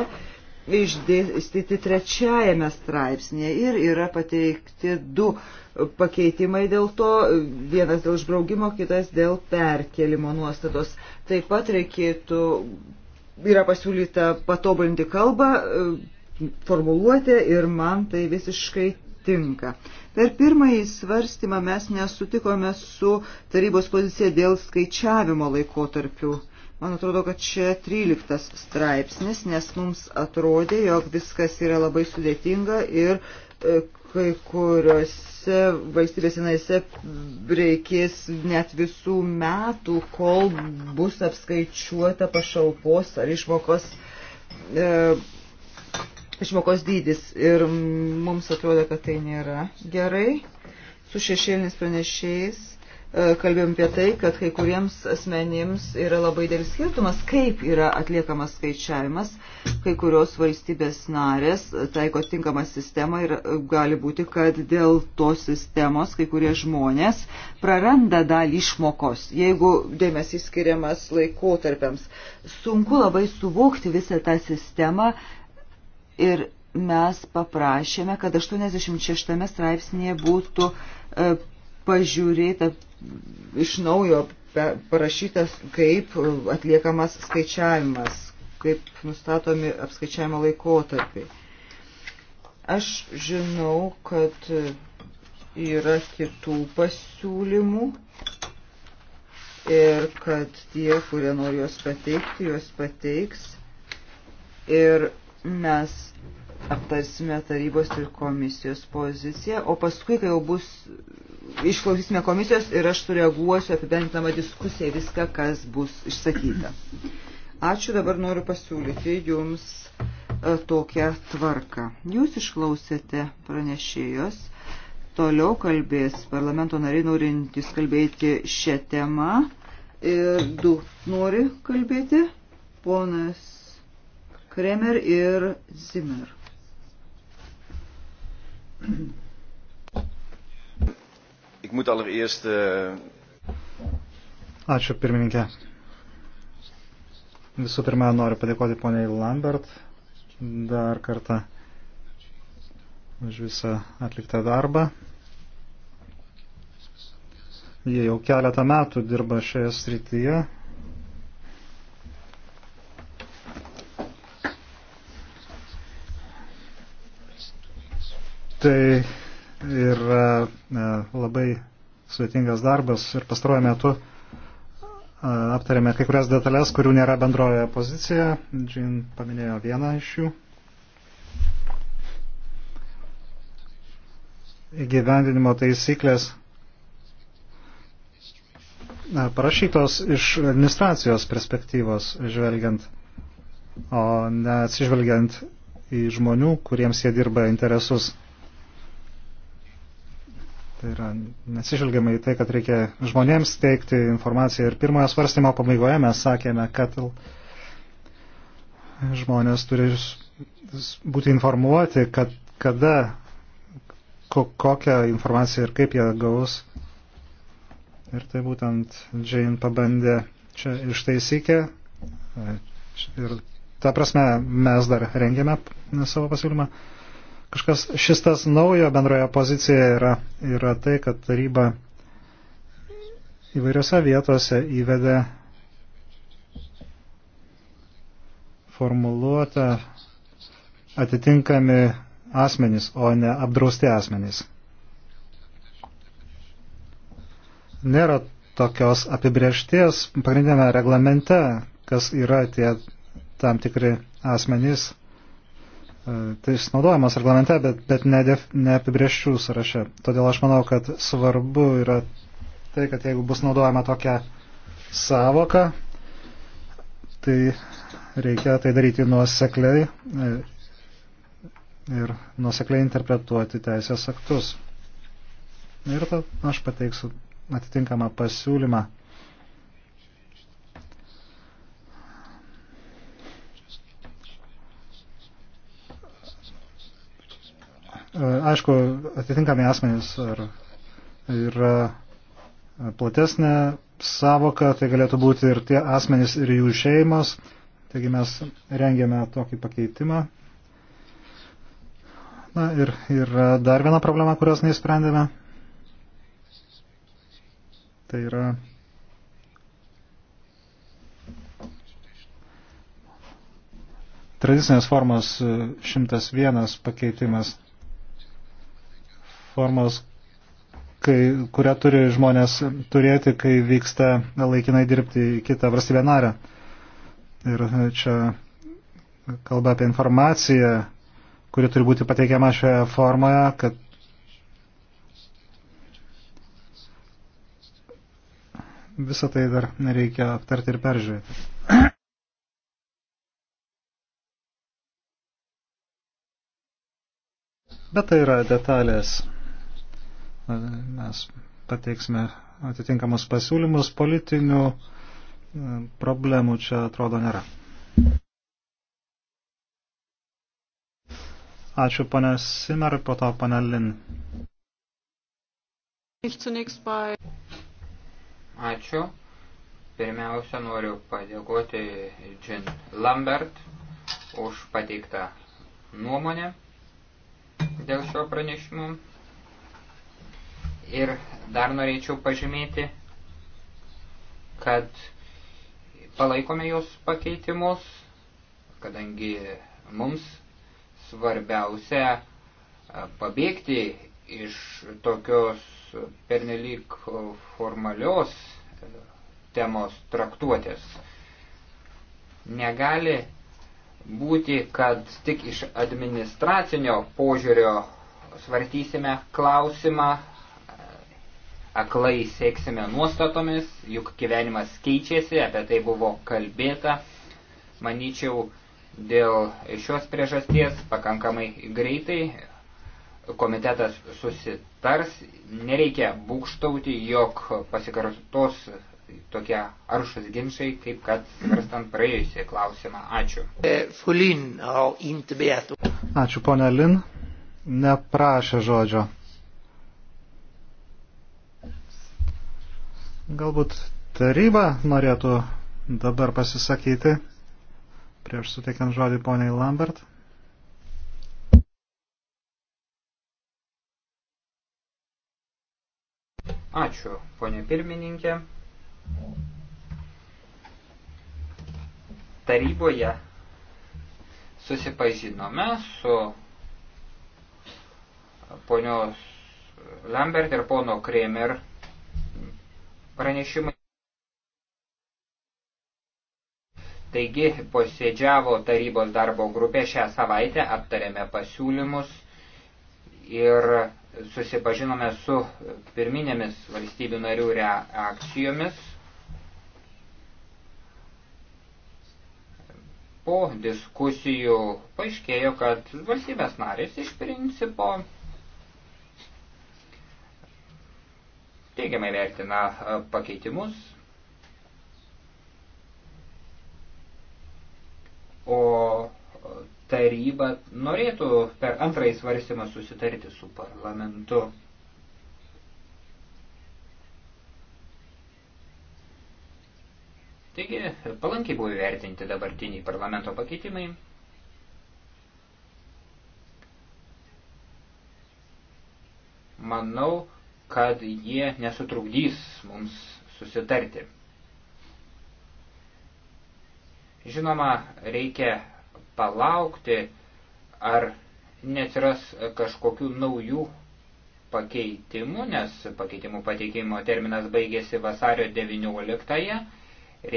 išdėstyti trečiajame straipsnėje ir yra pateikti du pakeitimai dėl to, vienas dėl išbraugimo, kitas dėl perkelimo nuostatos. Taip pat reikėtų, yra pasiūlyta patobulinti kalbą, formuluotę ir man tai visiškai tinka. Per pirmąjį svarstymą mes nesutikome su tarybos pozicija dėl skaičiavimo laikotarpių Man atrodo, kad čia 13 straipsnis, nes mums atrodė, jog viskas yra labai sudėtinga ir e, kai kuriuose valstybėse naise reikės net visų metų, kol bus apskaičiuota pašalpos ar išmokos, e, išmokos dydis. Ir mums atrodo, kad tai nėra gerai su šešėlinis pranešėjais E, kalbėjom apie tai, kad kai kuriems asmenims yra labai dėlis skirtumas, kaip yra atliekamas skaičiavimas, kai kurios valstybės narės taiko tinkamą sistemą ir gali būti, kad dėl tos sistemos kai kurie žmonės praranda dalį išmokos, jeigu dėmesys skiriamas laikotarpiams. Sunku labai suvokti visą tą sistemą ir mes paprašėme, kad 86 straipsnėje būtų e, pažiūrėta iš naujo parašytas, kaip atliekamas skaičiavimas, kaip nustatomi apskaičiavimo laikotarpiai. Aš žinau, kad yra kitų pasiūlymų ir kad tie, kurie nori juos pateikti, juos pateiks. Ir mes aptarsime tarybos ir komisijos poziciją, o paskui, kai jau bus išklausysime komisijos ir aš sureaguosiu apibendinamą diskusiją viską, kas bus išsakyta. Ačiū, dabar noriu pasiūlyti jums e, tokią tvarką. Jūs išklausėte pranešėjos, toliau kalbės parlamento nariai norintys kalbėti šią temą ir du nori kalbėti, ponas Kremer ir Zimmer. Ik moet allereerst. Uh... Ačiū pirmininkė. Visų pirma, noriu padėkoti poniai Lambert dar kartą už visą atliktą darbą. Jie jau keletą metų dirba šioje srityje. Tai yra e, labai sudėtingas darbas ir pastaruoju metu e, aptarėme kai kurias detalės, kurių nėra bendroje pozicijoje. Džin paminėjo vieną iš jų. Įgyvendinimo taisyklės e, parašytos iš administracijos perspektyvos žvelgiant, o neatsižvelgiant į žmonių, kuriems jie dirba interesus. Tai yra nesižvelgiama į tai, kad reikia žmonėms teikti informaciją. Ir pirmojo svarstymo pabaigoje mes sakėme, kad žmonės turi būti informuoti, kad kada, ko, kokią informaciją ir kaip ją gaus. Ir tai būtent Jane pabandė čia ištaisykę. Ir ta prasme mes dar rengėme savo pasiūlymą. Kažkas šis tas naujo bendroje pozicijoje yra, yra tai, kad taryba įvairiose vietose įvedė formuluotą atitinkami asmenys, o ne apdrausti asmenys. Nėra tokios apibriešties pagrindinėme reglamente, kas yra tie tam tikri asmenys E, tai išnaudojamas reglamente, bet, bet neapibrieščių ne sąraše. Todėl aš manau, kad svarbu yra tai, kad jeigu bus naudojama tokia savoka, tai reikia tai daryti nuosekliai e, ir nuosekliai interpretuoti teisės aktus. Ir to aš pateiksiu atitinkamą pasiūlymą. E, aišku, atitinkami asmenys ar yra platesnė savoka, tai galėtų būti ir tie asmenys, ir jų šeimos. Taigi mes rengėme tokį pakeitimą. Na ir, ir dar viena problema, kurios neįsprendėme. Tai yra tradicinės formos 101 pakeitimas platformos, kai, kurią turi žmonės turėti, kai vyksta laikinai dirbti į kitą valstybę narę. Ir čia kalba apie informaciją, kuri turi būti pateikiama šioje formoje, kad visą tai dar reikia aptarti ir peržiūrėti. Bet tai yra detalės. Mes pateiksime atitinkamus pasiūlymus politinių e, problemų čia atrodo nėra. Ačiū pane Simer, po to pane Lin. Ačiū. Pirmiausia, noriu padėkoti Jean Lambert už pateiktą nuomonę dėl šio pranešimo. Ir dar norėčiau pažymėti, kad palaikome jos pakeitimus, kadangi mums svarbiausia pabėgti iš tokios pernelyg formalios e, temos traktuotės. Negali būti, kad tik iš administracinio požiūrio svartysime klausimą, aklai sieksime nuostatomis, juk gyvenimas keičiasi, apie tai buvo kalbėta. Manyčiau, dėl šios priežasties pakankamai greitai komitetas susitars, nereikia būkštauti, jog pasikartos tokie aršus ginčiai, kaip kad svarstant praėjusį klausimą. Ačiū. Eh, Ačiū, ponia Lin. Neprašė žodžio. Galbūt taryba norėtų dabar pasisakyti prieš suteikiant žodį poniai Lambert. Ačiū, ponė pirmininkė. Taryboje susipažinome su ponios Lambert ir pono Kremer pranešimai. Taigi posėdžiavo tarybos darbo grupė šią savaitę, aptarėme pasiūlymus ir susipažinome su pirminėmis valstybių narių reakcijomis. Po diskusijų paaiškėjo, kad valstybės narės iš principo teigiamai vertina e, pakeitimus. O e, taryba norėtų per antrąjį svarstymą susitarti su parlamentu. Taigi, palankiai buvo įvertinti dabartiniai parlamento pakeitimai. Manau, kad jie nesutrukdys mums susitarti. Žinoma, reikia palaukti, ar neatsiras kažkokių naujų pakeitimų, nes pakeitimų pateikimo terminas baigėsi vasario 19-ąją,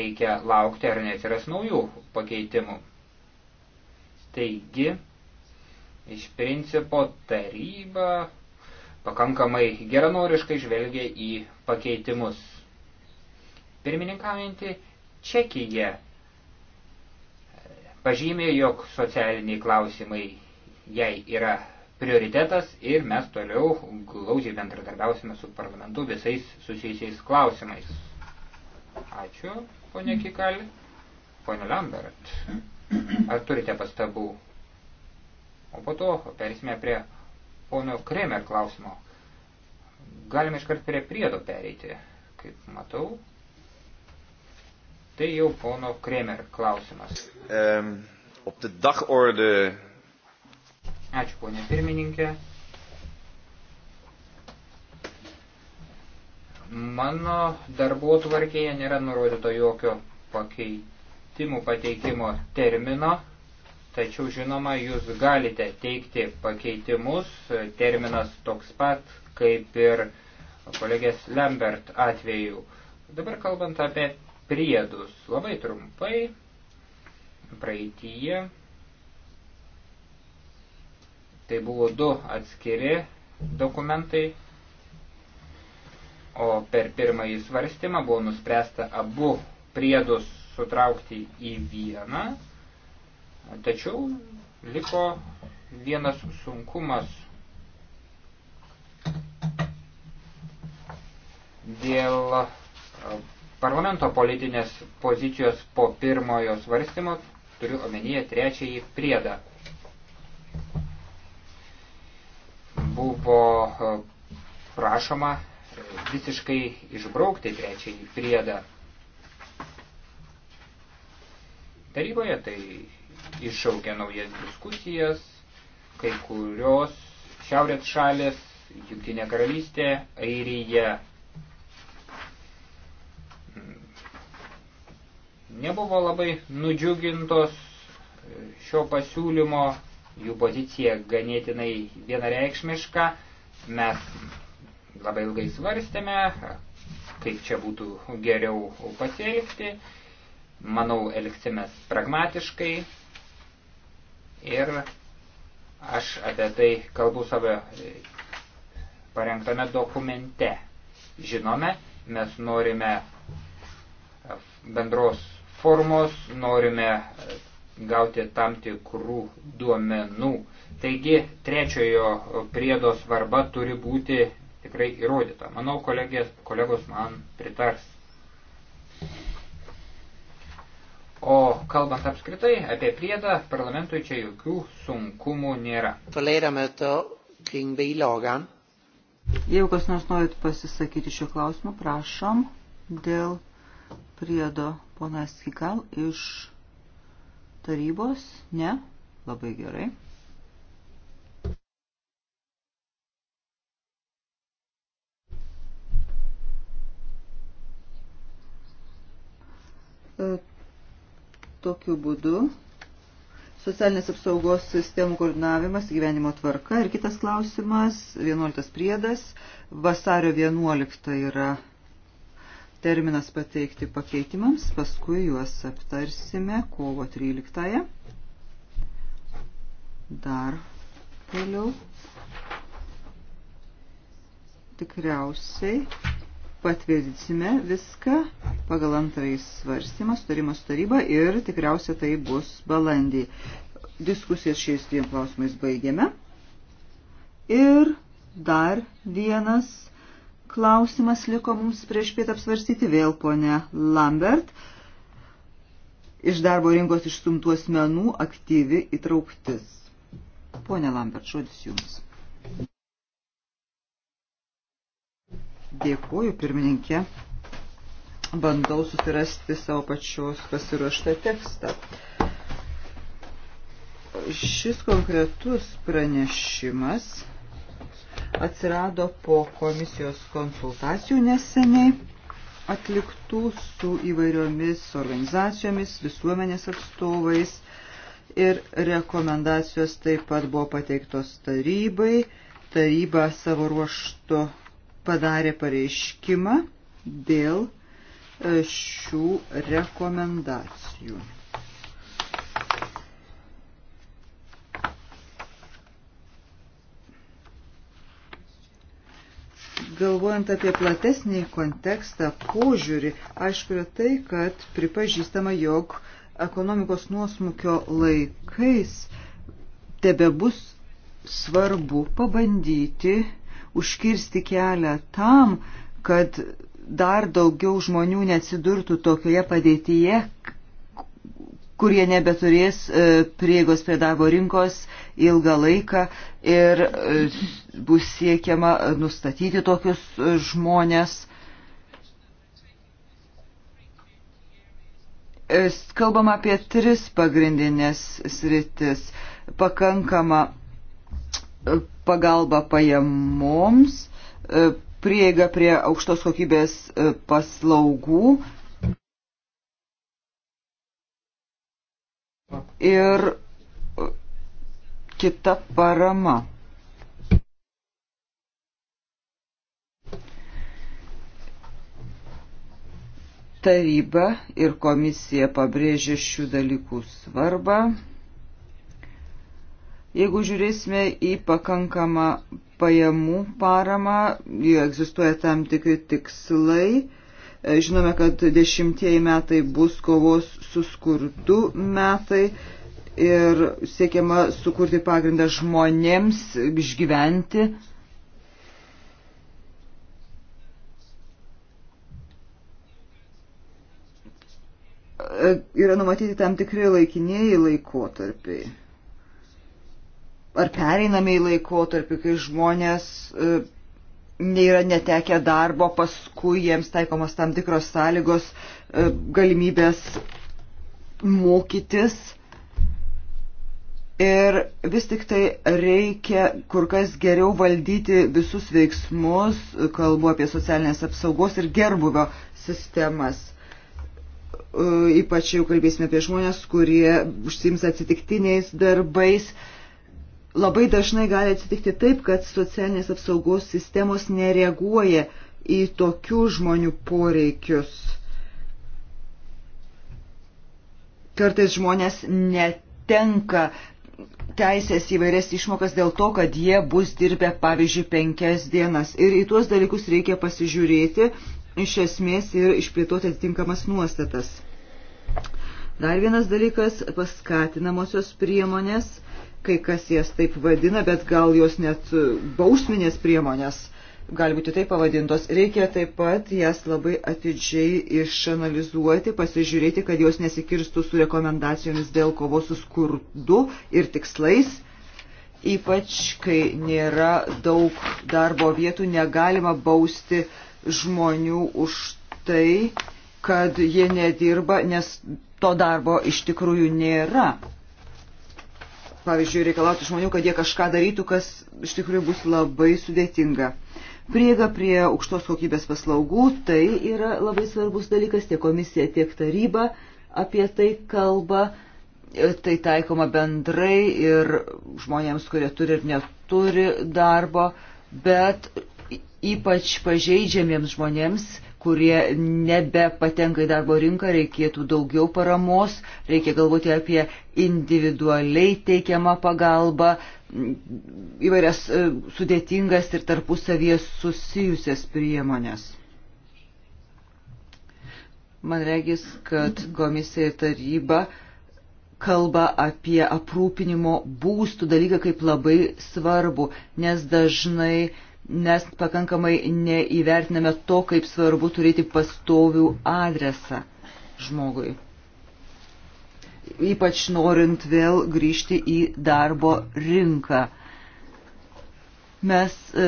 reikia laukti, ar neatsiras naujų pakeitimų. Taigi, iš principo taryba pakankamai geranoriškai žvelgia į pakeitimus. Pirmininkaujantį Čekiją pažymė, jog socialiniai klausimai jai yra prioritetas ir mes toliau glaudžiai bendradarbiausime su parlamentu visais susijusiais klausimais. Ačiū, ponė Kikali. Pone Lambert, ar turite pastabų? O po to persime prie pono Kremer klausimo. Galime iškart prie priedo pereiti, kaip matau. Tai jau pono Kremer klausimas. Um, op de dagorde. Ačiū, ponė pirmininkė. Mano darbo tvarkėje nėra nurodyto jokio pakeitimų pateikimo termino tačiau žinoma, jūs galite teikti pakeitimus, terminas toks pat, kaip ir kolegės Lambert atveju. Dabar kalbant apie priedus, labai trumpai, praeitįje, tai buvo du atskiri dokumentai, o per pirmąjį svarstymą buvo nuspręsta abu priedus sutraukti į vieną Tačiau liko vienas sunkumas dėl e, parlamento politinės pozicijos po pirmojo svarstymo, turiu omenyje trečiąjį priedą. Buvo e, prašoma visiškai išbraukti trečiąjį priedą. Taryboje tai iššaukė naujas diskusijas, kai kurios šiaurės šalės, Jungtinė karalystė, Airija mm, nebuvo labai nudžiugintos šio pasiūlymo, jų pozicija ganėtinai vienareikšmiška. Mes labai ilgai svarstėme, kaip čia būtų geriau pasielgti. Manau, elgsimės pragmatiškai, ir aš apie tai kalbu savo e, parengtame dokumente. Žinome, mes norime e, bendros formos, norime e, gauti tam tikrų duomenų. Taigi trečiojo priedo svarba turi būti tikrai įrodyta. Manau, kolegės, kolegos man pritars. O kalbant apskritai apie priedą, parlamentui čia jokių sunkumų nėra. Jeigu kas nors norit pasisakyti šio klausimu, prašom dėl priedo ponas Kigal iš tarybos. Ne? Labai gerai. Tokiu būdu socialinės apsaugos sistemų koordinavimas, gyvenimo tvarka ir kitas klausimas, 11 priedas, vasario 11 yra terminas pateikti pakeitimams, paskui juos aptarsime kovo 13. Dar toliau. Tikriausiai patvirtinsime viską pagal antrąjį svarstymą, sutarimą su taryba ir tikriausia tai bus balandį. Diskusijas šiais dviem klausimais baigėme. Ir dar vienas klausimas liko mums prieš pietą apsvarstyti vėl ponė Lambert. Iš darbo rinkos išstumtų asmenų aktyvi įtrauktis. Pone Lambert, žodis jums. Dėkuoju, pirmininkė. Bandau susirasti savo pačios pasiruoštą tekstą. Šis konkretus pranešimas atsirado po komisijos konsultacijų neseniai atliktų su įvairiomis organizacijomis, visuomenės atstovais ir rekomendacijos taip pat buvo pateiktos tarybai. Taryba savo ruošto padarė pareiškimą dėl e, šių rekomendacijų. galvojant apie platesnį kontekstą, požiūrį, aišku yra tai, kad pripažįstama, jog ekonomikos nuosmukio laikais tebe bus svarbu pabandyti užkirsti kelią tam, kad dar daugiau žmonių neatsidurtų tokioje padėtyje, kurie nebeturės e, prieigos prie darbo rinkos ilgą laiką ir e, bus siekiama nustatyti tokius e, žmonės. Kalbam apie tris pagrindinės sritis. Pakankama pagalba pajamoms, e, prieiga prie aukštos kokybės e, paslaugų ir e, kita parama. Taryba ir komisija pabrėžė šių dalykų svarbą. Jeigu žiūrėsime į pakankamą pajamų paramą, egzistuoja tam tikri tikslai. E, žinome, kad dešimtieji metai bus kovos su skurdu metai ir siekiama sukurti pagrindą žmonėms išgyventi. E, yra numatyti tam tikri laikinieji laikotarpiai ar pereiname į laikotarpį, kai žmonės e, nėra netekę darbo, paskui jiems taikomas tam tikros sąlygos, e, galimybės mokytis. Ir vis tik tai reikia kur kas geriau valdyti visus veiksmus, kalbu apie socialinės apsaugos ir gerbuvio sistemas e, ypač jau kalbėsime apie žmonės, kurie užsims atsitiktiniais darbais, labai dažnai gali atsitikti taip, kad socialinės apsaugos sistemos nereaguoja į tokių žmonių poreikius. Kartais žmonės netenka teisės įvairias išmokas dėl to, kad jie bus dirbę, pavyzdžiui, penkias dienas. Ir į tuos dalykus reikia pasižiūrėti iš esmės ir išplėtoti atitinkamas nuostatas. Dar vienas dalykas - paskatinamosios priemonės kai kas jas taip vadina, bet gal jos net bausminės priemonės gali būti taip pavadintos. Reikia taip pat jas labai atidžiai išanalizuoti, pasižiūrėti, kad jos nesikirstų su rekomendacijomis dėl kovos su skurdu ir tikslais. Ypač, kai nėra daug darbo vietų, negalima bausti žmonių už tai, kad jie nedirba, nes to darbo iš tikrųjų nėra pavyzdžiui, reikalauti žmonių, kad jie kažką darytų, kas iš tikrųjų bus labai sudėtinga. Prieiga prie aukštos kokybės paslaugų tai yra labai svarbus dalykas, tiek komisija, tiek taryba apie tai kalba. E, tai taikoma bendrai ir žmonėms, kurie turi ir neturi darbo, bet ypač pažeidžiamiems žmonėms kurie nebepatenka į darbo rinką, reikėtų daugiau paramos, reikia galvoti apie individualiai teikiamą pagalbą, įvairias e, sudėtingas ir tarpusavės susijusias priemonės. Man regis, kad komisija ir taryba kalba apie aprūpinimo būstų dalyką kaip labai svarbu, nes dažnai nes pakankamai neįvertiname to, kaip svarbu turėti pastovių adresą žmogui. Ypač norint vėl grįžti į darbo rinką. Mes e,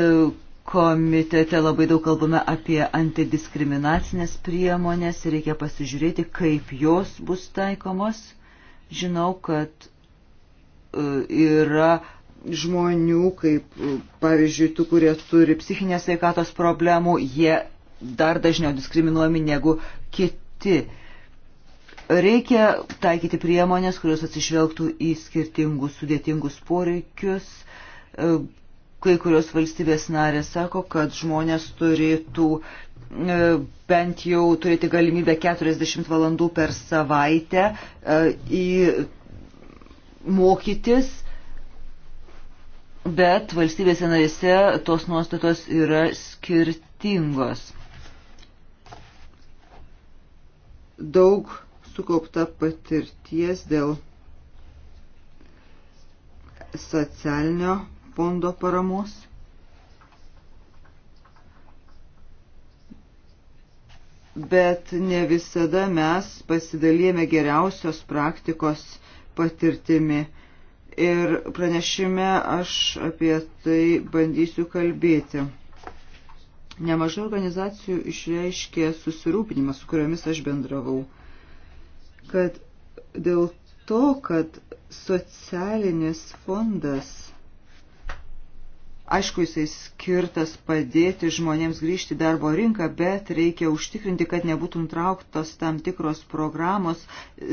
komitete labai daug kalbame apie antidiskriminacinės priemonės ir reikia pasižiūrėti, kaip jos bus taikomos. Žinau, kad e, yra žmonių, kaip pavyzdžiui, tų, kurie turi psichinės veikatos problemų, jie dar dažniau diskriminuojami negu kiti. Reikia taikyti priemonės, kurios atsižvelgtų į skirtingus sudėtingus poreikius. E, kai kurios valstybės narės sako, kad žmonės turėtų e, bent jau turėti galimybę 40 valandų per savaitę e, į mokytis bet valstybėse narėse tos nuostatos yra skirtingos. Daug sukaupta patirties dėl socialinio fondo paramos. Bet ne visada mes pasidalėme geriausios praktikos patirtimi ir pranešime aš apie tai bandysiu kalbėti. Nemažai organizacijų išreiškė susirūpinimą, su kuriomis aš bendravau, kad dėl to, kad socialinis fondas Aišku, jisai skirtas padėti žmonėms grįžti į darbo rinką, bet reikia užtikrinti, kad nebūtų nutrauktos tam tikros programos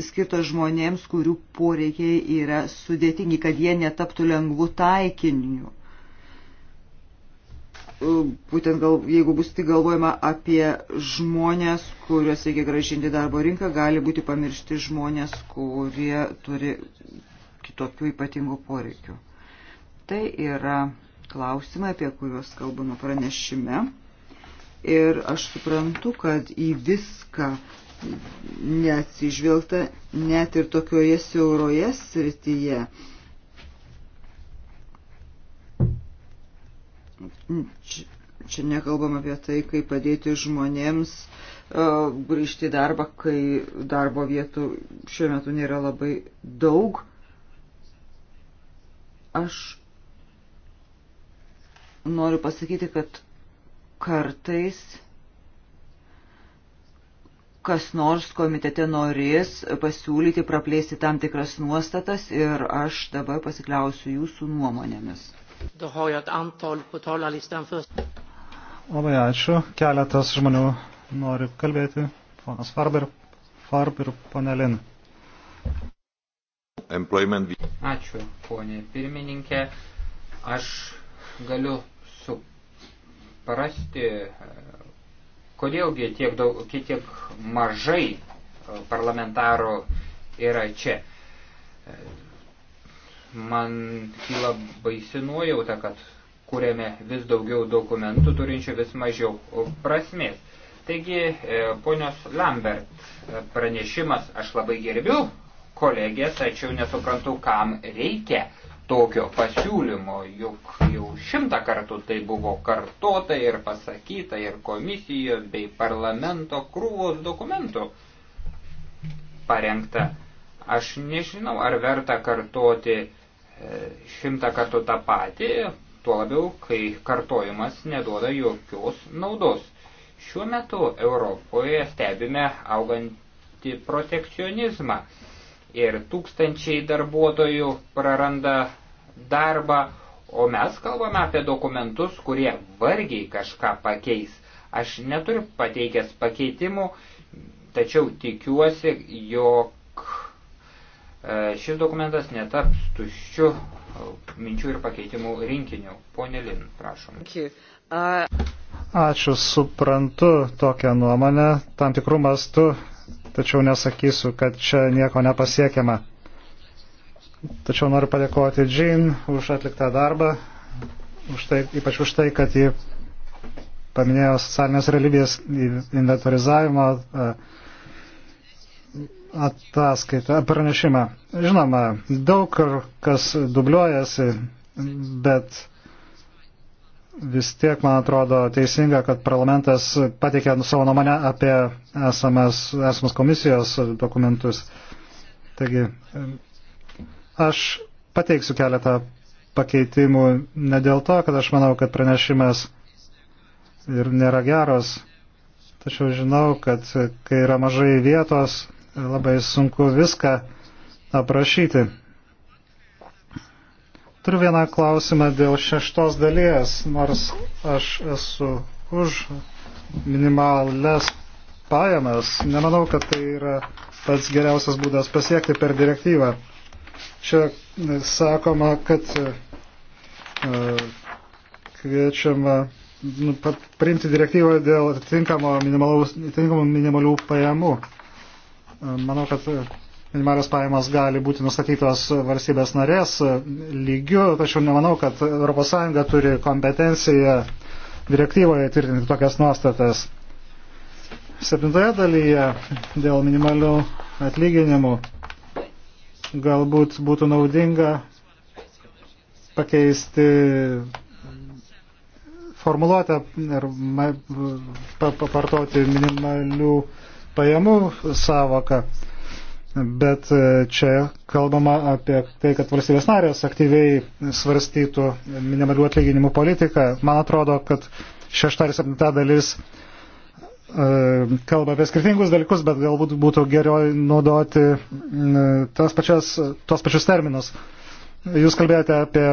skirtos žmonėms, kurių poreikiai yra sudėtingi, kad jie netaptų lengvų taikinių. Būtent gal, jeigu bus tik galvojama apie žmonės, kuriuos reikia gražinti darbo rinką, gali būti pamiršti žmonės, kurie turi kitokių ypatingų poreikių. Tai yra klausimai, apie kuriuos kalbama pranešime. Ir aš suprantu, kad į viską neatsižvelgta net ir tokioje siauroje srityje. Čia, čia nekalbam apie tai, kaip padėti žmonėms e, grįžti į darbą, kai darbo vietų šiuo metu nėra labai daug. Aš noriu pasakyti, kad kartais kas nors komitete norės pasiūlyti praplėsti tam tikras nuostatas ir aš dabar pasikliausiu jūsų nuomonėmis. Labai ačiū. Keletas žmonių nori kalbėti. Ponas Farber, Farber, panelin. Employment. Ačiū, ponė pirmininkė. Aš galiu suprasti, kodėlgi tiek, daug, tiek mažai e, parlamentarų yra čia. Man kyla baisi nuojauta, kad kuriame vis daugiau dokumentų turinčių vis mažiau prasmės. Taigi, e, ponios Lambert, e, pranešimas aš labai gerbiu kolegės, tačiau nesuprantu, kam reikia tokio pasiūlymo, juk jau šimtą kartų tai buvo kartota ir pasakyta ir komisijos bei parlamento krūvos dokumentų parengta. Aš nežinau, ar verta kartoti e, šimtą kartų tą patį, tuo labiau, kai kartojimas neduoda jokios naudos. Šiuo metu Europoje stebime augantį protekcionizmą ir tūkstančiai darbuotojų praranda darbą, o mes kalbame apie dokumentus, kurie vargiai kažką pakeis. Aš neturiu pateikęs pakeitimų, tačiau tikiuosi, jog e, šis dokumentas netaps tuščiu e, minčių ir pakeitimų rinkiniu. Pone Lin, prašom. Uh, Ačiū, suprantu tokią nuomonę, tam tikrų mastų, tačiau nesakysiu, kad čia nieko nepasiekiama. Tačiau noriu padėkoti Džin už atliktą darbą, už tai, ypač už tai, kad ji paminėjo socialinės realybės inventorizavimo ataskaitą, pranešimą. Žinoma, daug kas dubliuojasi, bet vis tiek, man atrodo, teisinga, kad parlamentas pateikė savo nuomonę apie esamas, esamas komisijos dokumentus. Taigi, Aš pateiksiu keletą pakeitimų ne dėl to, kad aš manau, kad pranešimas ir nėra geros, tačiau žinau, kad kai yra mažai vietos, labai sunku viską aprašyti. Turiu vieną klausimą dėl šeštos dalies, nors aš esu už minimales pajamas. Nemanau, kad tai yra pats geriausias būdas pasiekti per direktyvą. Čia e, sakoma, kad e, e, kviečiama nu, priimti direktyvą dėl atitinkamo minimalių pajamų. Manau, kad minimalios pajamos gali būti nustatytos valstybės narės lygiu, tačiau nemanau, kad ES turi kompetenciją direktyvoje tvirtinti tokias nuostatas. Septintoje dalyje dėl minimalių atlyginimų galbūt būtų naudinga pakeisti formuluotę ir papartoti minimalių pajamų savoką. Bet e, čia kalbama apie tai, kad valstybės narės aktyviai svarstytų minimalių atlyginimų politiką. Man atrodo, kad šešta ir septinta dalis E, kalba apie skirtingus dalykus, bet galbūt būtų geriau naudoti tas pačias, tos pačius terminus. Jūs kalbėjote apie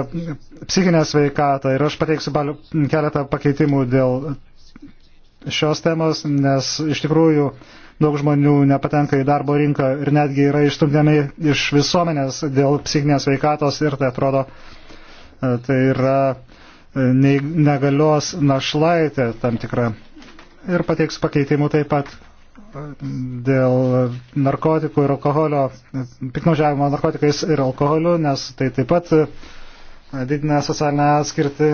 psichinę sveikatą ir aš pateiksiu keletą pakeitimų dėl šios temos, nes iš tikrųjų daug žmonių nepatenka į darbo rinką ir netgi yra išstumdami iš visuomenės dėl psichinės veikatos ir tai atrodo, e, tai yra e, negalios našlaitė tam tikra ir pateiksiu pakeitimų taip pat dėl narkotikų ir alkoholio, piknaudžiavimo narkotikais ir alkoholiu, nes tai taip pat didina socialinę atskirtį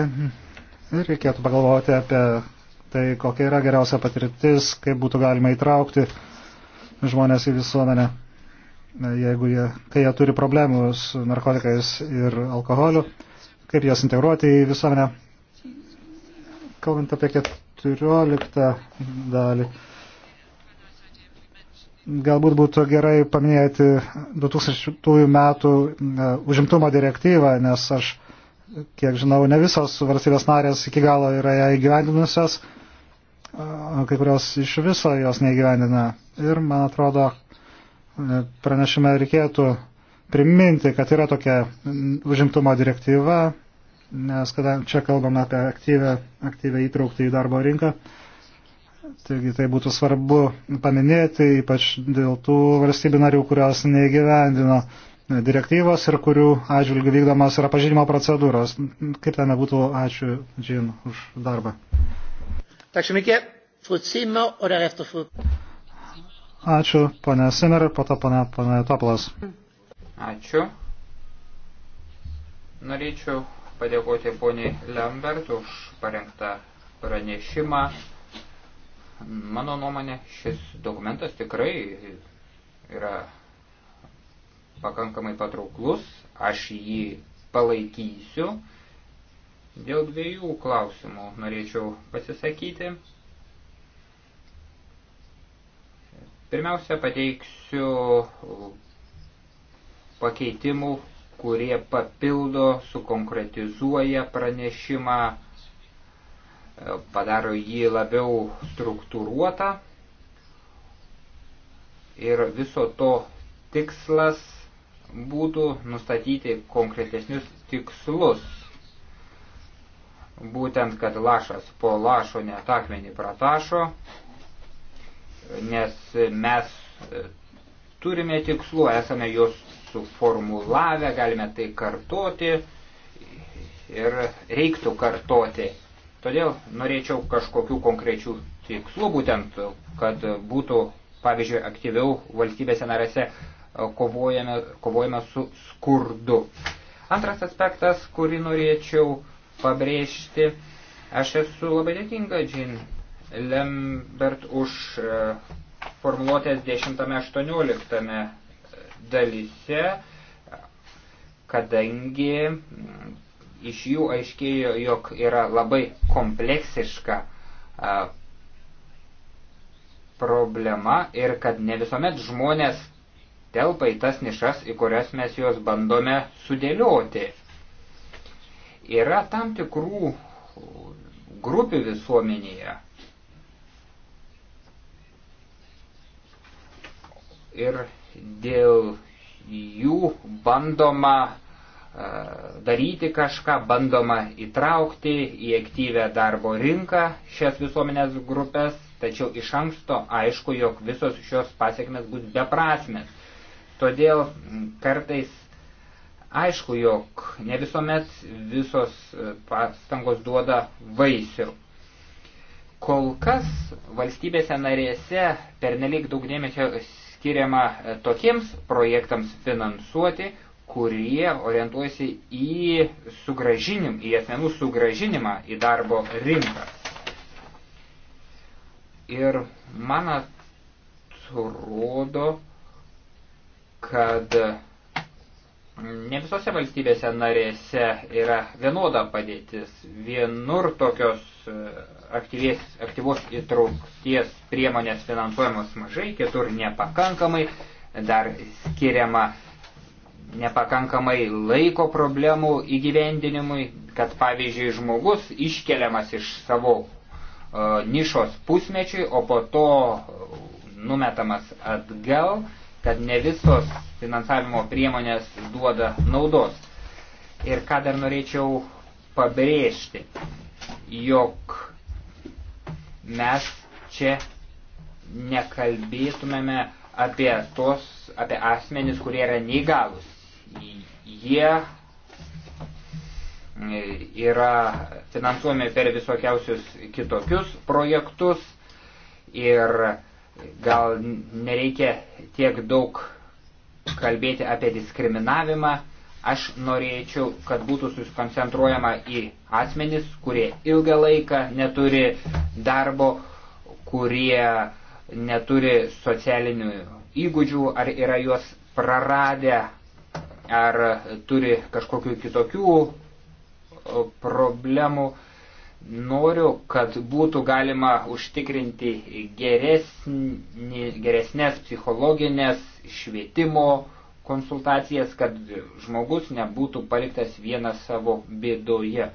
ir reikėtų pagalvoti apie tai, kokia yra geriausia patirtis, kaip būtų galima įtraukti žmonės į visuomenę, jeigu jie, kai jie turi problemų su narkotikais ir alkoholiu, kaip jas integruoti į visuomenę. Kalbant apie 14 dalį. Galbūt būtų gerai paminėti 2000 metų e, užimtumo direktyvą, nes aš, kiek žinau, ne visos valstybės narės iki galo yra ją įgyvendinusios, kai kurios iš viso jos neįgyvendina. Ir, man atrodo, e, pranešime reikėtų priminti, kad yra tokia užimtumo direktyva nes kada čia kalbame apie aktyvę, aktyvę įtraukti į darbo rinką, taigi tai būtų svarbu paminėti, ypač dėl tų valstybių narių, kurios neįgyvendino direktyvos ir kurių atžvilgių vykdomas yra pažinimo procedūros. Kaip ten būtų, ačiū Džin už darbą. Ačiū, ponė Simer, po to ponė, ponė Topolas. Ačiū. Norėčiau padėkoti poniai Lambert už parengtą pranešimą. Mano nuomonė, šis dokumentas tikrai yra pakankamai patrauklus, aš jį palaikysiu. Dėl dviejų klausimų norėčiau pasisakyti. Pirmiausia, pateiksiu pakeitimų kurie papildo, sukonkretizuoja pranešimą, e, padaro jį labiau struktūruotą. Ir viso to tikslas būtų nustatyti konkretesnius tikslus. Būtent, kad lašas po lašo net akmenį pratašo, nes mes e, turime tikslų, esame jos suformulavę, galime tai kartoti ir reiktų kartoti. Todėl norėčiau kažkokių konkrečių tikslų, būtent, kad būtų, pavyzdžiui, aktyviau valstybėse narėse e, kovojame, kovojame su skurdu. Antras aspektas, kurį norėčiau pabrėžti, aš esu labai dėkinga, Džin Lembert, už e, formuluotės 10-18 dalyse, kadangi iš jų aiškėjo, jog yra labai kompleksiška problema ir kad ne visuomet žmonės telpa į tas nišas, į kurias mes juos bandome sudėlioti. Yra tam tikrų grupių visuomenėje. Ir dėl jų bandoma e, daryti kažką, bandoma įtraukti į aktyvę darbo rinką šias visuomenės grupės, tačiau iš anksto aišku, jog visos šios pasiekmes bus beprasmės. Todėl kartais aišku, jog ne visuomet visos e, pastangos duoda vaisių. Kol kas valstybėse narėse pernelik daug dėmesio skiriama e, tokiems projektams finansuoti, kurie orientuojasi į, sugražinim, į asmenų sugražinimą į darbo rinką. Ir man atrodo, kad ne visose valstybėse narėse yra vienoda padėtis. Vienur tokios E, aktyvės, aktyvos įtraukties priemonės finansuojamos mažai, kitur nepakankamai, dar skiriama nepakankamai laiko problemų įgyvendinimui, kad pavyzdžiui žmogus iškeliamas iš savo e, nišos pusmečiui, o po to numetamas atgal, kad ne visos finansavimo priemonės duoda naudos. Ir ką dar norėčiau pabrėžti jog mes čia nekalbėtumėme apie tos, apie asmenis, kurie yra neįgalus. Jie e, yra finansuojami per visokiausius kitokius projektus ir gal nereikia tiek daug kalbėti apie diskriminavimą Aš norėčiau, kad būtų susikoncentruojama į asmenis, kurie ilgą laiką neturi darbo, kurie neturi socialinių įgūdžių, ar yra juos praradę, ar turi kažkokių kitokių problemų. Noriu, kad būtų galima užtikrinti geresnį, geresnės psichologinės švietimo konsultacijas, kad žmogus nebūtų paliktas vienas savo bėdoje.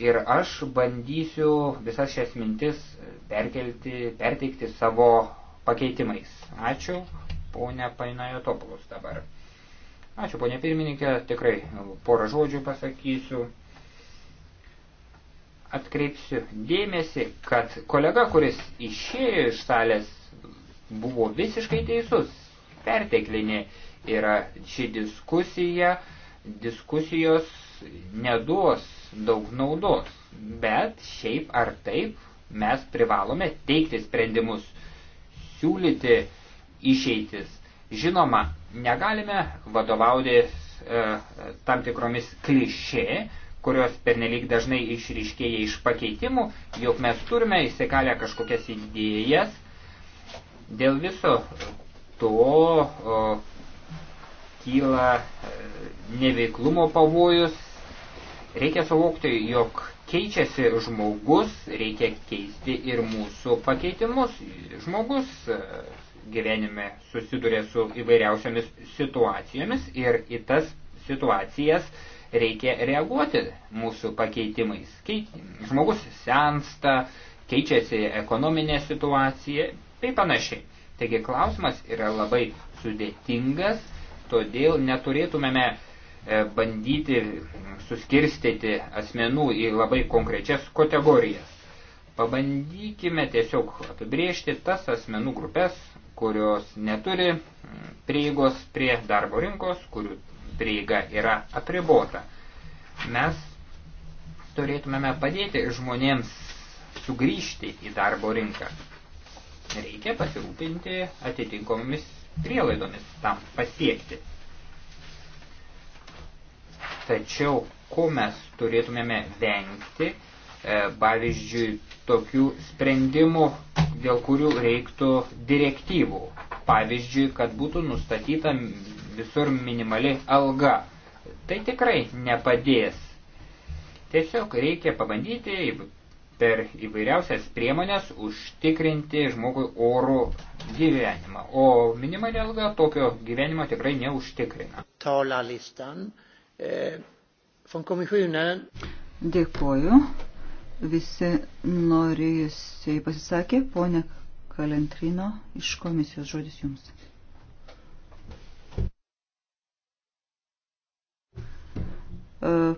Ir aš bandysiu visas šias mintis perkelti, perteikti savo pakeitimais. Ačiū, ponia Painajotopulus dabar. Ačiū, ponia pirmininkė, tikrai porą žodžių pasakysiu atkreipsiu dėmesį, kad kolega, kuris išėjo iš salės, buvo visiškai teisus, perteklinė yra ši diskusija, diskusijos neduos daug naudos, bet šiaip ar taip mes privalome teikti sprendimus, siūlyti išeitis. Žinoma, negalime vadovautis e, tam tikromis klišė, kurios pernelyg dažnai išryškėja iš pakeitimų, jog mes turime įsikalę kažkokias idėjas. Dėl viso to o, kyla e, neveiklumo pavojus. Reikia suvokti, jog keičiasi žmogus, reikia keisti ir mūsų pakeitimus. Žmogus e, gyvenime susiduria su įvairiausiamis situacijomis ir į tas situacijas reikia reaguoti mūsų pakeitimais. Keit, žmogus sensta, keičiasi ekonominė situacija bei tai panašiai. Taigi klausimas yra labai sudėtingas Todėl neturėtumėme e, bandyti suskirstyti asmenų į labai konkrečias kategorijas. Pabandykime tiesiog apibriežti tas asmenų grupės, kurios neturi mm, prieigos prie darbo rinkos, kurių prieiga yra apribota. Mes turėtumėme padėti žmonėms sugrįžti į darbo rinką. Reikia pasirūpinti atitinkomis prielaidomis tam pasiekti. Tačiau, ko mes turėtumėme vengti, e, pavyzdžiui, tokių sprendimų, dėl kurių reiktų direktyvų. Pavyzdžiui, kad būtų nustatyta visur minimali alga. Tai tikrai nepadės. Tiesiog reikia pabandyti per įvairiausias priemonės užtikrinti žmogui orų gyvenimą. O minimali alga tokio gyvenimo tikrai neužtikrina. Eh, Dėkuoju. Visi norėjusiai pasisakė, ponė Kalentrino iš komisijos žodis jums. Eh,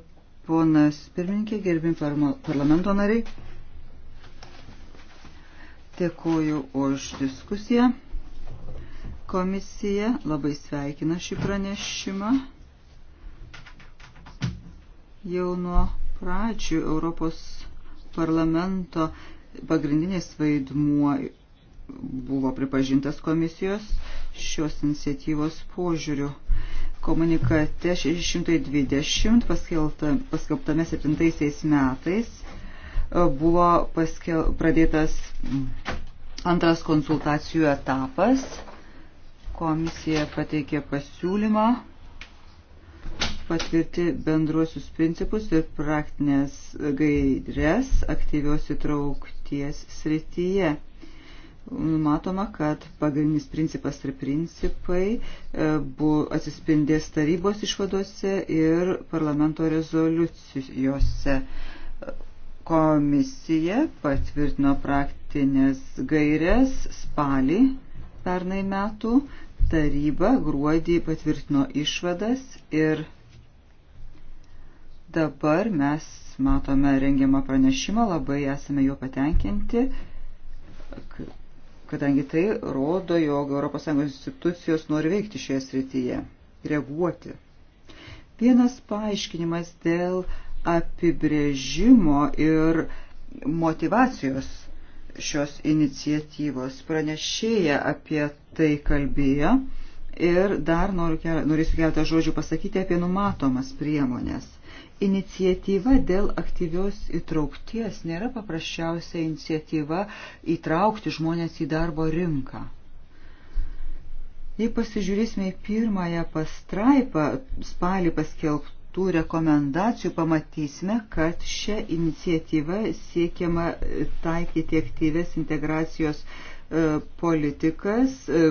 ponas pirmininkė, gerbim parlamento nariai. Dėkuoju už diskusiją. Komisija labai sveikina šį pranešimą. Jau nuo pradžių Europos parlamento pagrindinės vaidmuo buvo pripažintas komisijos šios iniciatyvos požiūriu. Komunikate 620 paskelbtame 7 metais buvo paskel, pradėtas antras konsultacijų etapas. Komisija pateikė pasiūlymą patvirti bendruosius principus ir praktinės gairės aktyvios įtraukties srityje. Matoma, kad pagrindinis principas ir principai e, bu, atsispindės tarybos išvadose ir parlamento rezoliucijose. Komisija patvirtino praktinės gairės spalį pernai metų, taryba gruodį patvirtino išvadas ir dabar mes matome rengiamą pranešimą, labai esame juo patenkinti, kadangi tai rodo, jog ES institucijos nori veikti šioje srityje, reaguoti. Vienas paaiškinimas dėl apibrėžimo ir motivacijos šios iniciatyvos. Pranešėja apie tai kalbėjo ir dar noriu, norėsiu keletą žodžių pasakyti apie numatomas priemonės. Iniciatyva dėl aktyvios įtraukties nėra paprasčiausia iniciatyva įtraukti žmonės į darbo rinką. Jei pasižiūrėsime į pirmąją pastraipą spalį paskelbtą, tų rekomendacijų pamatysime, kad šią iniciatyvą siekiama e, taikyti aktyves integracijos e, politikas, e,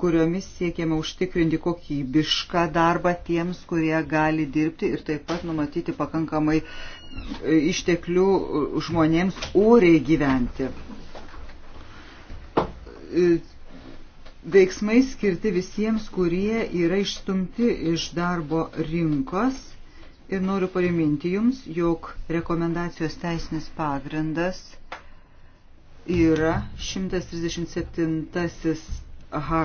kuriomis siekiama užtikrinti kokybišką darbą tiems, kurie gali dirbti ir taip pat numatyti pakankamai išteklių žmonėms oriai gyventi veiksmai skirti visiems, kurie yra išstumti iš darbo rinkos Ir noriu pariminti Jums, jog rekomendacijos teisinis pagrindas yra 137 H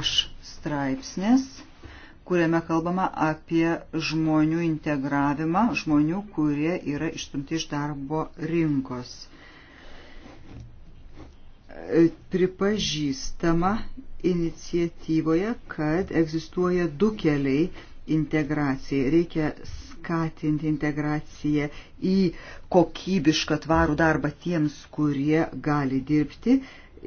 straipsnis, kuriame kalbama apie žmonių integravimą, žmonių, kurie yra išstumti iš darbo rinkos. Pripažįstama iniciatyvoje, kad egzistuoja du keliai integracijai. Reikia skatinti integraciją į kokybišką tvarų darbą tiems, kurie gali dirbti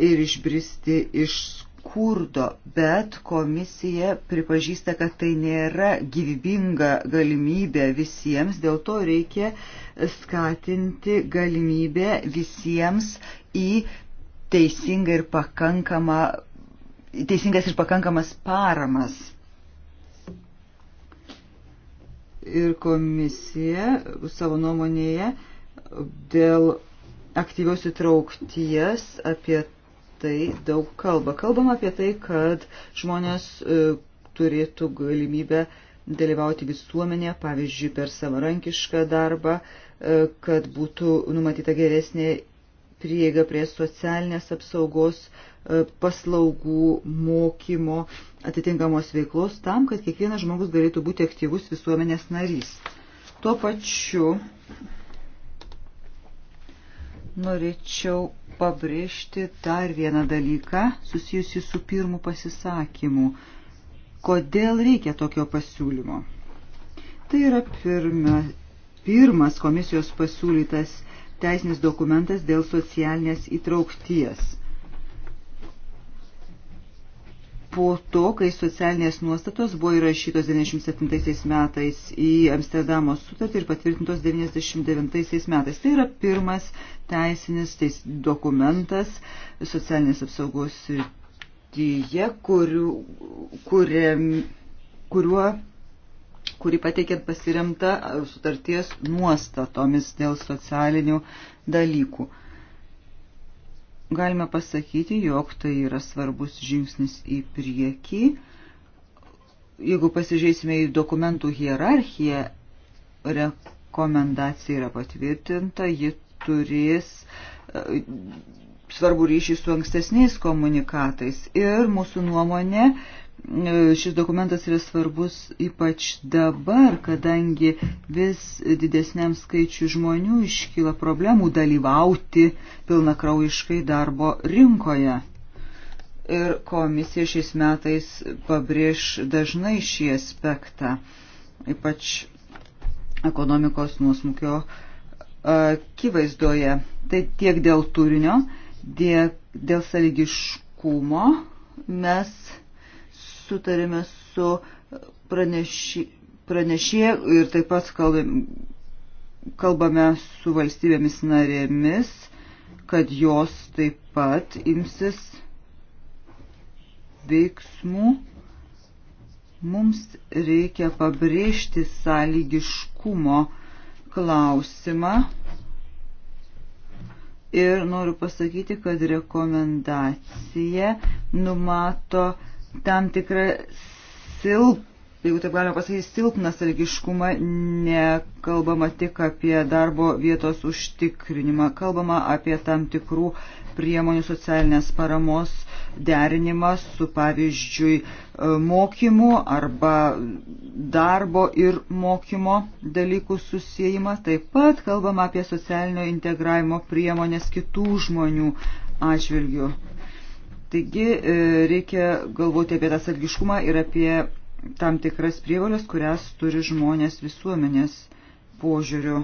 ir išbristi iš skurdo, bet komisija pripažįsta, kad tai nėra gyvybinga galimybė visiems, dėl to reikia skatinti galimybę visiems į teisingą ir pakankamą, teisingas ir pakankamas paramas ir komisija savo nuomonėje dėl aktyvios įtraukties apie tai daug kalba. Kalbam apie tai, kad žmonės e, turėtų galimybę dalyvauti visuomenėje, pavyzdžiui, per savarankišką darbą, e, kad būtų numatyta geresnė prieiga prie socialinės apsaugos, E, paslaugų, mokymo, atitinkamos veiklos tam, kad kiekvienas žmogus galėtų būti aktyvus visuomenės narys. Tuo pačiu norėčiau pabrėžti dar vieną dalyką susijusi su pirmu pasisakymu. Kodėl reikia tokio pasiūlymo? Tai yra pirma, pirmas komisijos pasiūlytas teisinis dokumentas dėl socialinės įtraukties po to, kai socialinės nuostatos buvo įrašytos 97 metais į Amsterdamo sutartį ir patvirtintos 99 metais. Tai yra pirmas teisinis teis, dokumentas socialinės apsaugos srityje, kuriam, kuriuo kuri pateikėt pasiremta sutarties nuostatomis dėl socialinių dalykų galime pasakyti, jog tai yra svarbus žingsnis į priekį. Jeigu pasižiūrėsime į dokumentų hierarchiją, rekomendacija yra patvirtinta, ji turės e, svarbu ryšį su ankstesniais komunikatais ir mūsų nuomonė E, šis dokumentas yra svarbus ypač dabar, kadangi vis didesniam skaičiu žmonių iškyla problemų dalyvauti pilnakraujiškai darbo rinkoje ir komisija šiais metais pabrėž dažnai šį aspektą, ypač ekonomikos nuosmukio akivaizdoje. Tai tiek dėl turinio, tiek dėl sąlygiškumo mes sutarėme su praneši, pranešė ir taip pat kalbame, kalbame su valstybėmis narėmis, kad jos taip pat imsis veiksmų. Mums reikia pabrėžti sąlygiškumo klausimą ir noriu pasakyti, kad rekomendacija numato tam tikrą silp, jeigu taip galima pasakyti, silpną sąlygiškumą, nekalbama tik apie darbo vietos užtikrinimą, kalbama apie tam tikrų priemonių socialinės paramos derinimą su pavyzdžiui mokymu arba darbo ir mokymo dalykų susijimą. Taip pat kalbama apie socialinio integravimo priemonės kitų žmonių atžvilgių. Taigi e, reikia galvoti apie tą salgiškumą ir apie tam tikras prievalės, kurias turi žmonės visuomenės požiūriu.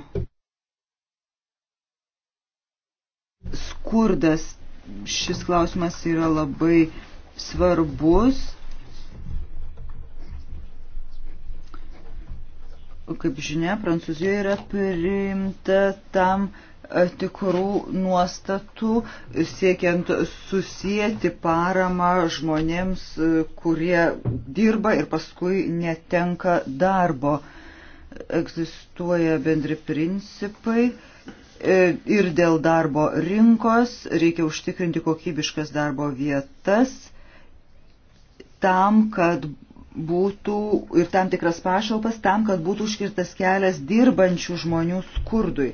Skurdas. Šis klausimas yra labai svarbus. Kaip žinia, Prancūzijoje yra priimta tam tikrų nuostatų, siekiant susijęti paramą žmonėms, kurie dirba ir paskui netenka darbo. Egzistuoja bendri principai e, ir dėl darbo rinkos reikia užtikrinti kokybiškas darbo vietas tam, kad būtų ir tam tikras pašalpas tam, kad būtų užkirtas kelias dirbančių žmonių skurdui.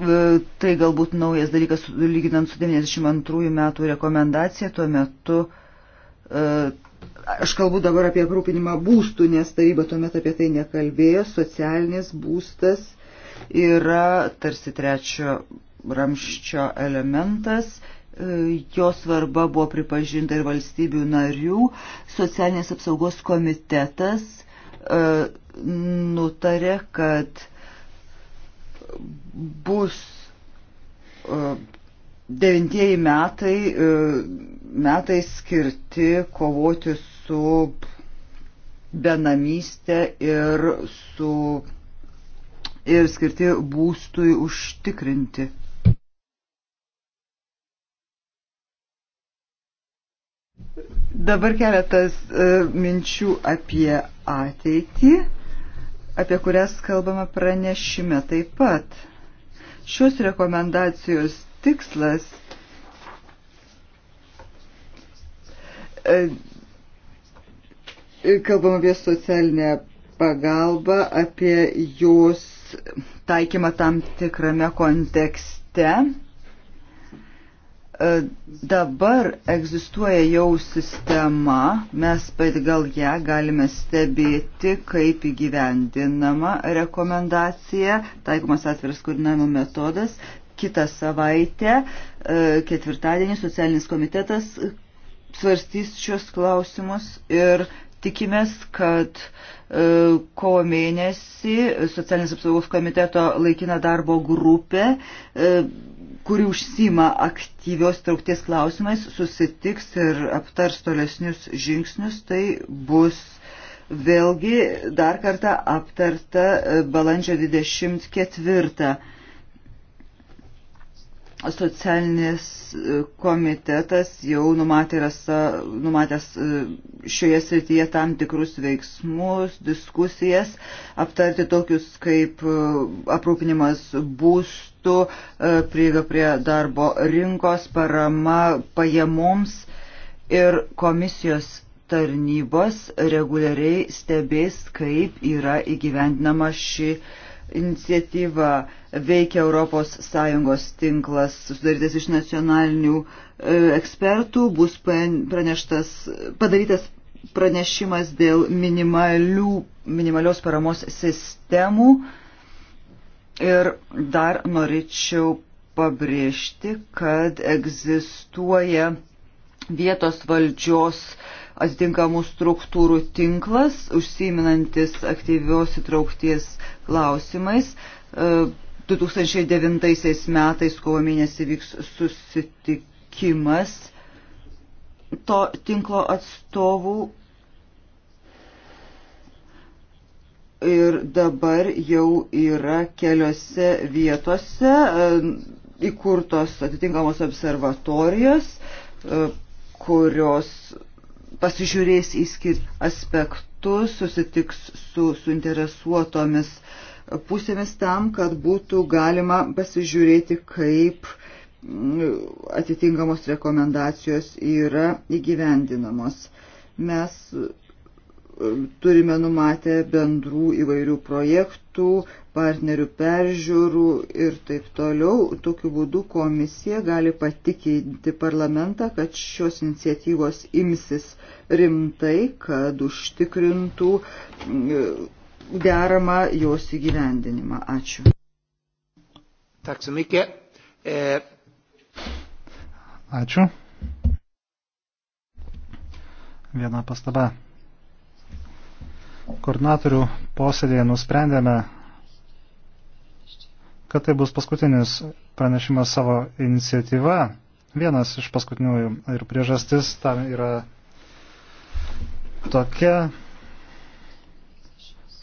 E, tai galbūt naujas dalykas lyginant su 92 metų rekomendacija tuo metu. E, aš kalbu dabar apie aprūpinimą būstų, nes taryba tuomet apie tai nekalbėjo. Socialinis būstas yra tarsi trečio ramščio elementas. E, jo svarba buvo pripažinta ir valstybių narių. Socialinės apsaugos komitetas nutarė, kad bus e, devintieji metai, e, metai skirti kovoti su benamystė ir su ir skirti būstui užtikrinti. Dabar keletas e, minčių apie ateitį apie kurias kalbama pranešime taip pat. Šios rekomendacijos tikslas e, kalbam apie socialinę pagalbą, apie jos taikymą tam tikrame kontekste. E, dabar egzistuoja jau sistema, mes pagal ją galime stebėti, kaip įgyvendinama rekomendacija, taikomas atviras koordinavimo metodas. Kitą savaitę, e, ketvirtadienį, socialinis komitetas svarstys šios klausimus ir tikimės, kad e, kovo mėnesį socialinės apsaugos komiteto laikina darbo grupė kuri užsima aktyvios traukties klausimais, susitiks ir aptars tolesnius žingsnius, tai bus vėlgi dar kartą aptarta e, balandžio 24. Socialinis e, komitetas jau numatęs, numatęs e, šioje srityje tam tikrus veiksmus, diskusijas, aptarti tokius kaip aprūpinimas būstų mastu, e, prieiga prie darbo rinkos, parama pajamoms ir komisijos tarnybos reguliariai stebės, kaip yra įgyvendinama ši iniciatyva veikia ES tinklas, susidarytas iš nacionalinių e, ekspertų, bus praneštas, padarytas pranešimas dėl minimalių, minimalios paramos sistemų Ir dar norėčiau pabrėžti, kad egzistuoja vietos valdžios atitinkamų struktūrų tinklas, užsiminantis aktyvios įtraukties klausimais. 2009 e, metais kovo mėnesį vyks susitikimas to tinklo atstovų ir dabar jau yra keliose vietose e, įkurtos atitinkamos observatorijos, e, kurios pasižiūrės į skirtus aspektus, susitiks su suinteresuotomis pusėmis tam, kad būtų galima pasižiūrėti, kaip atitinkamos rekomendacijos yra įgyvendinamos. Mes turime numatę bendrų įvairių projektų, partnerių peržiūrų ir taip toliau. Tokiu būdu komisija gali patikinti parlamentą, kad šios iniciatyvos imsis rimtai, kad užtikrintų mm, deramą jos įgyvendinimą. Ačiū. E, Ačiū. Viena pastaba koordinatorių posėdėje nusprendėme, kad tai bus paskutinis pranešimas savo iniciatyva. Vienas iš paskutinių ir priežastis tam yra tokia,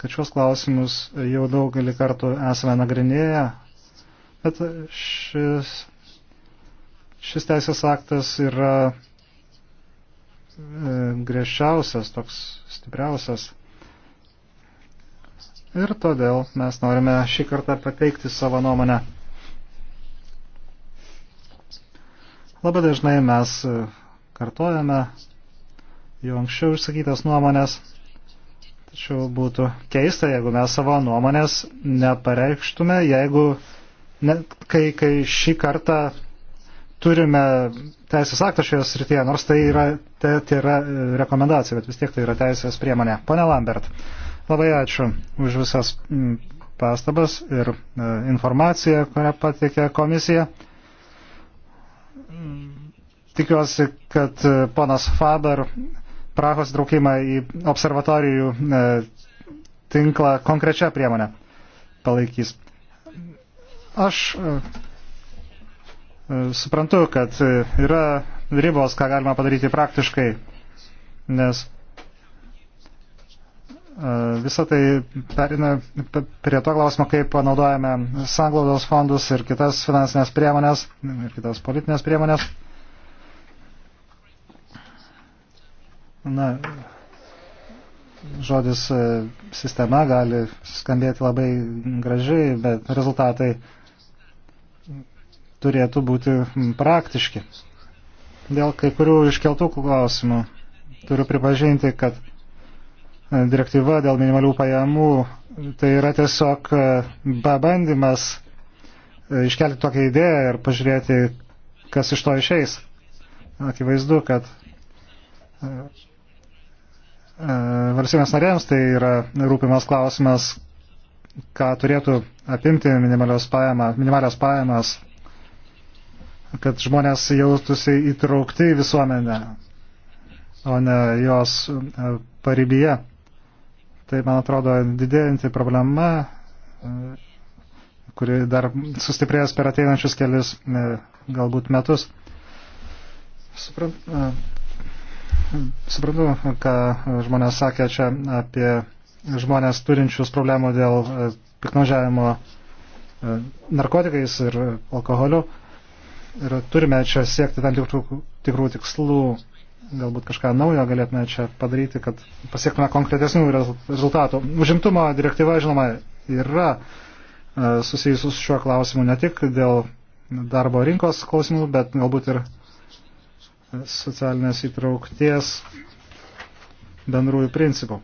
kad šios klausimus jau daugelį kartų esame nagrinėję, bet šis, šis teisės aktas yra e, griežčiausias, toks stipriausias ir todėl mes norime šį kartą pateikti savo nuomonę. Labai dažnai mes kartojame jau anksčiau išsakytas nuomonės, tačiau būtų keista, jeigu mes savo nuomonės nepareikštume, jeigu ne, kai, kai šį kartą turime teisės aktą šioje srityje, nors tai yra, tai, tai yra rekomendacija, bet vis tiek tai yra teisės priemonė. Pone Lambert, Labai ačiū už visas mm, pastabas ir e, informaciją, kurią patikė komisija. Tikiuosi, kad e, ponas Faber Prahos draukimą į observatorijų e, tinklą konkrečią priemonę palaikys. Aš suprantu, kad yra ribos, ką galima padaryti praktiškai, nes E, Visą tai perina prie to klausimo, kaip panaudojame sanglaudos fondus ir kitas finansinės priemonės, ir kitas politinės priemonės. Na, žodis e, sistema gali skambėti labai gražiai, bet rezultatai turėtų būti praktiški. Dėl kai kurių iškeltų klausimų turiu pripažinti, kad direktyva dėl minimalių pajamų, tai yra tiesiog pabandymas e, e, iškelti tokią idėją ir pažiūrėti, kas iš to išeis. Akivaizdu, kad e, valstybės narėms tai yra rūpimas klausimas, ką turėtų apimti minimalios pajama, minimalios pajamas, kad žmonės jaustųsi įtraukti į visuomenę, o ne jos paribyje. Tai, man atrodo, didėjanti problema, e, kuri dar sustiprės per ateinančius kelius, e, galbūt metus. E, suprantu, ką žmonės sakė čia apie žmonės turinčius problemų dėl piknaudžiavimo narkotikais ir alkoholiu. Ir turime čia siekti tam tikrų, tikrų tikslų galbūt kažką naujo galėtume čia padaryti, kad pasiektume konkretesnių rezultatų. Užimtumo direktyva, žinoma, yra e, susijusius šiuo klausimu ne tik dėl darbo rinkos klausimų, bet galbūt ir socialinės įtraukties bendrųjų principų.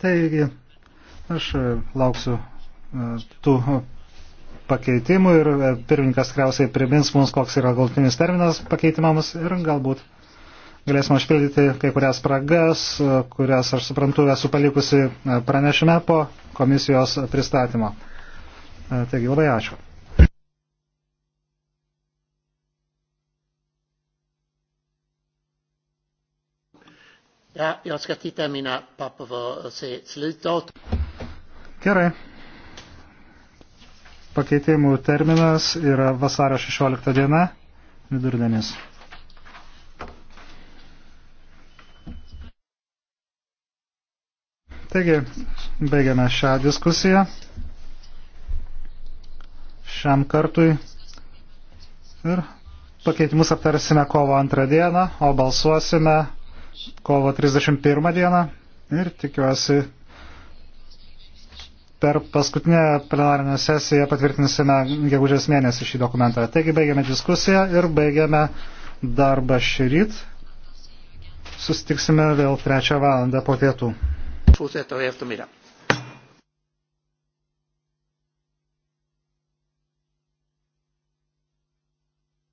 Taigi, aš e, lauksiu e, tų pakeitimų ir e, pirmininkas tikriausiai primins mums, koks yra galtinis terminas pakeitimams ir galbūt galėsime užpildyti kai kurias spragas, e, kurias aš suprantu esu palikusi e, pranešime po komisijos pristatymo. Taigi labai ačiū. Ja, jag ska titta i mina papper för att eh, se slutdatum. Gerai. Pakeitimų terminas yra vasario 16 diena, vidurdienis. Taigi, baigiame šią diskusiją. Šiam kartui. Ir pakeitimus aptarsime kovo 2 dieną, o balsuosime kovo 31 dieną. Ir tikiuosi per paskutinę plenarinę sesiją patvirtinsime gegužės mėnesį šį dokumentą. Taigi baigiame diskusiją ir baigiame darbą šį ryt. Susitiksime vėl trečią valandą po pietų. Pusę to eftermiddag.